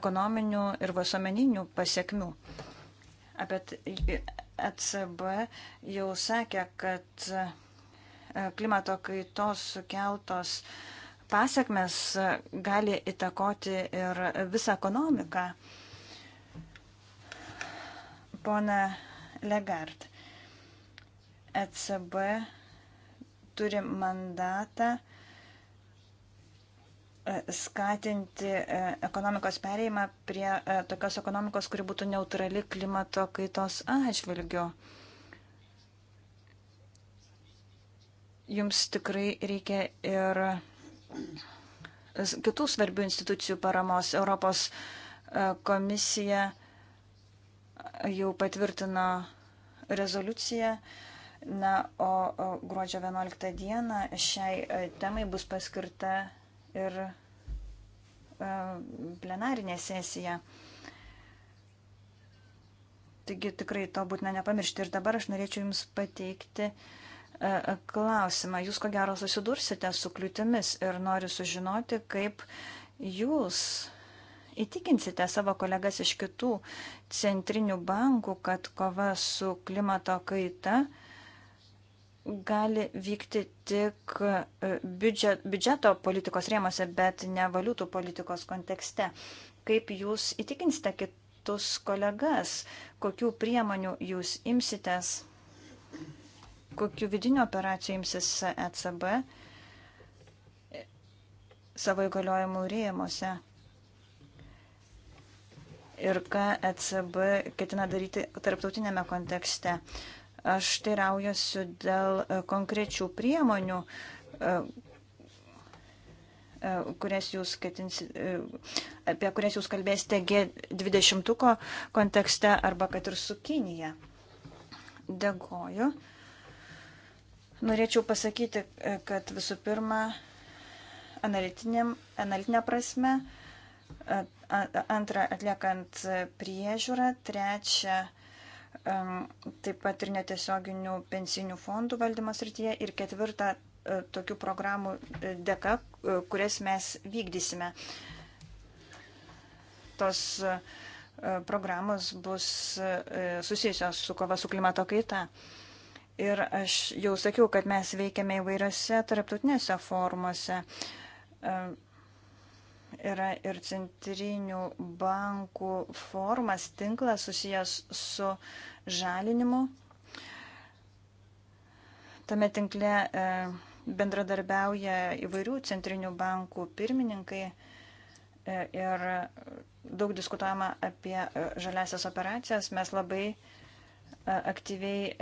ekonominių ir visuomeninių pasiekmių. Apie ECB jau sakė, kad e, klimato kaitos sukeltos pasiekmes gali įtakoti ir visą ekonomiką. Mm Pona Legard, ECB turi mandatą e, skatinti e, ekonomikos pereimą prie e, tokios ekonomikos, kuri būtų neutrali klimato kaitos atžvilgiu. Jums tikrai reikia ir kitų svarbių institucijų paramos Europos komisija jau patvirtino rezoliuciją. Na, o gruodžio 11 dieną šiai e, temai bus paskirta ir e, plenarinė sesija. Taigi tikrai to būtina nepamiršti. Ir dabar aš norėčiau Jums pateikti e, klausimą. Jūs ko gero susidursite su kliūtimis ir noriu sužinoti, kaip Jūs įtikinsite savo kolegas iš kitų centrinių bankų, kad kova su klimato kaita gali vykti tik e, biudžet, biudžeto politikos rėmose, bet ne valiutų politikos kontekste. Kaip jūs įtikinsite kitus kolegas, kokių priemonių jūs imsitės, kokių vidinių operacijų imsis ECB? savo įgaliojimų rėmose ir ką ECB ketina daryti tarptautinėme kontekste. Aš teiraujuosiu dėl e, konkrečių priemonių, e, e, kurias jūs ketins, apie kurias jūs kalbėsite G20 kontekste arba kad ir su Kinija. Dėkoju. Norėčiau pasakyti, kad visų pirma, analitinė prasme antra atliekant priežiūrą, trečia taip pat ir netiesioginių pensinių fondų valdymas rytyje ir ketvirta e, tokių programų e, dėka, e, kurias mes vykdysime. Tos programos bus susijusios su kova su klimato kaita. Ir aš jau sakiau, kad mes veikiame įvairiose tarptautinėse formuose yra ir centrinių bankų formas, tinklas susijęs su žalinimu. Tame tinkle e, bendradarbiauja įvairių centrinių bankų pirmininkai e, ir daug diskutuojama apie e, žaliasias operacijas. Mes labai aktyviai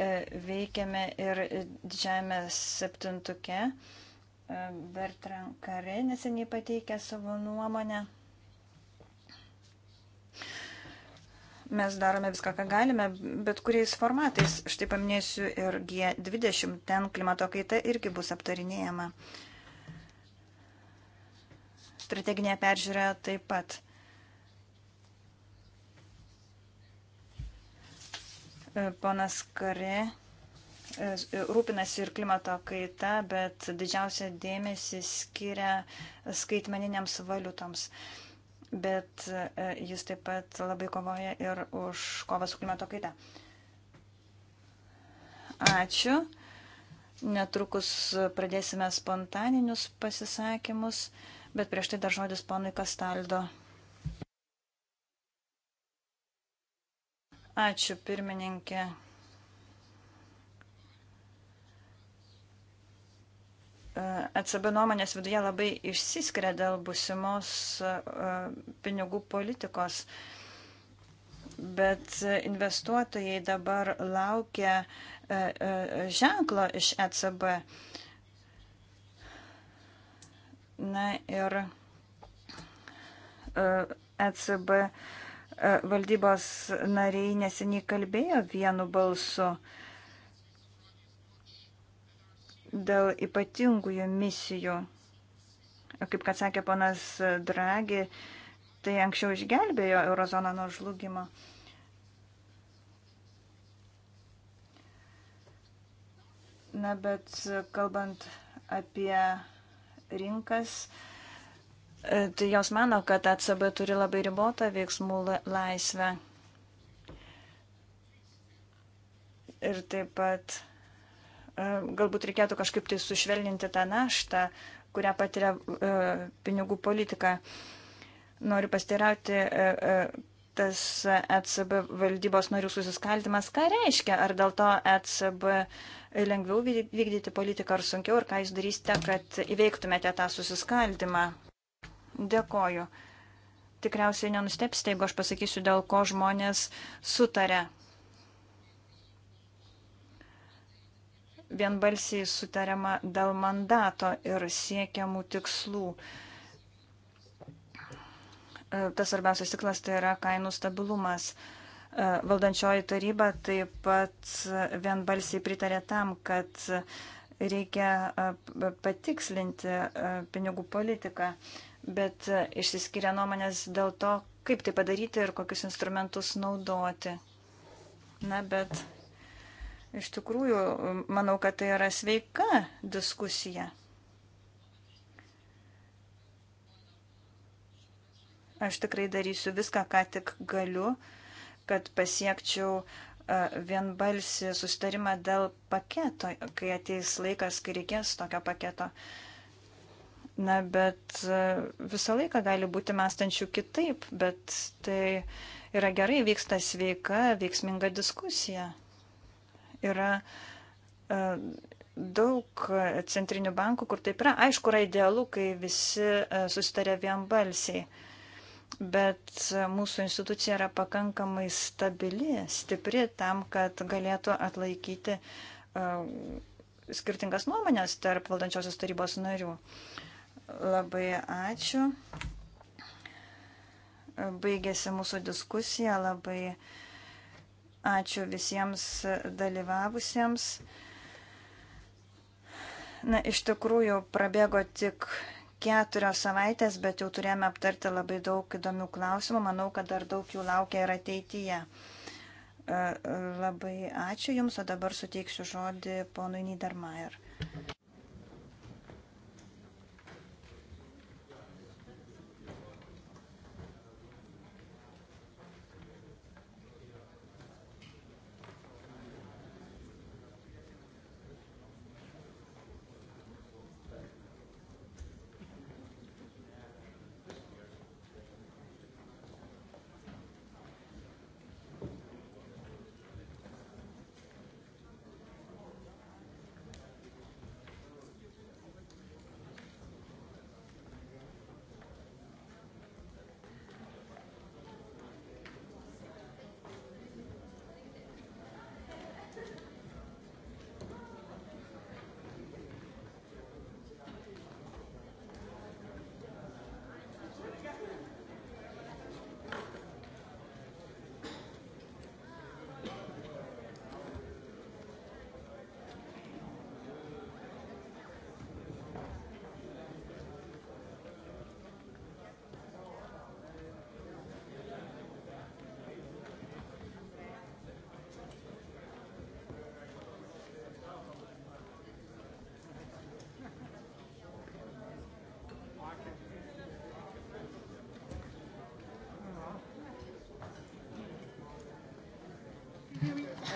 veikiame ir didžiajame septintuke Bertrand Kare neseniai pateikė savo nuomonę. Mes darome viską, ką galime, bet kuriais formatais, štai paminėsiu ir G20, ten klimato kaita irgi bus aptarinėjama. Strateginė peržiūra taip pat. Ponas Kare E, rūpinasi ir klimato kaita, bet didžiausia dėmesį skiria skaitmeniniams valiutoms. Bet e, jis taip pat labai kovoja ir už kovą su klimato kaita. Ačiū. Netrukus pradėsime spontaninius pasisakymus, bet prieš tai dar žodis ponui Kastaldo. Ačiū pirmininkė. ECB e nuomonės viduje labai išsiskiria dėl busimos e, pinigų politikos, bet investuotojai dabar laukia e, ženklo iš ECB. Na ir ECB valdybos nariai neseniai kalbėjo vienu balsu. Uh, dėl ypatingųjų misijų. Kaip kad sakė ponas Dragi, tai anksčiau išgelbėjo eurozoną nuo žlugimo. Na, bet kalbant apie rinkas, tai jos mano, kad ECB turi labai ribotą veiksmų laisvę. Ir taip pat E, galbūt reikėtų kažkaip tai sušvelninti tą naštą, kurią patiria e, pinigų politika. Noriu pasteirauti, e, tas ECB valdybos narių susiskaldimas, ką reiškia, ar dėl to ECB lengviau vykdyti politiką ar sunkiau, ir ką jūs darysite, kad įveiktumėte tą susiskaldimą. Dėkoju. Tikriausiai nenustepsite, jeigu aš pasakysiu, dėl ko žmonės sutarė. vienbalsiai sutariama dėl mandato ir siekiamų tikslų. E, tas svarbiausias tiklas tai yra kainų stabilumas. E, valdančioji taryba taip pat vienbalsiai pritarė tam, kad reikia e, patikslinti pinigų politiką, bet išsiskiria nuomonės dėl to, kaip tai padaryti ir kokius instrumentus naudoti. Na, bet Iš tikrųjų, manau, kad tai yra sveika diskusija. Aš tikrai darysiu viską, ką tik galiu, kad pasiekčiau e, vienbalsį sustarimą dėl paketo, kai ateis laikas, kai reikės tokio paketo. Na, bet e, visą laiką gali būti mąstančių kitaip, bet tai yra gerai, vyksta sveika, veiksminga diskusija yra e, daug centrinių bankų, kur taip yra. Aišku, yra idealu, kai visi e, susitarė vienbalsiai, bet mūsų institucija yra pakankamai stabili, stipri tam, kad galėtų atlaikyti e, skirtingas nuomonės tarp valdančiosios tarybos narių. Labai ačiū. Baigėsi mūsų diskusija. Labai Ačiū visiems dalyvavusiems. Na, iš tikrųjų, prabėgo tik keturios savaitės, bet jau turėjome aptarti labai daug įdomių klausimų. Manau, kad dar daug jų laukia ir ateityje. E, e, labai ačiū Jums, o dabar suteiksiu žodį ponui Niedermayer.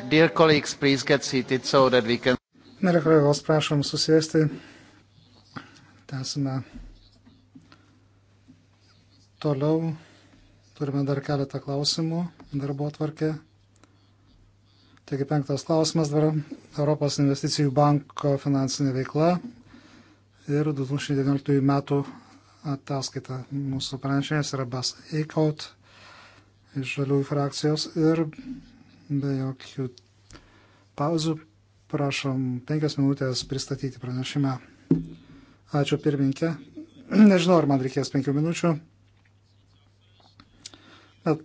Dear colleagues, please get seated so that we can. Mėly kolegos, prašom susėsti. Tęsime toliau. Turime dar keletą klausimų darbo atvarkė. Taigi penktas klausimas dar Europos investicijų banko finansinė veikla ir 2019 metų ataskaita. Mūsų pranešėjas yra Bas Eikaut iš Žaliųjų frakcijos ir be jokių pauzų. Prašom penkias minutės pristatyti pranešimą. Ačiū pirminkė. Nežinau, ar man reikės penkių minučių. Bet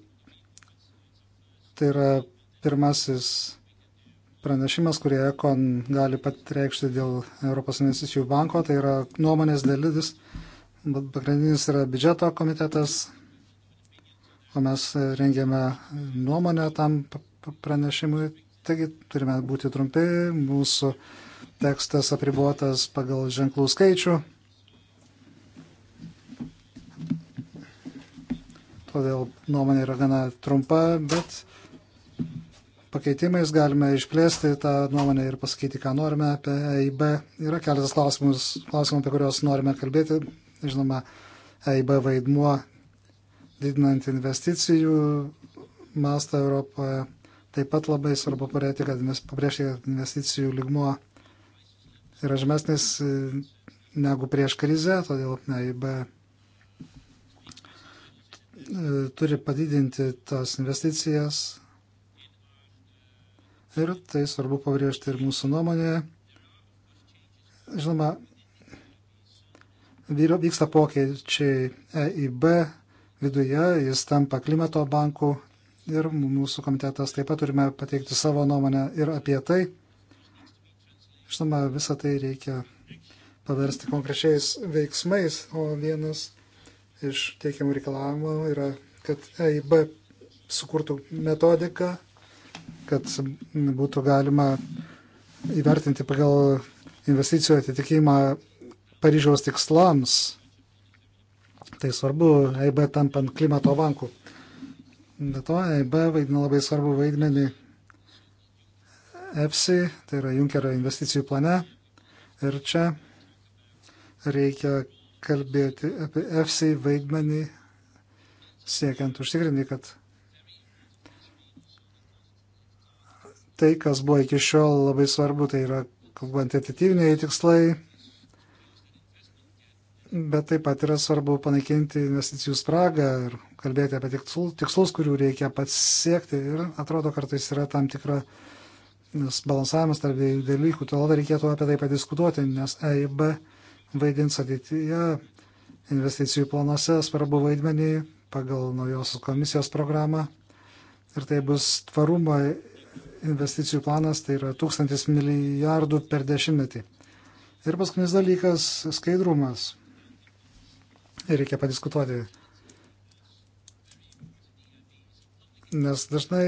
tai yra pirmasis pranešimas, kurį Ekon gali patreikšti dėl Europos investicijų banko. Tai yra nuomonės dalyvis. Pagrindinis yra biudžeto komitetas, o mes rengėme nuomonę tam pranešimui. Taigi turime būti trumpi, mūsų tekstas apribuotas pagal ženklų skaičių. Todėl nuomonė yra gana trumpa, bet pakeitimais galime išplėsti tą nuomonę ir pasakyti, ką norime apie EIB. Yra keletas klausimų, klausimų apie kuriuos norime kalbėti. Žinoma, EIB vaidmuo didinant investicijų mastą Europoje Taip pat labai svarbu pabrėžti, kad, pabrėžti, kad investicijų ligmuo yra žemesnis e, negu prieš krizę, todėl EIB e, turi padidinti tas investicijas. Ir tai svarbu pabrėžti ir mūsų nuomonėje. Žinoma, vyksta pokyčiai EIB viduje, jis tampa klimato bankų ir mūsų komitetas taip pat turime pateikti savo nuomonę ir apie tai. Žinoma, visą tai reikia paversti konkrečiais veiksmais, o vienas iš teikiamų reikalavimų yra, kad EIB sukurtų metodiką, kad būtų galima įvertinti pagal investicijų atitikimą Paryžiaus tikslams. Tai svarbu, EIB tampant klimato banku. Be to, EIB vaidina labai svarbu vaidmenį EFSI, tai yra Junkerio investicijų plane. Ir čia reikia kalbėti apie EFSI vaidmenį, siekiant užtikrinti, kad tai, kas buvo iki šiol labai svarbu, tai yra kvantitatyviniai tikslai, bet taip pat yra svarbu panaikinti investicijų spragą ir kalbėti apie tikslus, tikslus kurių reikia pats siekti. Ir atrodo, kartais yra tam tikra balansavimas tarp dviejų dalykų. Todėl reikėtų apie tai padiskutuoti, nes EIB vaidins ateityje investicijų planuose svarbu vaidmenį pagal naujosios komisijos programą. Ir tai bus tvarumo investicijų planas, tai yra tūkstantis milijardų per dešimtmetį. Ir paskutinis dalykas - skaidrumas reikia padiskutuoti. Nes dažnai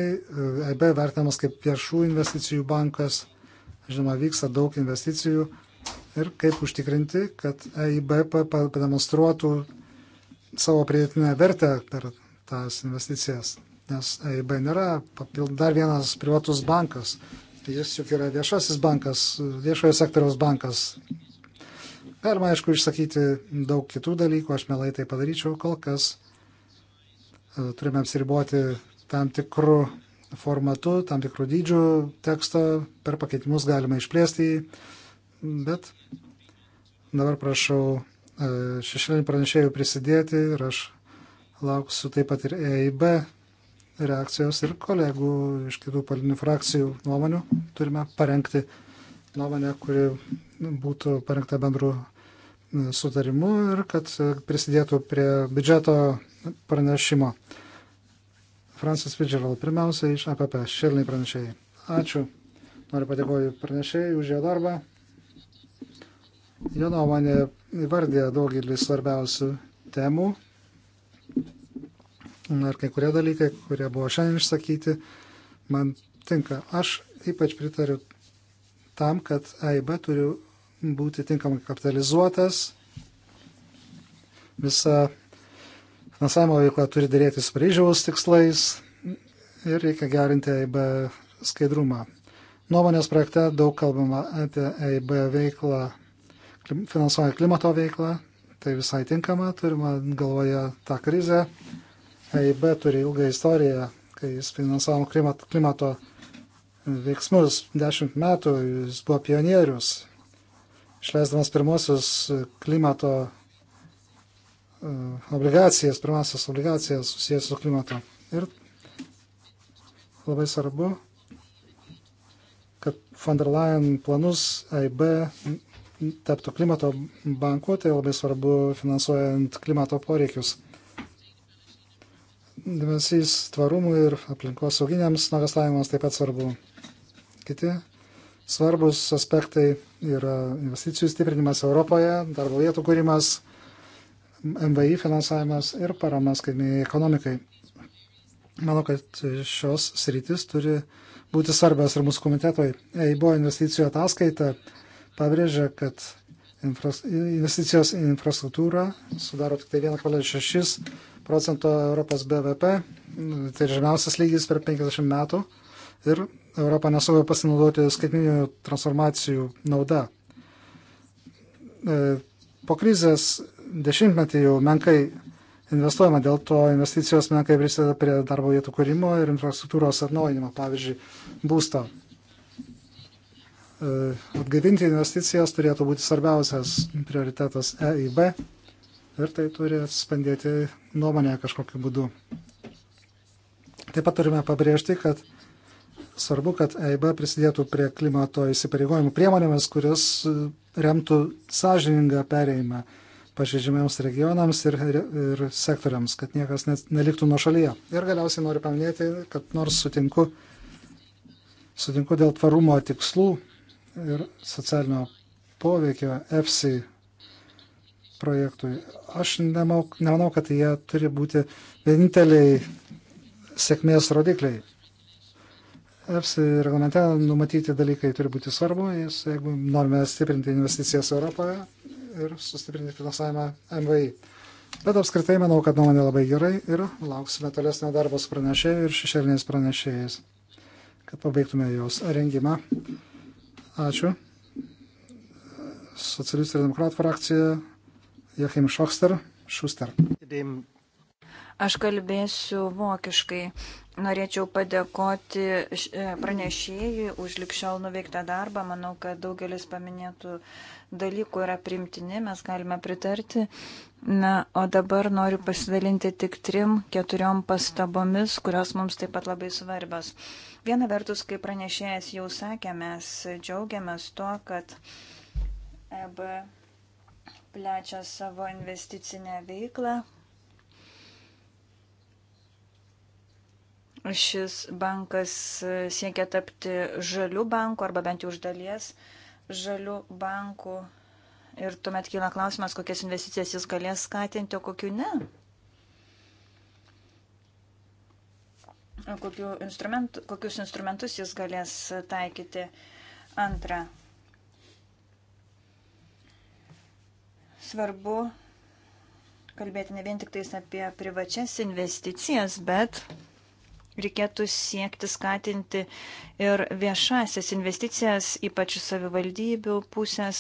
EIB e vertinamas kaip viešų investicijų bankas, žinoma, vyksta daug investicijų ir kaip užtikrinti, kad EIB pademonstruotų savo pridėtinę vertę per tas investicijas. Nes EIB nėra dar vienas privatus bankas, jis juk yra viešasis bankas, viešojo sektoriaus bankas, Galima, aišku, išsakyti daug kitų dalykų, aš melai tai padaryčiau, kol kas e, turime apsiriboti tam tikrų formatu, tam tikrų dydžių teksto, per pakeitimus galima išplėsti jį, bet dabar prašau e, šešėlinių pranešėjų prisidėti ir aš lauksiu taip pat ir EIB reakcijos ir kolegų iš kitų politinių frakcijų nuomonių. Turime parengti nuomonę, kuri būtų parengta bendru sutarimu ir kad prisidėtų prie biudžeto pranešimo. Francis Fitzgerald, pirmiausia iš APP, šelniai pranešėjai. Ačiū. Noriu padėkoti pranešėjai už jo darbą. Jo nuomonė įvardė daugelį svarbiausių temų. Ir kai kurie dalykai, kurie buvo šiandien išsakyti, man tinka. Aš ypač pritariu tam, kad AIB turi būti tinkamai kapitalizuotas. Visa finansavimo veikla turi dėrėti su Paryžiaus tikslais ir reikia gerinti EIB skaidrumą. Nuomonės projekte daug kalbama apie EIB veiklą, finansuoja klimato veiklą, tai visai tinkama, turima galvoje tą krizę. EIB turi ilgą istoriją, kai jis finansavo klimato veiksmus. Dešimt metų jis buvo pionierius Išleisdamas pirmosius klimato e, obligacijas, pirmasis obligacijas susijęs su klimato. Ir labai svarbu, kad von der Leyen planus AIB taptų klimato banku, tai labai svarbu finansuojant klimato poreikius. Dėmesys tvarumui ir aplinkosauginiams nuogastavimas taip pat svarbu. Kiti Svarbus aspektai yra investicijų stiprinimas Europoje, darbo vietų kūrimas, MVI finansavimas ir parama skaitminiai ekonomikai. Manau, kad šios sritis turi būti svarbios ir mūsų komitetoj. EIBO investicijų ataskaita pabrėžia, kad infras, investicijos į infrastruktūrą sudaro tik tai 1,6 procento Europos BVP, tai žemiausias lygis per 50 metų ir Europą nesugeba pasinaudoti skaitmininių transformacijų nauda. E, po krizės dešimtmetį jau menkai investuojama, dėl to investicijos menkai prisideda prie darbo vietų kūrimo ir infrastruktūros atnaujinimo, pavyzdžiui, būsto. E, atgaivinti investicijas turėtų būti svarbiausias prioritetas EIB ir tai turi atspandėti nuomonę kažkokiu būdu. Taip pat turime pabrėžti, kad Svarbu, kad EIB prisidėtų prie klimato įsipareigojimų priemonėmis, kurios e, remtų sąžiningą pereimą pažeidžiamiams regionams ir, ir, ir sektoriams, kad niekas net neliktų nuo šalyje. Ir galiausiai noriu paminėti, kad nors sutinku, sutinku dėl tvarumo tikslų ir socialinio poveikio EFSI projektui. Aš nemanau, nemanau, kad jie turi būti vieninteliai sėkmės rodikliai. EFSI reglamente numatyti dalykai turi būti svarbu, jeigu norime stiprinti investicijas Europoje ir sustiprinti finansavimą MVI. Bet apskritai manau, kad nuomonė labai gerai ir lauksime tolesnio darbo su pranešėjais ir šešėliniais pranešėjais, kad pabaigtume jos rengimą. Ačiū. Socialistų ir demokratų frakcija Jachim Šoster, Šuster. Dėm Aš kalbėsiu vokiškai. Norėčiau padėkoti e, pranešėjui už likščiol nuveiktą darbą. Manau, kad daugelis paminėtų dalykų yra primtini, mes galime pritarti. Na, o dabar noriu pasidalinti tik trim, keturiom pastabomis, kurios mums taip pat labai svarbios. Viena vertus, kaip pranešėjas jau sakė, mes džiaugiamės tuo, kad EB plečia savo investicinę veiklą, Šis bankas siekia tapti žalių bankų arba bent jau už dalies žalių bankų. Ir tuomet kyla klausimas, kokias investicijas jis galės skatinti, o kokiu ne. Kokiu instrument, kokius instrumentus jis galės taikyti. Antra. Svarbu kalbėti ne vien tik tais apie privačias investicijas, bet reikėtų siekti skatinti ir viešasias investicijas, ypač savivaldybių pusės.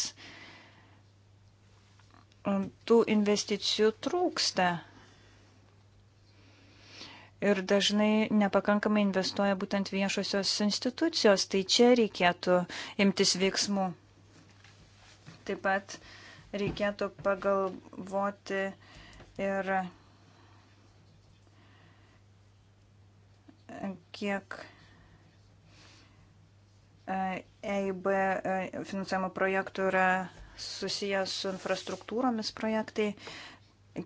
Tų investicijų trūksta. Ir dažnai nepakankamai investuoja būtent viešosios institucijos, tai čia reikėtų imtis veiksmų. Taip pat reikėtų pagalvoti ir. Yra kiek EIB e e, finansuojamų projektų yra susijęs su infrastruktūromis projektai.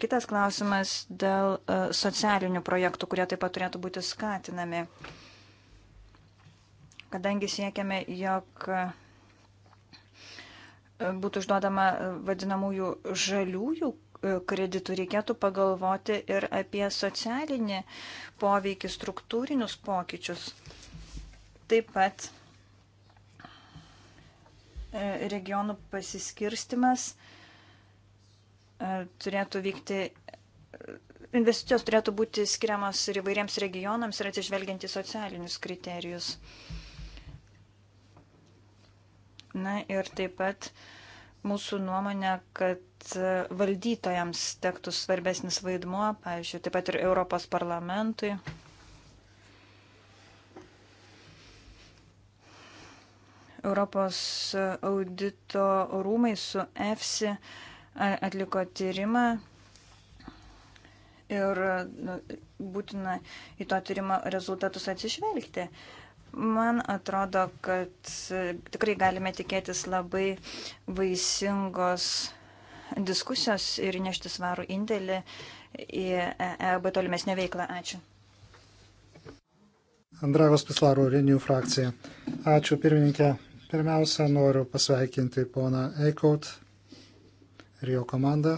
Kitas klausimas dėl e, socialinių projektų, kurie taip pat turėtų būti skatinami. Kadangi siekiame, jog būtų užduodama vadinamųjų žaliųjų E, kreditų, reikėtų pagalvoti ir apie socialinį poveikį, struktūrinius pokyčius. Taip pat e, regionų pasiskirstimas e, turėtų vykti, investicijos turėtų būti skiriamas ir įvairiems regionams ir atsižvelgiant į socialinius kriterijus. Na ir taip pat uh, mūsų nuomonė, kad e, valdytojams tektų svarbesnis vaidmuo, pavyzdžiui, taip pat ir Europos parlamentui. Europos audito rūmai su EFSI atliko tyrimą ir nu, būtina į to tyrimo rezultatus atsižvelgti. Man atrodo, kad tikrai galime tikėtis labai vaisingos diskusijos ir nešti svarų indėlį į EB e tolimesnę veiklą. Ačiū. Andragos Pislaro Renijų frakcija. Ačiū pirmininkė. Pirmiausia, noriu pasveikinti poną Eikaut ir jo komandą.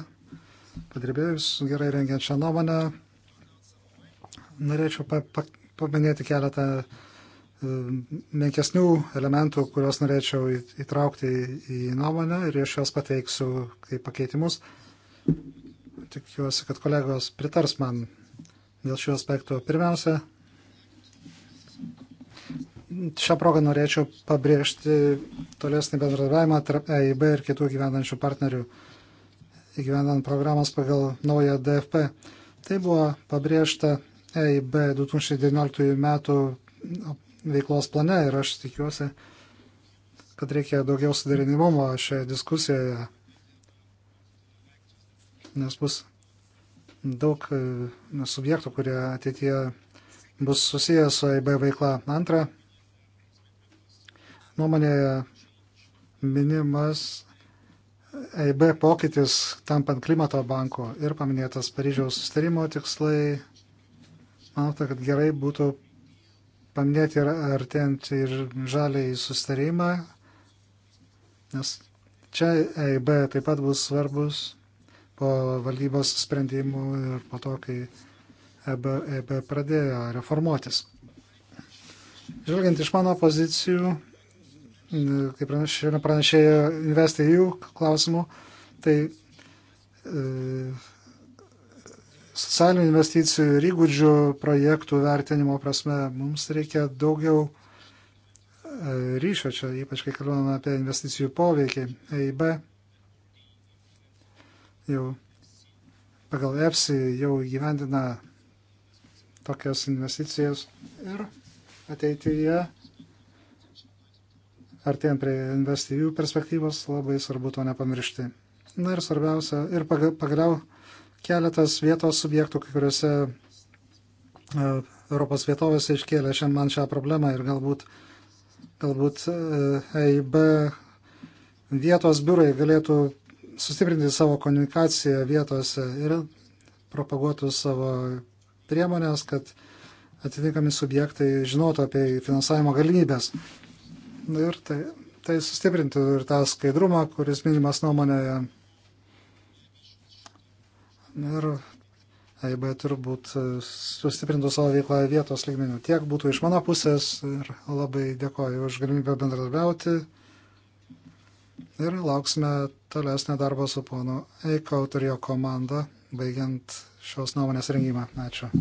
Padirbėjus gerai rengiančią nuomonę. Norėčiau pa pa paminėti keletą menkesnių elementų, kuriuos norėčiau įtraukti į nuomonę ir aš juos pateiksiu kaip pakeitimus. Tikiuosi, kad kolegos pritars man dėl šių aspektų. Pirmiausia, šią progą norėčiau pabrėžti tolesnį bendradarbiavimą tarp EIB ir kitų gyvenančių partnerių įgyvendant programas pagal naują DFP. Tai buvo pabrėžta EIB 2019 metų veiklos plane ir aš tikiuosi, kad reikia daugiau sudarinimumo šioje diskusijoje, nes bus daug e, subjektų, kurie ateitie bus susijęs su AIB veikla. Antra, nuomonėje minimas AIB pokytis tampant klimato banko ir paminėtas Paryžiaus sustarimo tikslai. Manau, kad gerai būtų paminėti ir artėjant ir žaliai sustarimą, nes čia EIB taip pat bus svarbus po valdybos sprendimų ir po to, kai EB, EB pradėjo reformuotis. Žvelgiant iš mano pozicijų, kaip pranešėjo InvestEU klausimų, tai e, socialinių investicijų ir įgūdžių projektų vertinimo prasme mums reikia daugiau e, ryšio čia, ypač kai kalbame apie investicijų poveikį. EIB jau pagal EPSI jau gyvendina tokias investicijas ir ateityje, artėjant prie investijų perspektyvos, labai svarbu to nepamiršti. Na ir svarbiausia, ir pagaliau, Keletas vietos subjektų, kai kuriuose e, Europos vietovėse iškėlė šiandien man šią problemą ir galbūt, galbūt EIB e vietos biurai galėtų sustiprinti savo komunikaciją vietose ir propaguotų savo priemonės, kad atitinkami subjektai žinotų apie finansavimo galimybės. Ir tai, tai sustiprintų ir tą skaidrumą, kuris minimas nuomonėje Ir EIB turbūt e, sustiprintų savo veiklą vietos lygmenių. Tiek būtų iš mano pusės ir labai dėkoju už galimybę bendradarbiauti. Ir lauksime tolesnio darbo su ponu Eikaut ir jo komanda, baigiant šios nuomonės rengimą. Ačiū.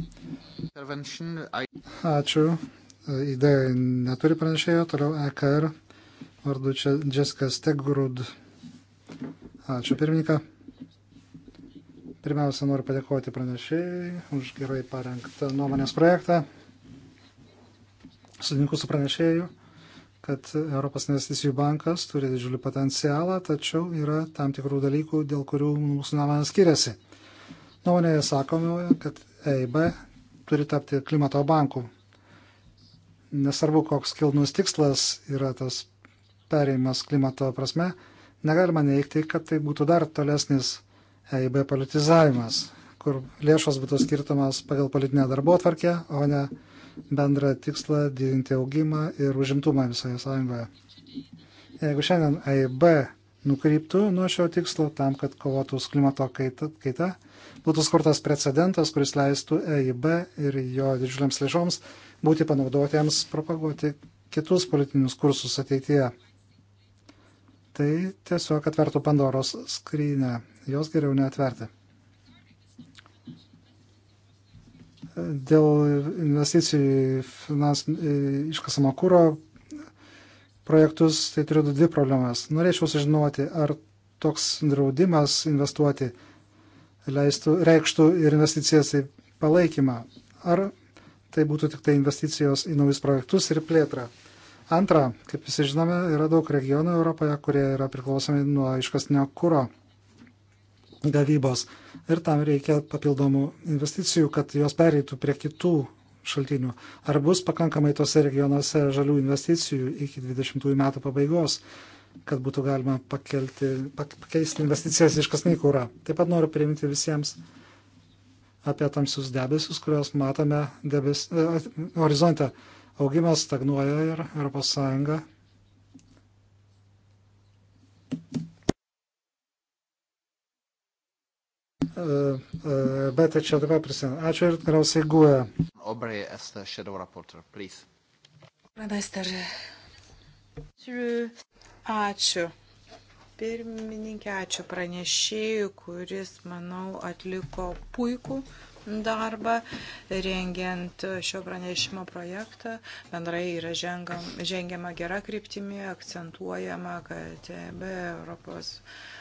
Ačiū. E, Idėja neturi pranešėjo, toliau EKR. Vardu čia Jessica Stegrud. Ačiū pirmininką. Pirmiausia, noriu padėkoti pranešėjai už gerai parengtą nuomonės projektą. Sutinku su pranešėju, kad Europos investicijų bankas turi didžiulį potencialą, tačiau yra tam tikrų dalykų, dėl kurių mūsų nuomonės skiriasi. Nuomonėje sakome, kad EIB turi tapti klimato banku. Nesvarbu, koks kilnus tikslas yra tas perėjimas klimato prasme, negalima neikti, kad tai būtų dar tolesnis EIB politizavimas, kur lėšos būtų skirtamas pagal politinę darbo atvarkę, o ne bendrą tikslą didinti augimą ir užimtumą visoje sąjungoje. Jeigu šiandien EIB nukryptų nuo šio tikslo tam, kad kovotų su klimato kaita, kaita, būtų skurtas precedentas, kuris leistų EIB ir jo didžiuliams lėšoms būti panaudotiems propaguoti kitus politinius kursus ateityje. Tai tiesiog atvertų Pandoros skrynę jos geriau netverti. Dėl investicijų finans, iškasamo kūro projektus, tai turiu dvi problemas. Norėčiau sužinoti, ar toks draudimas investuoti leistų, reikštų ir investicijas į palaikymą, ar tai būtų tik tai investicijos į naujus projektus ir plėtrą. Antra, kaip visi žinome, yra daug regionų Europoje, kurie yra priklausomi nuo iškastinio kūro gavybos. Ir tam reikia papildomų investicijų, kad jos pereitų prie kitų šaltinių. Ar bus pakankamai tose regionuose žalių investicijų iki 20 metų pabaigos, kad būtų galima pakelti, pakeisti investicijas iš kasnį kūrą. Taip pat noriu priminti visiems apie tamsius debesis, kuriuos matome debes, eh, horizonte. Augimas stagnuoja ir ES bet čia taip pat prisimenu. Ačiū ir galiausiai guoja. Obrei Ester, Shadow Reporter, please. Ester. Ačiū. Pirmininkė, ačiū pranešėjui, kuris, manau, atliko puikų darbą, rengiant šio pranešimo projektą. Bendrai yra žengam, žengiama gera kryptimi, akcentuojama, kad be Europos. Uh,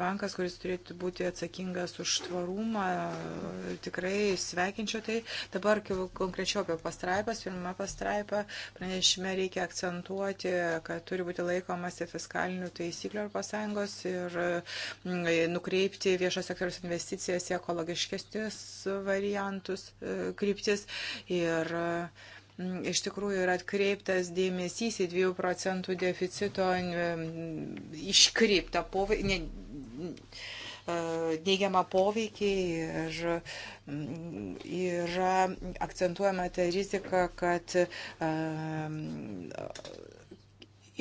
bankas, kuris turėtų būti atsakingas už tvarumą, tikrai sveikinčio tai. Dabar konkrečiau apie pastraipas, pirmą pastraipą pranešime reikia akcentuoti, kad turi būti laikomasi fiskalinių taisyklių Europos Sąjungos ir mm, nukreipti viešo sektoriaus investicijas į ekologiškesnius variantus, e, kryptis. Ir uh, Mm, iš tikrųjų yra atkreiptas dėmesys į 2 procentų deficito mm, iškreiptą poveikį neigiamą poveikį ir mm, yra akcentuojama ta rizika, kad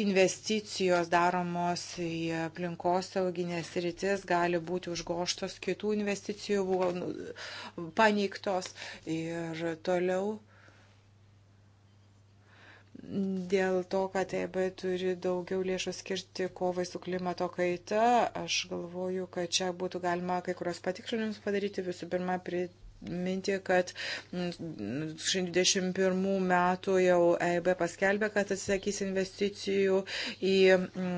investicijos daromos į aplinkosauginės rytis gali būti užgoštos kitų investicijų, buvo nu, paneigtos ir toliau dėl to, kad EIB turi daugiau lėšų skirti kovai su klimato kaita, aš galvoju, kad čia būtų galima kai kurios patikslinimus padaryti. Visų pirma, priminti, kad 2021 metų jau EIB paskelbė, kad atsisakys investicijų į mm,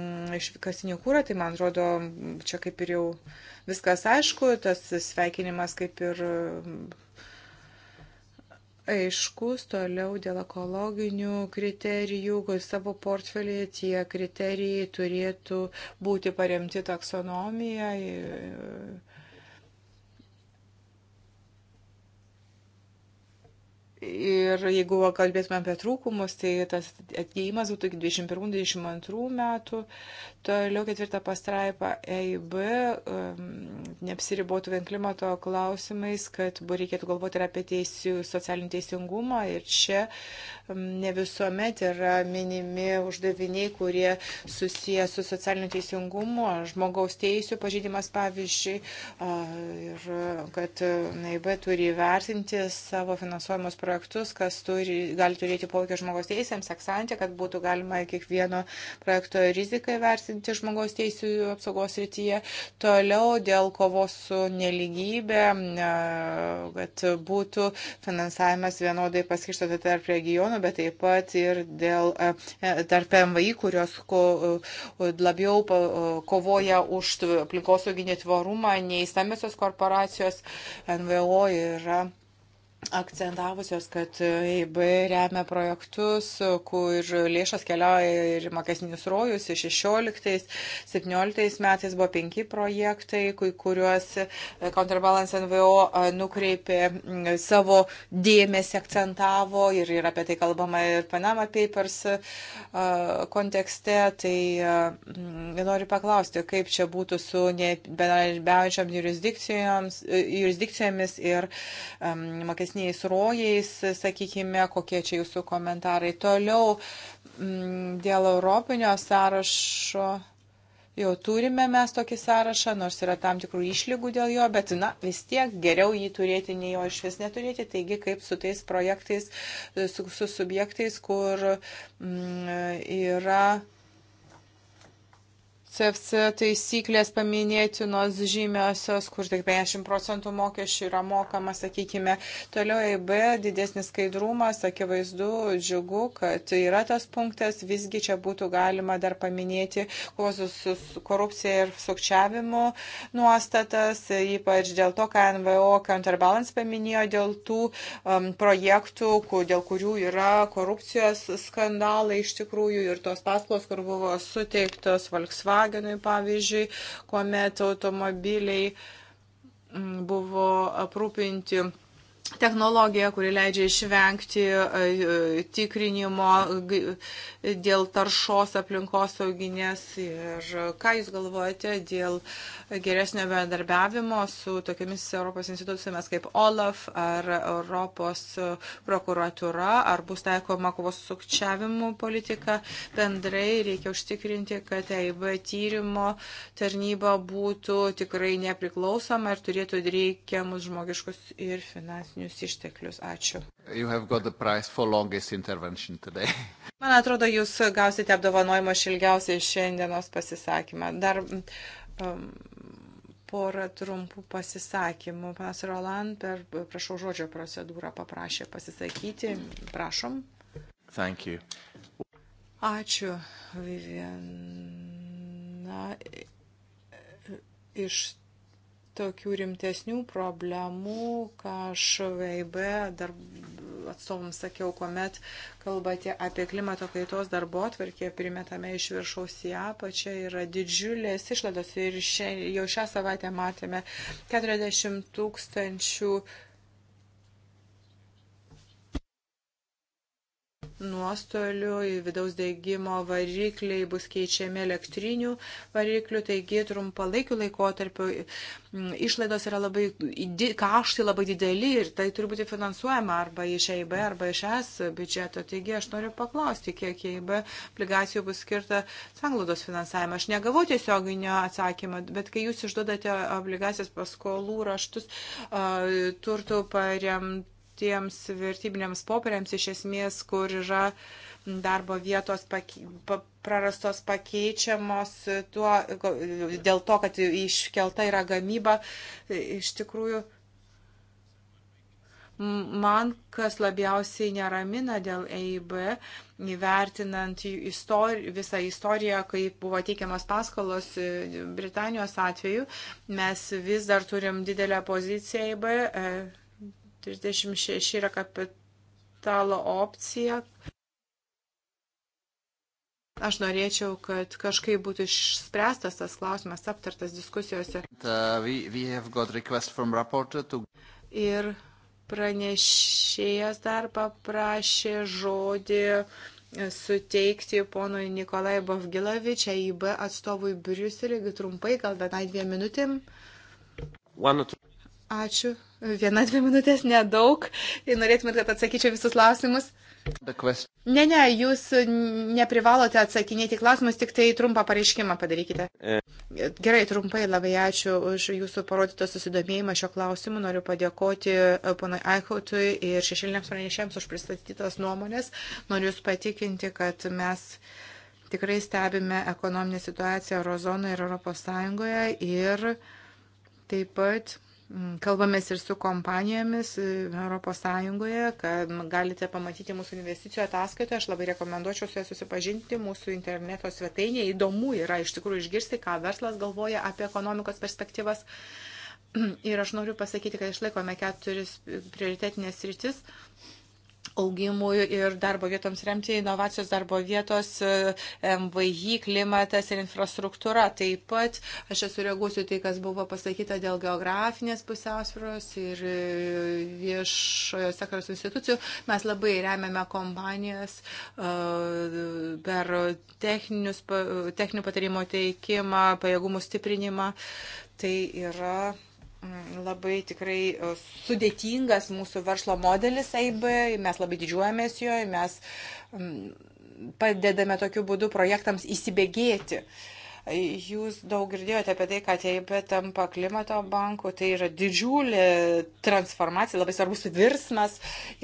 iškasinį kūrą. Tai man atrodo, čia kaip ir jau viskas aišku, tas sveikinimas kaip ir aiškus toliau dėl ekologinių kriterijų, savo portfelį tie kriterijai turėtų būti paremti taksonomija. Ir, Ir jeigu kalbėtume apie trūkumus, tai tas atėjimas būtų iki 21-22 metų. Toliau ketvirtą pastraipą EIB um, neapsiribotų vien klimato klausimais, kad reikėtų galvoti ir apie teisių, socialinį teisingumą. Ir čia um, ne visuomet yra minimi uždaviniai, kurie susiję su socialiniu teisingumu, žmogaus teisų pažydimas pavyzdžiui. Uh, ir kad EIB turi vertinti savo finansuojamos programas projektus, kas turi, gali turėti poveikį žmogaus teisėms, eksantė, kad būtų galima kiekvieno projekto riziką vertinti žmogaus teisų apsaugos rytyje. Toliau dėl kovos su neligybė, kad būtų finansavimas vienodai paskirstotas tarp regionų, bet taip pat ir dėl e, tarp MVI, kurios ko, labiau kovoja už aplinkosauginį tvarumą nei stambiosios korporacijos NVO yra akcentavusios, kad EIB remia projektus, kur lėšos keliauja ir mokesnius rojus. 16-17 metais buvo penki projektai, kuriuos e, Counterbalance NVO e, nukreipė savo dėmesį, akcentavo ir, ir apie tai kalbama ir Panama Papers e, kontekste. Tai noriu paklausti, kaip čia būtų su nebendradarbiaujančiam jurisdikcijomis ir um, mokesnius ankstesniais rojais, sakykime, kokie čia jūsų komentarai. Toliau mm, dėl Europinio sąrašo. Jau turime mes tokį sąrašą, nors yra tam tikrų išlygų dėl jo, bet na, vis tiek geriau jį turėti, nei jo iš vis neturėti. Taigi, kaip su tais projektais, su, su subjektais, kur m, mm, yra CFC taisyklės paminėtinos žymiosios, kur tik 50 procentų mokesčių yra mokama, sakykime. Toliau EIB didesnis skaidrumas, akivaizdu, džiugu, kad yra tas punktas, visgi čia būtų galima dar paminėti kovos su korupcija ir sukčiavimu nuostatas, ypač dėl to, ką NVO Counterbalance paminėjo, dėl tų um, projektų, kur, dėl kurių yra korupcijos skandalai iš tikrųjų ir tos paslaugos, kur buvo suteiktos Volkswagen Volkswagenui, pavyzdžiui, kuomet automobiliai mm, buvo aprūpinti technologija, kuri leidžia išvengti e, e, tikrinimo dėl taršos aplinkosauginės ir ką Jūs galvojate dėl geresnio bendarbiavimo su tokiamis Europos institucijomis kaip OLAF ar Europos prokuratura, ar bus taikoma kovos sukčiavimų politika. Bendrai reikia užtikrinti, kad EIB tyrimo tarnyba būtų tikrai nepriklausoma ir turėtų reikiamus žmogiškus ir finansinius finansinius išteklius. Ačiū. Man atrodo, jūs gausite apdovanojimą iš ilgiausiai šiandienos pasisakymą. Dar um, porą trumpų pasisakymų. Panas Roland, per, prašau, žodžio procedūrą paprašė pasisakyti. Prašom. Thank you. Ačiū, Vivian. Na, iš tokių rimtesnių problemų, ką aš VIB dar atstovams sakiau, kuomet kalbate apie klimato kaitos darbo atvarkė, primetame iš viršaus į apačią, yra didžiulės išlados ir šia, jau šią savaitę matėme 40 tūkstančių 000 nuostolių, vidaus dėgymo varikliai bus keičiami elektrinių variklių, taigi trumpalaikiu laikotarpiu mm, išlaidos yra labai, kaštai labai dideli ir tai turi būti finansuojama arba iš EIB, arba iš ES biudžeto. Taigi aš noriu paklausti, kiek EIB obligacijų bus skirta sanglaudos finansavimą. Aš negavau tiesioginio atsakymą, bet kai jūs išduodate obligacijas paskolų raštus, turtų paremtų tiems vertybiniams popieriams iš esmės, kur yra darbo vietos pake, pa, prarastos pakeičiamos tuo, dėl to, kad iškelta yra gamyba. Iš tikrųjų, man kas labiausiai neramina dėl EIB, įvertinant istori, visą istoriją, kaip buvo teikiamas paskolos e, Britanijos atveju, mes vis dar turim didelę poziciją EIB. E, 36 yra kapitalo opcija. Aš norėčiau, kad kažkaip būtų išspręstas tas klausimas, aptartas diskusijose. Uh, we, we to... Ir pranešėjas dar paprašė žodį suteikti ponui Nikolai Bovgilavič, EIB atstovui Briuselį, trumpai, gal dar dviem minutėm. Ačiū. Viena, dvi minutės nedaug. Norėtumėt, kad atsakyčiau visus klausimus? Ne, ne, jūs neprivalote atsakinėti klausimus, tik tai trumpą pareiškimą padarykite. E. Gerai, trumpai labai ačiū už jūsų parodytą susidomėjimą šio klausimu. Noriu padėkoti e, ponai Aichautui ir šešėliniams pranešėjams už pristatytas nuomonės. Noriu jūs patikinti, kad mes tikrai stebime ekonominę situaciją Eurozonoje ir Europos Sąjungoje ir taip pat Mm, kalbamės ir su kompanijomis ES, kad galite pamatyti mūsų investicijų ataskaitą. Aš labai rekomenduočiau su ja susipažinti mūsų interneto svetainė. Įdomu yra iš tikrųjų išgirsti, ką verslas galvoja apie ekonomikos perspektyvas. Ir aš noriu pasakyti, kad išlaikome keturis prioritetinės rytis augimui ir darbo vietoms remti, inovacijos darbo vietos, e, MVI, klimatas ir infrastruktūra. Taip pat aš esu reagusiu tai, kas buvo pasakyta dėl geografinės pusiausvėros ir e, viešojo sektoriaus institucijų. Mes labai remiame kompanijas e, per techninius, techninių patarimų teikimą, pajėgumų stiprinimą. Tai yra Mm, labai tikrai e, sudėtingas mūsų verslo modelis AIB, mes labai didžiuojamės jo, mes mm, padedame tokiu būdu projektams įsibėgėti. E, jūs daug girdėjote apie tai, kad EIB tampa klimato banku, tai yra didžiulė transformacija, labai svarbus virsmas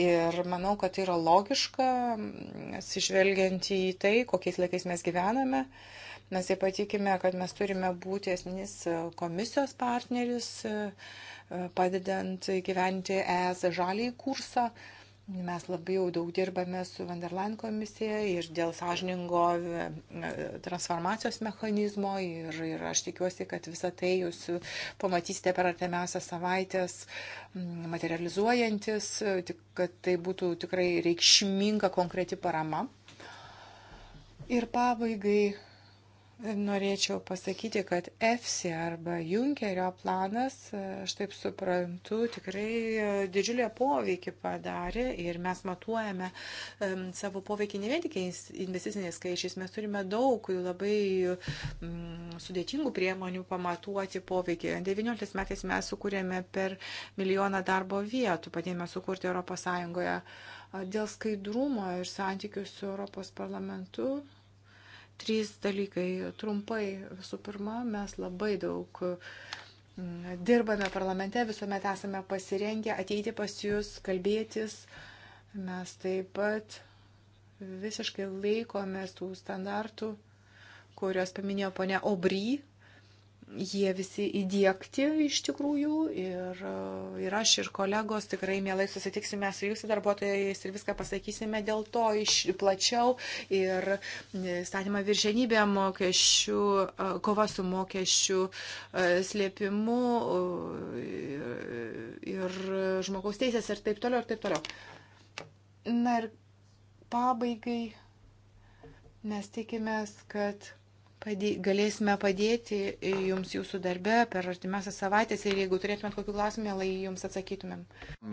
ir manau, kad tai yra logiška, mm, sižvelgiant į tai, kokiais laikais mes gyvename. Uh, Mes taip pat tikime, kad mes turime būti esminis e, komisijos partneris, e, e, padedant gyventi ES žalį kursą. Mes labai jau daug dirbame su Vanderland komisija ir dėl sąžiningo transformacijos mechanizmo ir, ir aš tikiuosi, kad visą tai jūs pamatysite per artimiausias savaitės materializuojantis, kad tai būtų tikrai reikšminga konkreti parama. Ir pabaigai Norėčiau pasakyti, kad EFSI arba Junkerio planas, e, aš taip suprantu, tikrai e, didžiulę poveikį padarė ir mes matuojame um, savo poveikį ne vien tik investiciniais skaičiais, mes turime daug labai um, sudėtingų priemonių pamatuoti poveikį. 19 metais mes sukūrėme per milijoną darbo vietų, padėjome sukurti ES dėl skaidrumo ir santykių su ES parlamentu Trys dalykai. Trumpai, visų pirma, mes labai daug mm, dirbame parlamente, visuomet esame pasirengę ateiti pas jūs, kalbėtis. Mes taip pat visiškai laikomės tų standartų, kuriuos paminėjo ponia Obry, jie visi įdėkti iš tikrųjų ir, e, ir aš ir kolegos tikrai mielai susitiksime su jūsų darbuotojais ir viską pasakysime dėl to iš plačiau ir e, statymą viršenybę mokesčių, e, kova su mokesčių slėpimu ir žmogaus teisės ir taip toliau ir taip toliau. Na ir pabaigai mes tikimės, kad padė, galėsime padėti jums jūsų darbe per artimiausias savaitės ir jeigu turėtumėt kokių klausimų, mielai jums atsakytumėm.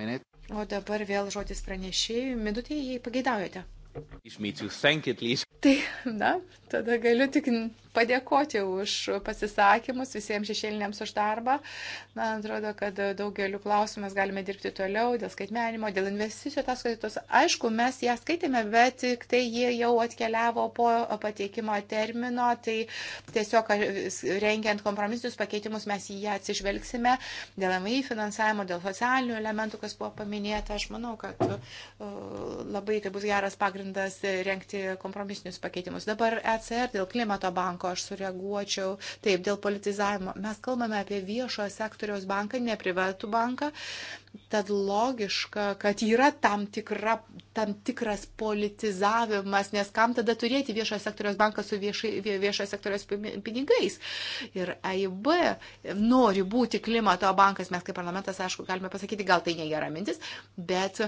Minute. O dabar vėl žodis pranešėjui. Minutė, jei pageidaujate. Tai, na, Tada galiu tik padėkoti už pasisakymus visiems šešėliniams už darbą. Man atrodo, kad daugeliu klausimų mes galime dirbti toliau dėl skaitmenimo, dėl investicijų ataskaitos. Aišku, mes ją skaitėme, bet tik tai jie jau atkeliavo po pateikimo termino. Tai tiesiog rengiant kompromisinius pakeitimus mes į ją atsižvelgsime dėl MI finansavimo, dėl socialinių elementų, kas buvo paminėta. Aš manau, kad labai tai bus geras pagrindas rengti kompromisinius pakeitimus. Dabar ECR dėl klimato banko aš sureaguočiau taip, dėl politizavimo. Mes kalbame apie viešo sektoriaus banką, ne privatų banką. Tad logiška, kad yra tam, tikra, tam tikras politizavimas, nes kam tada turėti viešo sektoriaus banką su viešai, viešo sektoriaus pinigais. Ir AIB nori būti klimato bankas, mes kaip parlamentas, aišku, galime pasakyti, gal tai negera mintis, bet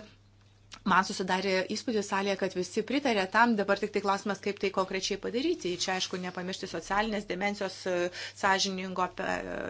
Man susidarė įspūdis salėje, kad visi pritarė tam, dabar tik tai klausimas, kaip tai konkrečiai padaryti. Čia, aišku, nepamiršti socialinės dimensijos, e, sąžiningo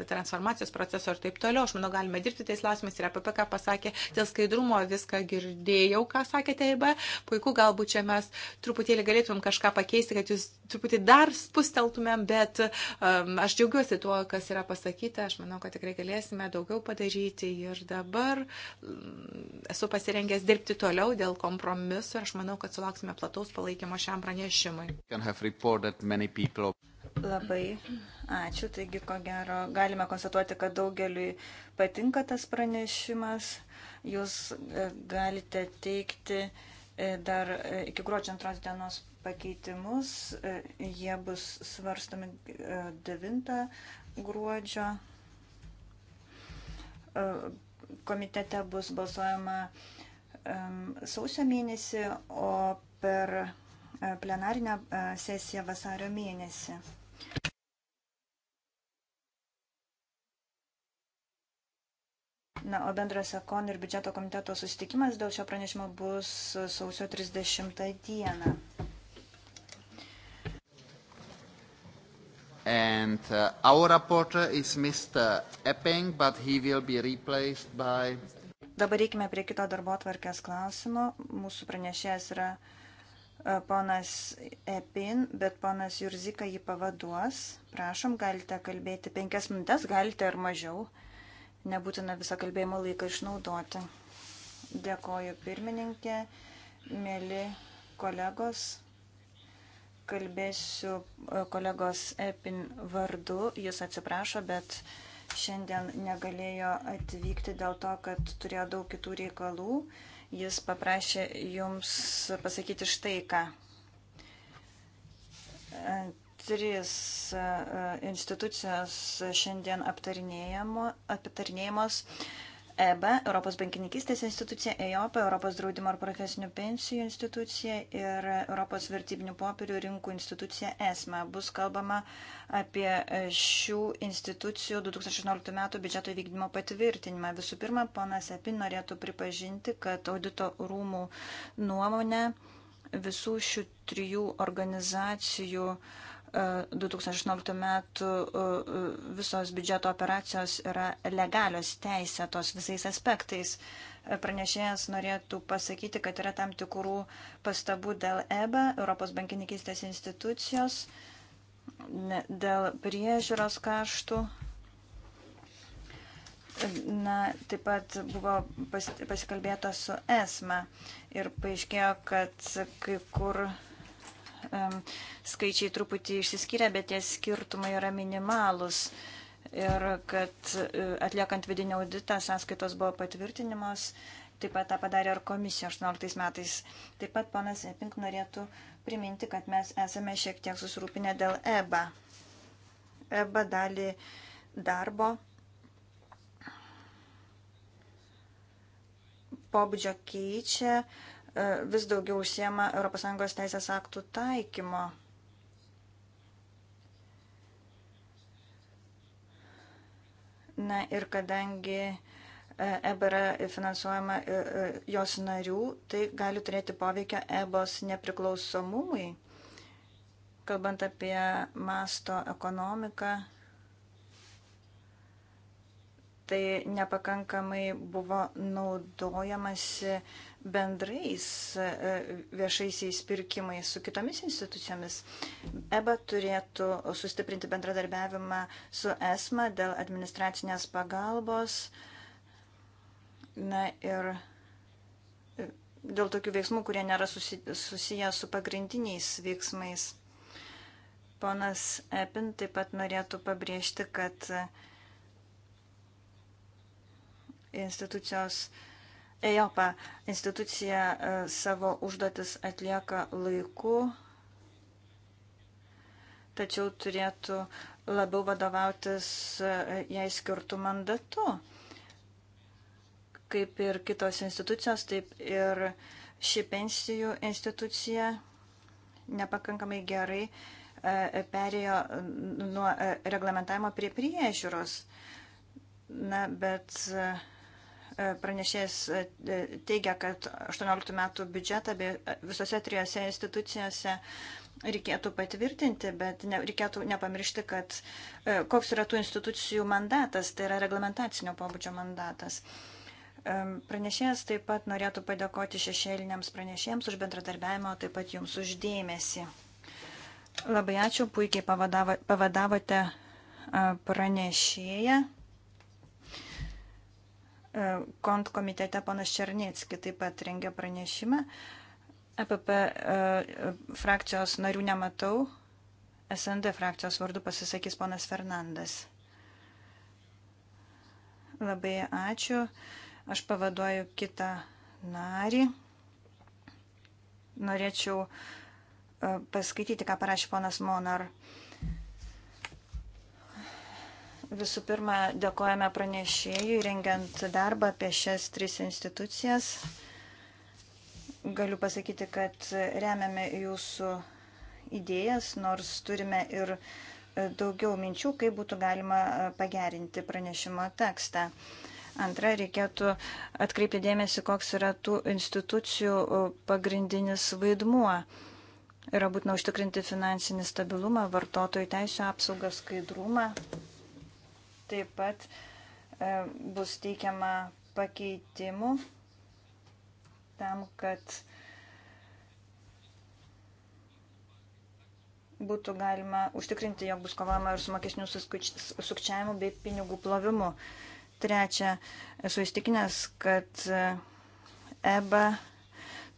transformacijos proceso ir taip toliau. Aš manau, galime dirbti tais klausimais ir apie ką pasakė. Dėl skaidrumo viską girdėjau, ką sakėte, EIB. Puiku, galbūt čia mes truputėlį galėtumėm kažką pakeisti, kad jūs truputį dar spusteltumėm, bet um, aš džiaugiuosi tuo, kas yra pasakyta. Aš manau, kad tikrai galėsime daugiau padaryti ir dabar um, esu pasirengęs dirbti toliau toliau dėl kompromisu ir aš manau, kad sulauksime plataus palaikymo šiam pranešimui. Labai ačiū, taigi ko gero galime konstatuoti, kad daugeliui patinka tas pranešimas. Jūs e, galite teikti e, dar e, iki gruodžio antros dienos pakeitimus. Jie bus svarstomi 9 gruodžio komitete bus balsuojama sausio mėnesį, o per e, plenarinę e, sesiją vasario mėnesį. Na, o bendras ekon ir biudžeto komiteto susitikimas dėl šio pranešimo bus sausio 30 dieną. And uh, our reporter is Mr. Epping, but he will be replaced by Dabar reikime prie kito darbo tvarkės klausimo. Mūsų pranešėjas yra e, ponas Epin, bet ponas Jurzika jį pavaduos. Prašom, galite kalbėti penkias minutės, galite ir mažiau. Nebūtina visą kalbėjimo laiką išnaudoti. Dėkoju pirmininkė, mėly kolegos, kalbėsiu e, kolegos Epin vardu, jis atsiprašo, bet uh, šiandien negalėjo atvykti dėl to, kad turėjo daug kitų reikalų. Jis paprašė jums pasakyti štai ką. Tris e, institucijos šiandien aptarinėjamos EBA, Europos bankininkistės institucija, EIOPA, Europos draudimo ir profesinių pensijų institucija ir Europos vertybinių popierių rinkų institucija ESMA. E. Bus kalbama apie šių institucijų 2016 metų biudžeto vykdymo patvirtinimą. Visų pirma, ponas Epi norėtų pripažinti, kad audito rūmų nuomonė visų šių trijų organizacijų uh, 2018 metų e, visos biudžeto operacijos yra legalios teisėtos visais aspektais. E, pranešėjas norėtų pasakyti, kad yra tam tikrų pastabų dėl EBA, Europos bankininkystės institucijos, dėl priežiūros kaštų. Na, taip pat buvo pasikalbėta su ESMA ir paaiškėjo, kad kai kur uh, skaičiai truputį išsiskyrė, bet tie skirtumai yra minimalus. Ir kad e, atliekant vidinį auditą sąskaitos buvo patvirtinimas, taip pat tą padarė ir komisija 18 metais. Taip pat panas Epink norėtų priminti, kad mes esame šiek tiek susirūpinę dėl EBA. EBA dalį darbo pobūdžio keičia E, vis daugiau užsiema ES teisės aktų taikymo. Na ir kadangi e, EBA yra finansuojama e, jos narių, tai gali turėti poveikio EBOS nepriklausomumui, kalbant apie masto ekonomiką. Tai nepakankamai buvo naudojamasi uh, bendrais e, viešaisiais pirkimais su kitomis institucijomis. EBA turėtų sustiprinti bendradarbiavimą su ESMA dėl administracinės pagalbos. Na ir e, dėl tokių veiksmų, kurie nėra susiję su pagrindiniais veiksmais. Ponas Epin taip pat norėtų pabrėžti, kad institucijos uh, EJOPA institucija e, savo užduotis atlieka laiku, tačiau turėtų labiau vadovautis e, jai skirtų mandatu. Kaip ir kitos institucijos, taip ir ši pensijų institucija nepakankamai gerai e, perėjo nuo reglamentavimo prie priežiūros. Na, bet E, pranešėjas e, e, teigia, kad 18 metų biudžetą visose trijose institucijose reikėtų patvirtinti, bet ne, reikėtų nepamiršti, kad koks yra tų institucijų mandatas, tai yra reglamentacinio pobūdžio mandatas. Pranešėjas taip pat norėtų padėkoti šešėliniams pranešėjams už bendradarbiavimą, taip pat jums uždėmesi. Labai ačiū, puikiai pavadavo, pavadavote pranešėją. E, kont komitete panas Černiecki taip pat rengia pranešimą. EPP e, frakcijos narių nematau. SND frakcijos vardu pasisakys ponas Fernandas. Labai ačiū. Aš pavaduoju kitą narį. Norėčiau e, paskaityti, ką parašė ponas Monar. Uh, Visų pirma, dėkojame pranešėjui, rengiant darbą apie šias tris institucijas. Galiu pasakyti, kad remiame jūsų idėjas, nors turime ir e, daugiau minčių, kaip būtų galima e, pagerinti pranešimo tekstą. Antra, reikėtų atkreipti dėmesį, koks yra tų institucijų e, pagrindinis vaidmuo. Yra būtina užtikrinti finansinį stabilumą, vartotojų teisų apsaugą, skaidrumą. Taip pat e, bus teikiama pakeitimų tam, kad būtų galima užtikrinti, jog bus kovama ir su mokesnių sukčiavimu bei pinigų plovimu. Trečia, esu įstikinęs, kad e, EBA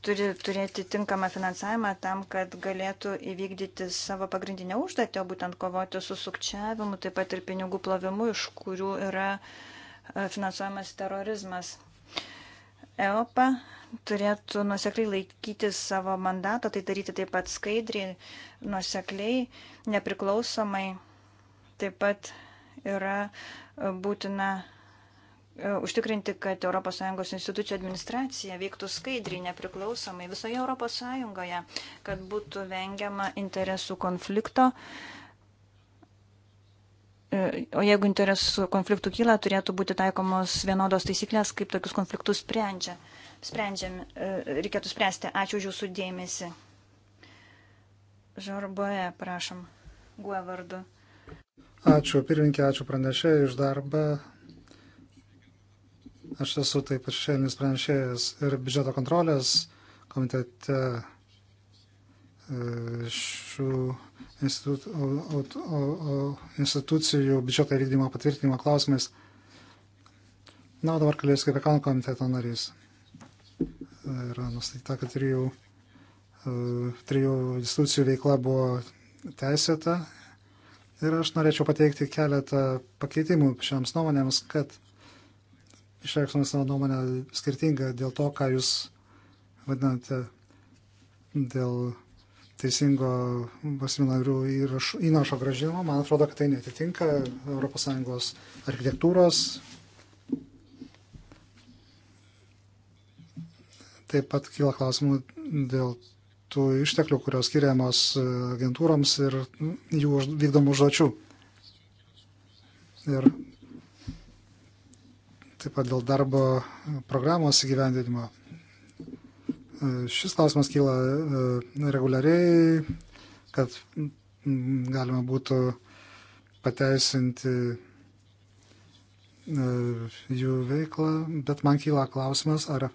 turi turėti tinkamą finansavimą tam, kad galėtų įvykdyti savo pagrindinę užduotį, o būtent kovoti su sukčiavimu, taip pat ir pinigų plovimu, iš kurių yra e, finansuojamas terorizmas. EOPA turėtų nusekliai laikyti savo mandato, tai daryti taip pat skaidriai, nusekliai, nepriklausomai. Taip pat yra būtina E, užtikrinti, kad ES institucijų administracija veiktų skaidriai, nepriklausomai visoje ES, kad būtų vengiama interesų konflikto. E, o jeigu interesų konfliktų kyla, turėtų būti taikomos vienodos taisyklės, kaip tokius konfliktus sprendžia. Sprendžiami, e, reikėtų spręsti. Ačiū už jūsų dėmesį. Žorboje, prašom, guo vardu. Ačiū pirminkė, ačiū pranešėjai už darbą Aš esu taip pat šiandienis pranešėjas ir biudžeto kontrolės komitete e, šių institu, o, o, o, institucijų biudžeto įvykdymo patvirtinimo klausimais. Na, o dabar kalbės kaip ekonomų komiteto narys. Yra nustatyta, kad trijų, e, trijų institucijų veikla buvo teisėta. Ir aš norėčiau pateikti keletą pakeitimų šiams nuomonėms, kad išreikštume savo nuomonę skirtingą dėl to, ką jūs vadinate dėl teisingo valstybinarių įnašo gražinimo. Man atrodo, kad tai netitinka ES architektūros. Taip pat kyla klausimų dėl tų išteklių, kurios skiriamos agentūroms ir jų vykdomų užduočių. Ir taip pat dėl darbo programos įgyvendinimo. E, šis klausimas kyla e, reguliariai, kad mm, galima būtų pateisinti e, jų veiklą, bet man kyla klausimas, ar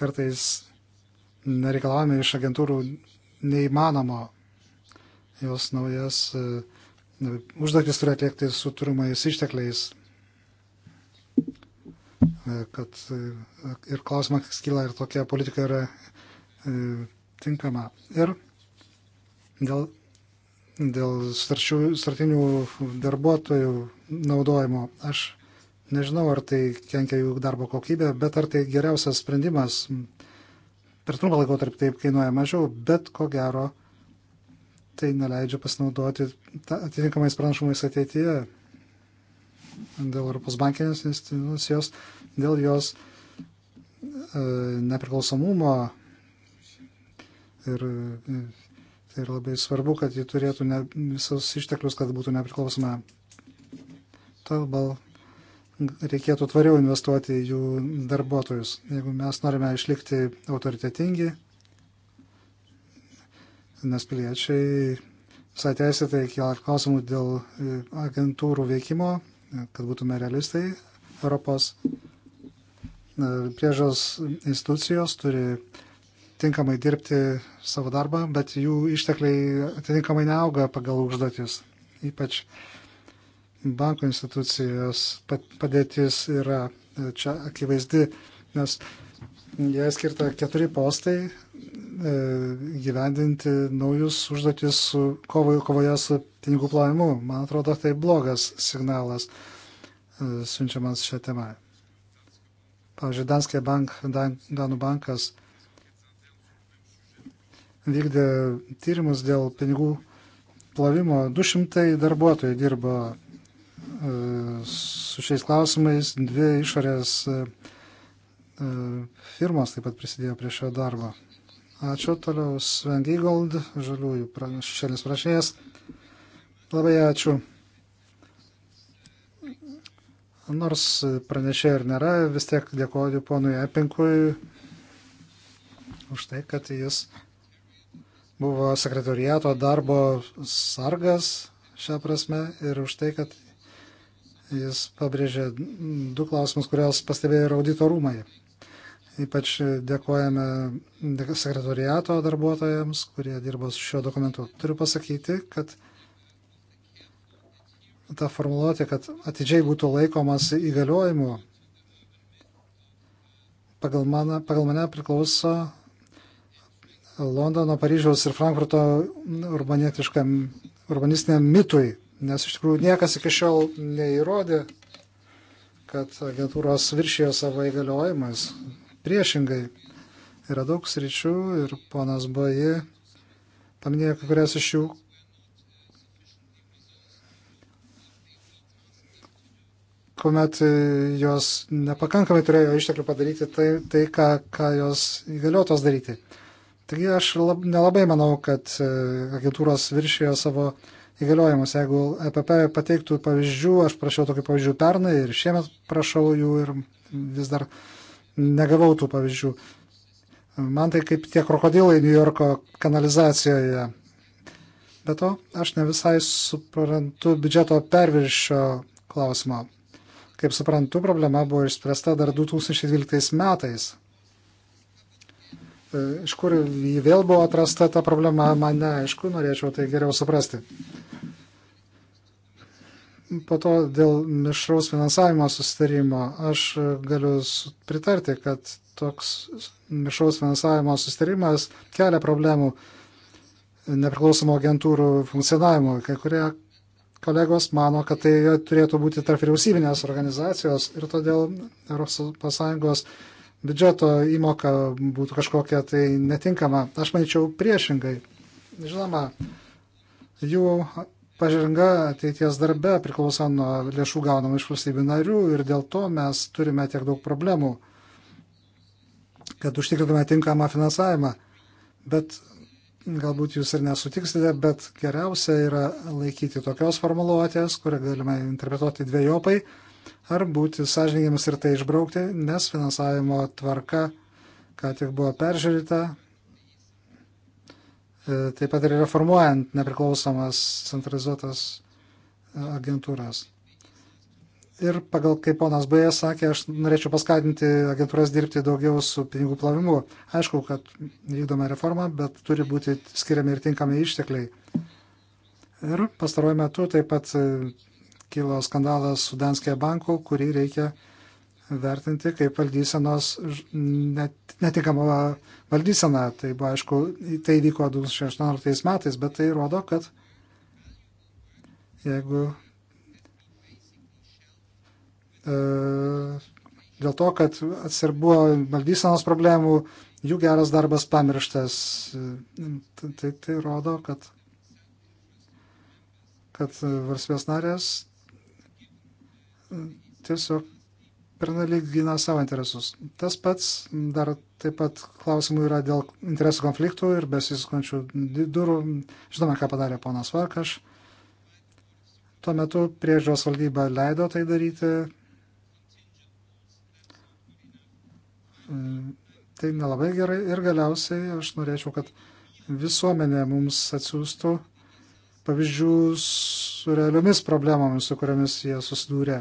kartais nereikalavome iš agentūrų neįmanomo jos naujas užduotis turi atlikti su turimais ištekliais. E, kad e, ir klausimas kyla, ar tokia politika yra e, tinkama. Ir dėl, dėl starčių, startinių darbuotojų naudojimo aš nežinau, ar tai kenkia jų darbo kokybė, bet ar tai geriausias sprendimas per trumpą laikotarpį taip kainuoja mažiau, bet ko gero tai neleidžia pasinaudoti atitinkamais pranašumais ateityje dėl Europos bankinės institucijos dėl jos e, nepriklausomumo ir e, tai yra labai svarbu, kad ji turėtų ne, visus išteklius, kad būtų nepriklausoma. Todėl reikėtų tvariau investuoti į jų darbuotojus. Jeigu mes norime išlikti autoritetingi, nes piliečiai visai teisėtai kyla klausimų dėl e, agentūrų veikimo, kad būtume realistai Europos priežos institucijos turi tinkamai dirbti savo darbą, bet jų ištekliai atitinkamai neauga pagal užduotis. Ypač banko institucijos padėtis yra čia akivaizdi, nes jie skirta keturi postai e, gyvendinti naujus užduotis su kovo, kovoje su pinigų plovimu. Man atrodo, tai blogas signalas e, siunčiamas šią temą. Pavyzdžiui, Danske Bank, Dan, Danų bankas vykdė tyrimus dėl pinigų plovimo. 200 darbuotojų dirbo e, su šiais klausimais, dvi išorės e, e, firmos taip pat prisidėjo prie šio darbo. Ačiū toliau Sven Gigold, žaliųjų šešėlis prašėjas. Labai ačiū. Nors pranešė ir nėra, vis tiek dėkoju ponui Epinkui už tai, kad jis buvo sekretoriato darbo sargas šią prasme ir už tai, kad jis pabrėžė du klausimus, kuriuos pastebėjo ir audito rūmai. Ypač dėkojame sekretoriato darbuotojams, kurie dirbo su šiuo dokumentu. Turiu pasakyti, kad ta formuluotė, kad atidžiai būtų laikomas įgaliojimu, pagal, man, pagal mane priklauso Londono, Paryžiaus ir Frankfurto urbanistiniam mitui, nes iš tikrųjų niekas iki šiol neįrodė, kad agentūros viršijo savo įgaliojimas. Priešingai, yra daug sričių ir ponas Baji paminėjo kai kurias iš jų, kuomet e, jos nepakankamai turėjo išteklių padaryti tai, tai ką, ką jos įgaliotos daryti. Taigi aš lab, nelabai manau, kad e, agentūros viršijo savo įgaliojimus. Jeigu EPP pateiktų pavyzdžių, aš prašiau tokių pavyzdžių pernai ir šiemet prašau jų ir vis dar negavau tų pavyzdžių. Man tai kaip tie krokodilai New Yorko kanalizacijoje. Be to, aš ne visai suprantu biudžeto perviršio klausimą. Kaip suprantu, problema buvo išspręsta dar 2012 metais. E, iš kur jį vėl buvo atrasta ta problema, man neaišku, norėčiau tai geriau suprasti. Po to dėl mišraus finansavimo susitarimo aš galiu pritarti, kad toks mišraus finansavimo susitarimas kelia problemų nepriklausomų agentūrų funkcionavimui. Kai kurie Kolegos mano, kad tai turėtų būti tarp vyriausybinės organizacijos ir todėl ES biudžeto įmoka būtų kažkokia tai netinkama. Aš manyčiau priešingai. Žinoma, jų pažanga ateities darbe priklauso nuo lėšų gaunamų iš valstybių narių ir dėl to mes turime tiek daug problemų, kad užtikrintume tinkamą finansavimą. Bet galbūt jūs ir nesutiksite, bet geriausia yra laikyti tokios formuluotės, kurią galima interpretuoti dviejopai, ar būti sąžininkiams ir tai išbraukti, nes finansavimo tvarka, ką tik buvo peržiūrėta, e, taip pat ir reformuojant nepriklausomas centralizuotas e, agentūras. Ir pagal, kaip ponas Baja sakė, aš norėčiau paskatinti agentūras dirbti daugiau su pinigų plovimu. Aišku, kad vykdoma reforma, bet turi būti skiriami ir tinkami ištekliai. Ir pastaruoju metu taip pat e, kilo skandalas su Danskėje banku, kurį reikia vertinti kaip valdysenos net, netikamą valdyseną. Tai buvo, aišku, tai vyko 2018 metais, bet tai rodo, kad jeigu E, dėl to, kad atsirbuvo valdysenos problemų, jų geras darbas pamirštas. E, tai, tai rodo, kad, kad varsvės narės e, tiesiog pernelyg gina savo interesus. Tas pats dar taip pat klausimų yra dėl interesų konfliktų ir besiskončių durų. Žinome, ką padarė ponas Varkaš. Tuo metu priežiūros valdyba leido tai daryti, tai nelabai gerai. Ir galiausiai aš norėčiau, kad visuomenė mums atsiųstų pavyzdžių su realiomis problemomis, su kuriamis jie susidūrė.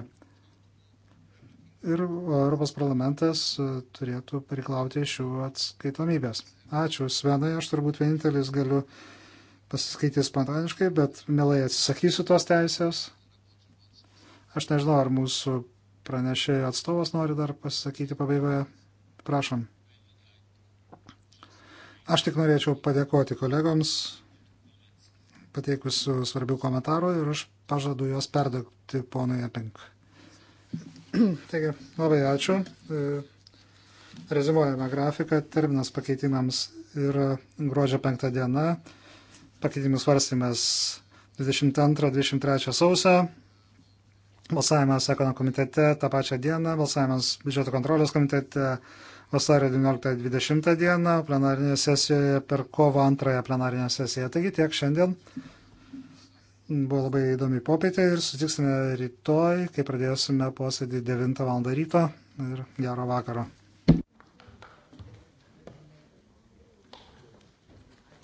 Ir Europos parlamentas turėtų pareiklauti iš jų atskaitomybės. Ačiū, Svenai, aš turbūt vienintelis galiu pasiskaityti spontaniškai, bet mielai atsisakysiu tos teisės. Aš nežinau, ar mūsų pranešėjo atstovas nori dar pasisakyti pabaigoje. Prašom. Aš tik norėčiau padėkoti kolegoms, pateikusių svarbių komentarų ir aš pažadu juos perduoti ponui Apink. Taigi, labai ačiū. E, Rezimuojame grafiką. Terminas pakeitimams yra gruodžio 5 diena. Pakeitimų svarstymas 22-23 sausio. Balsavimas ekonomų komitete tą pačią dieną, balsavimas biudžeto kontrolės komitete vasario 19-20 dieną, plenarinėje sesijoje per kovo antrąją plenarinę sesiją. Taigi tiek šiandien. Buvo labai įdomi popietė ir sutiksime rytoj, kai pradėsime posėdį 9 val. ryto ir gero vakaro.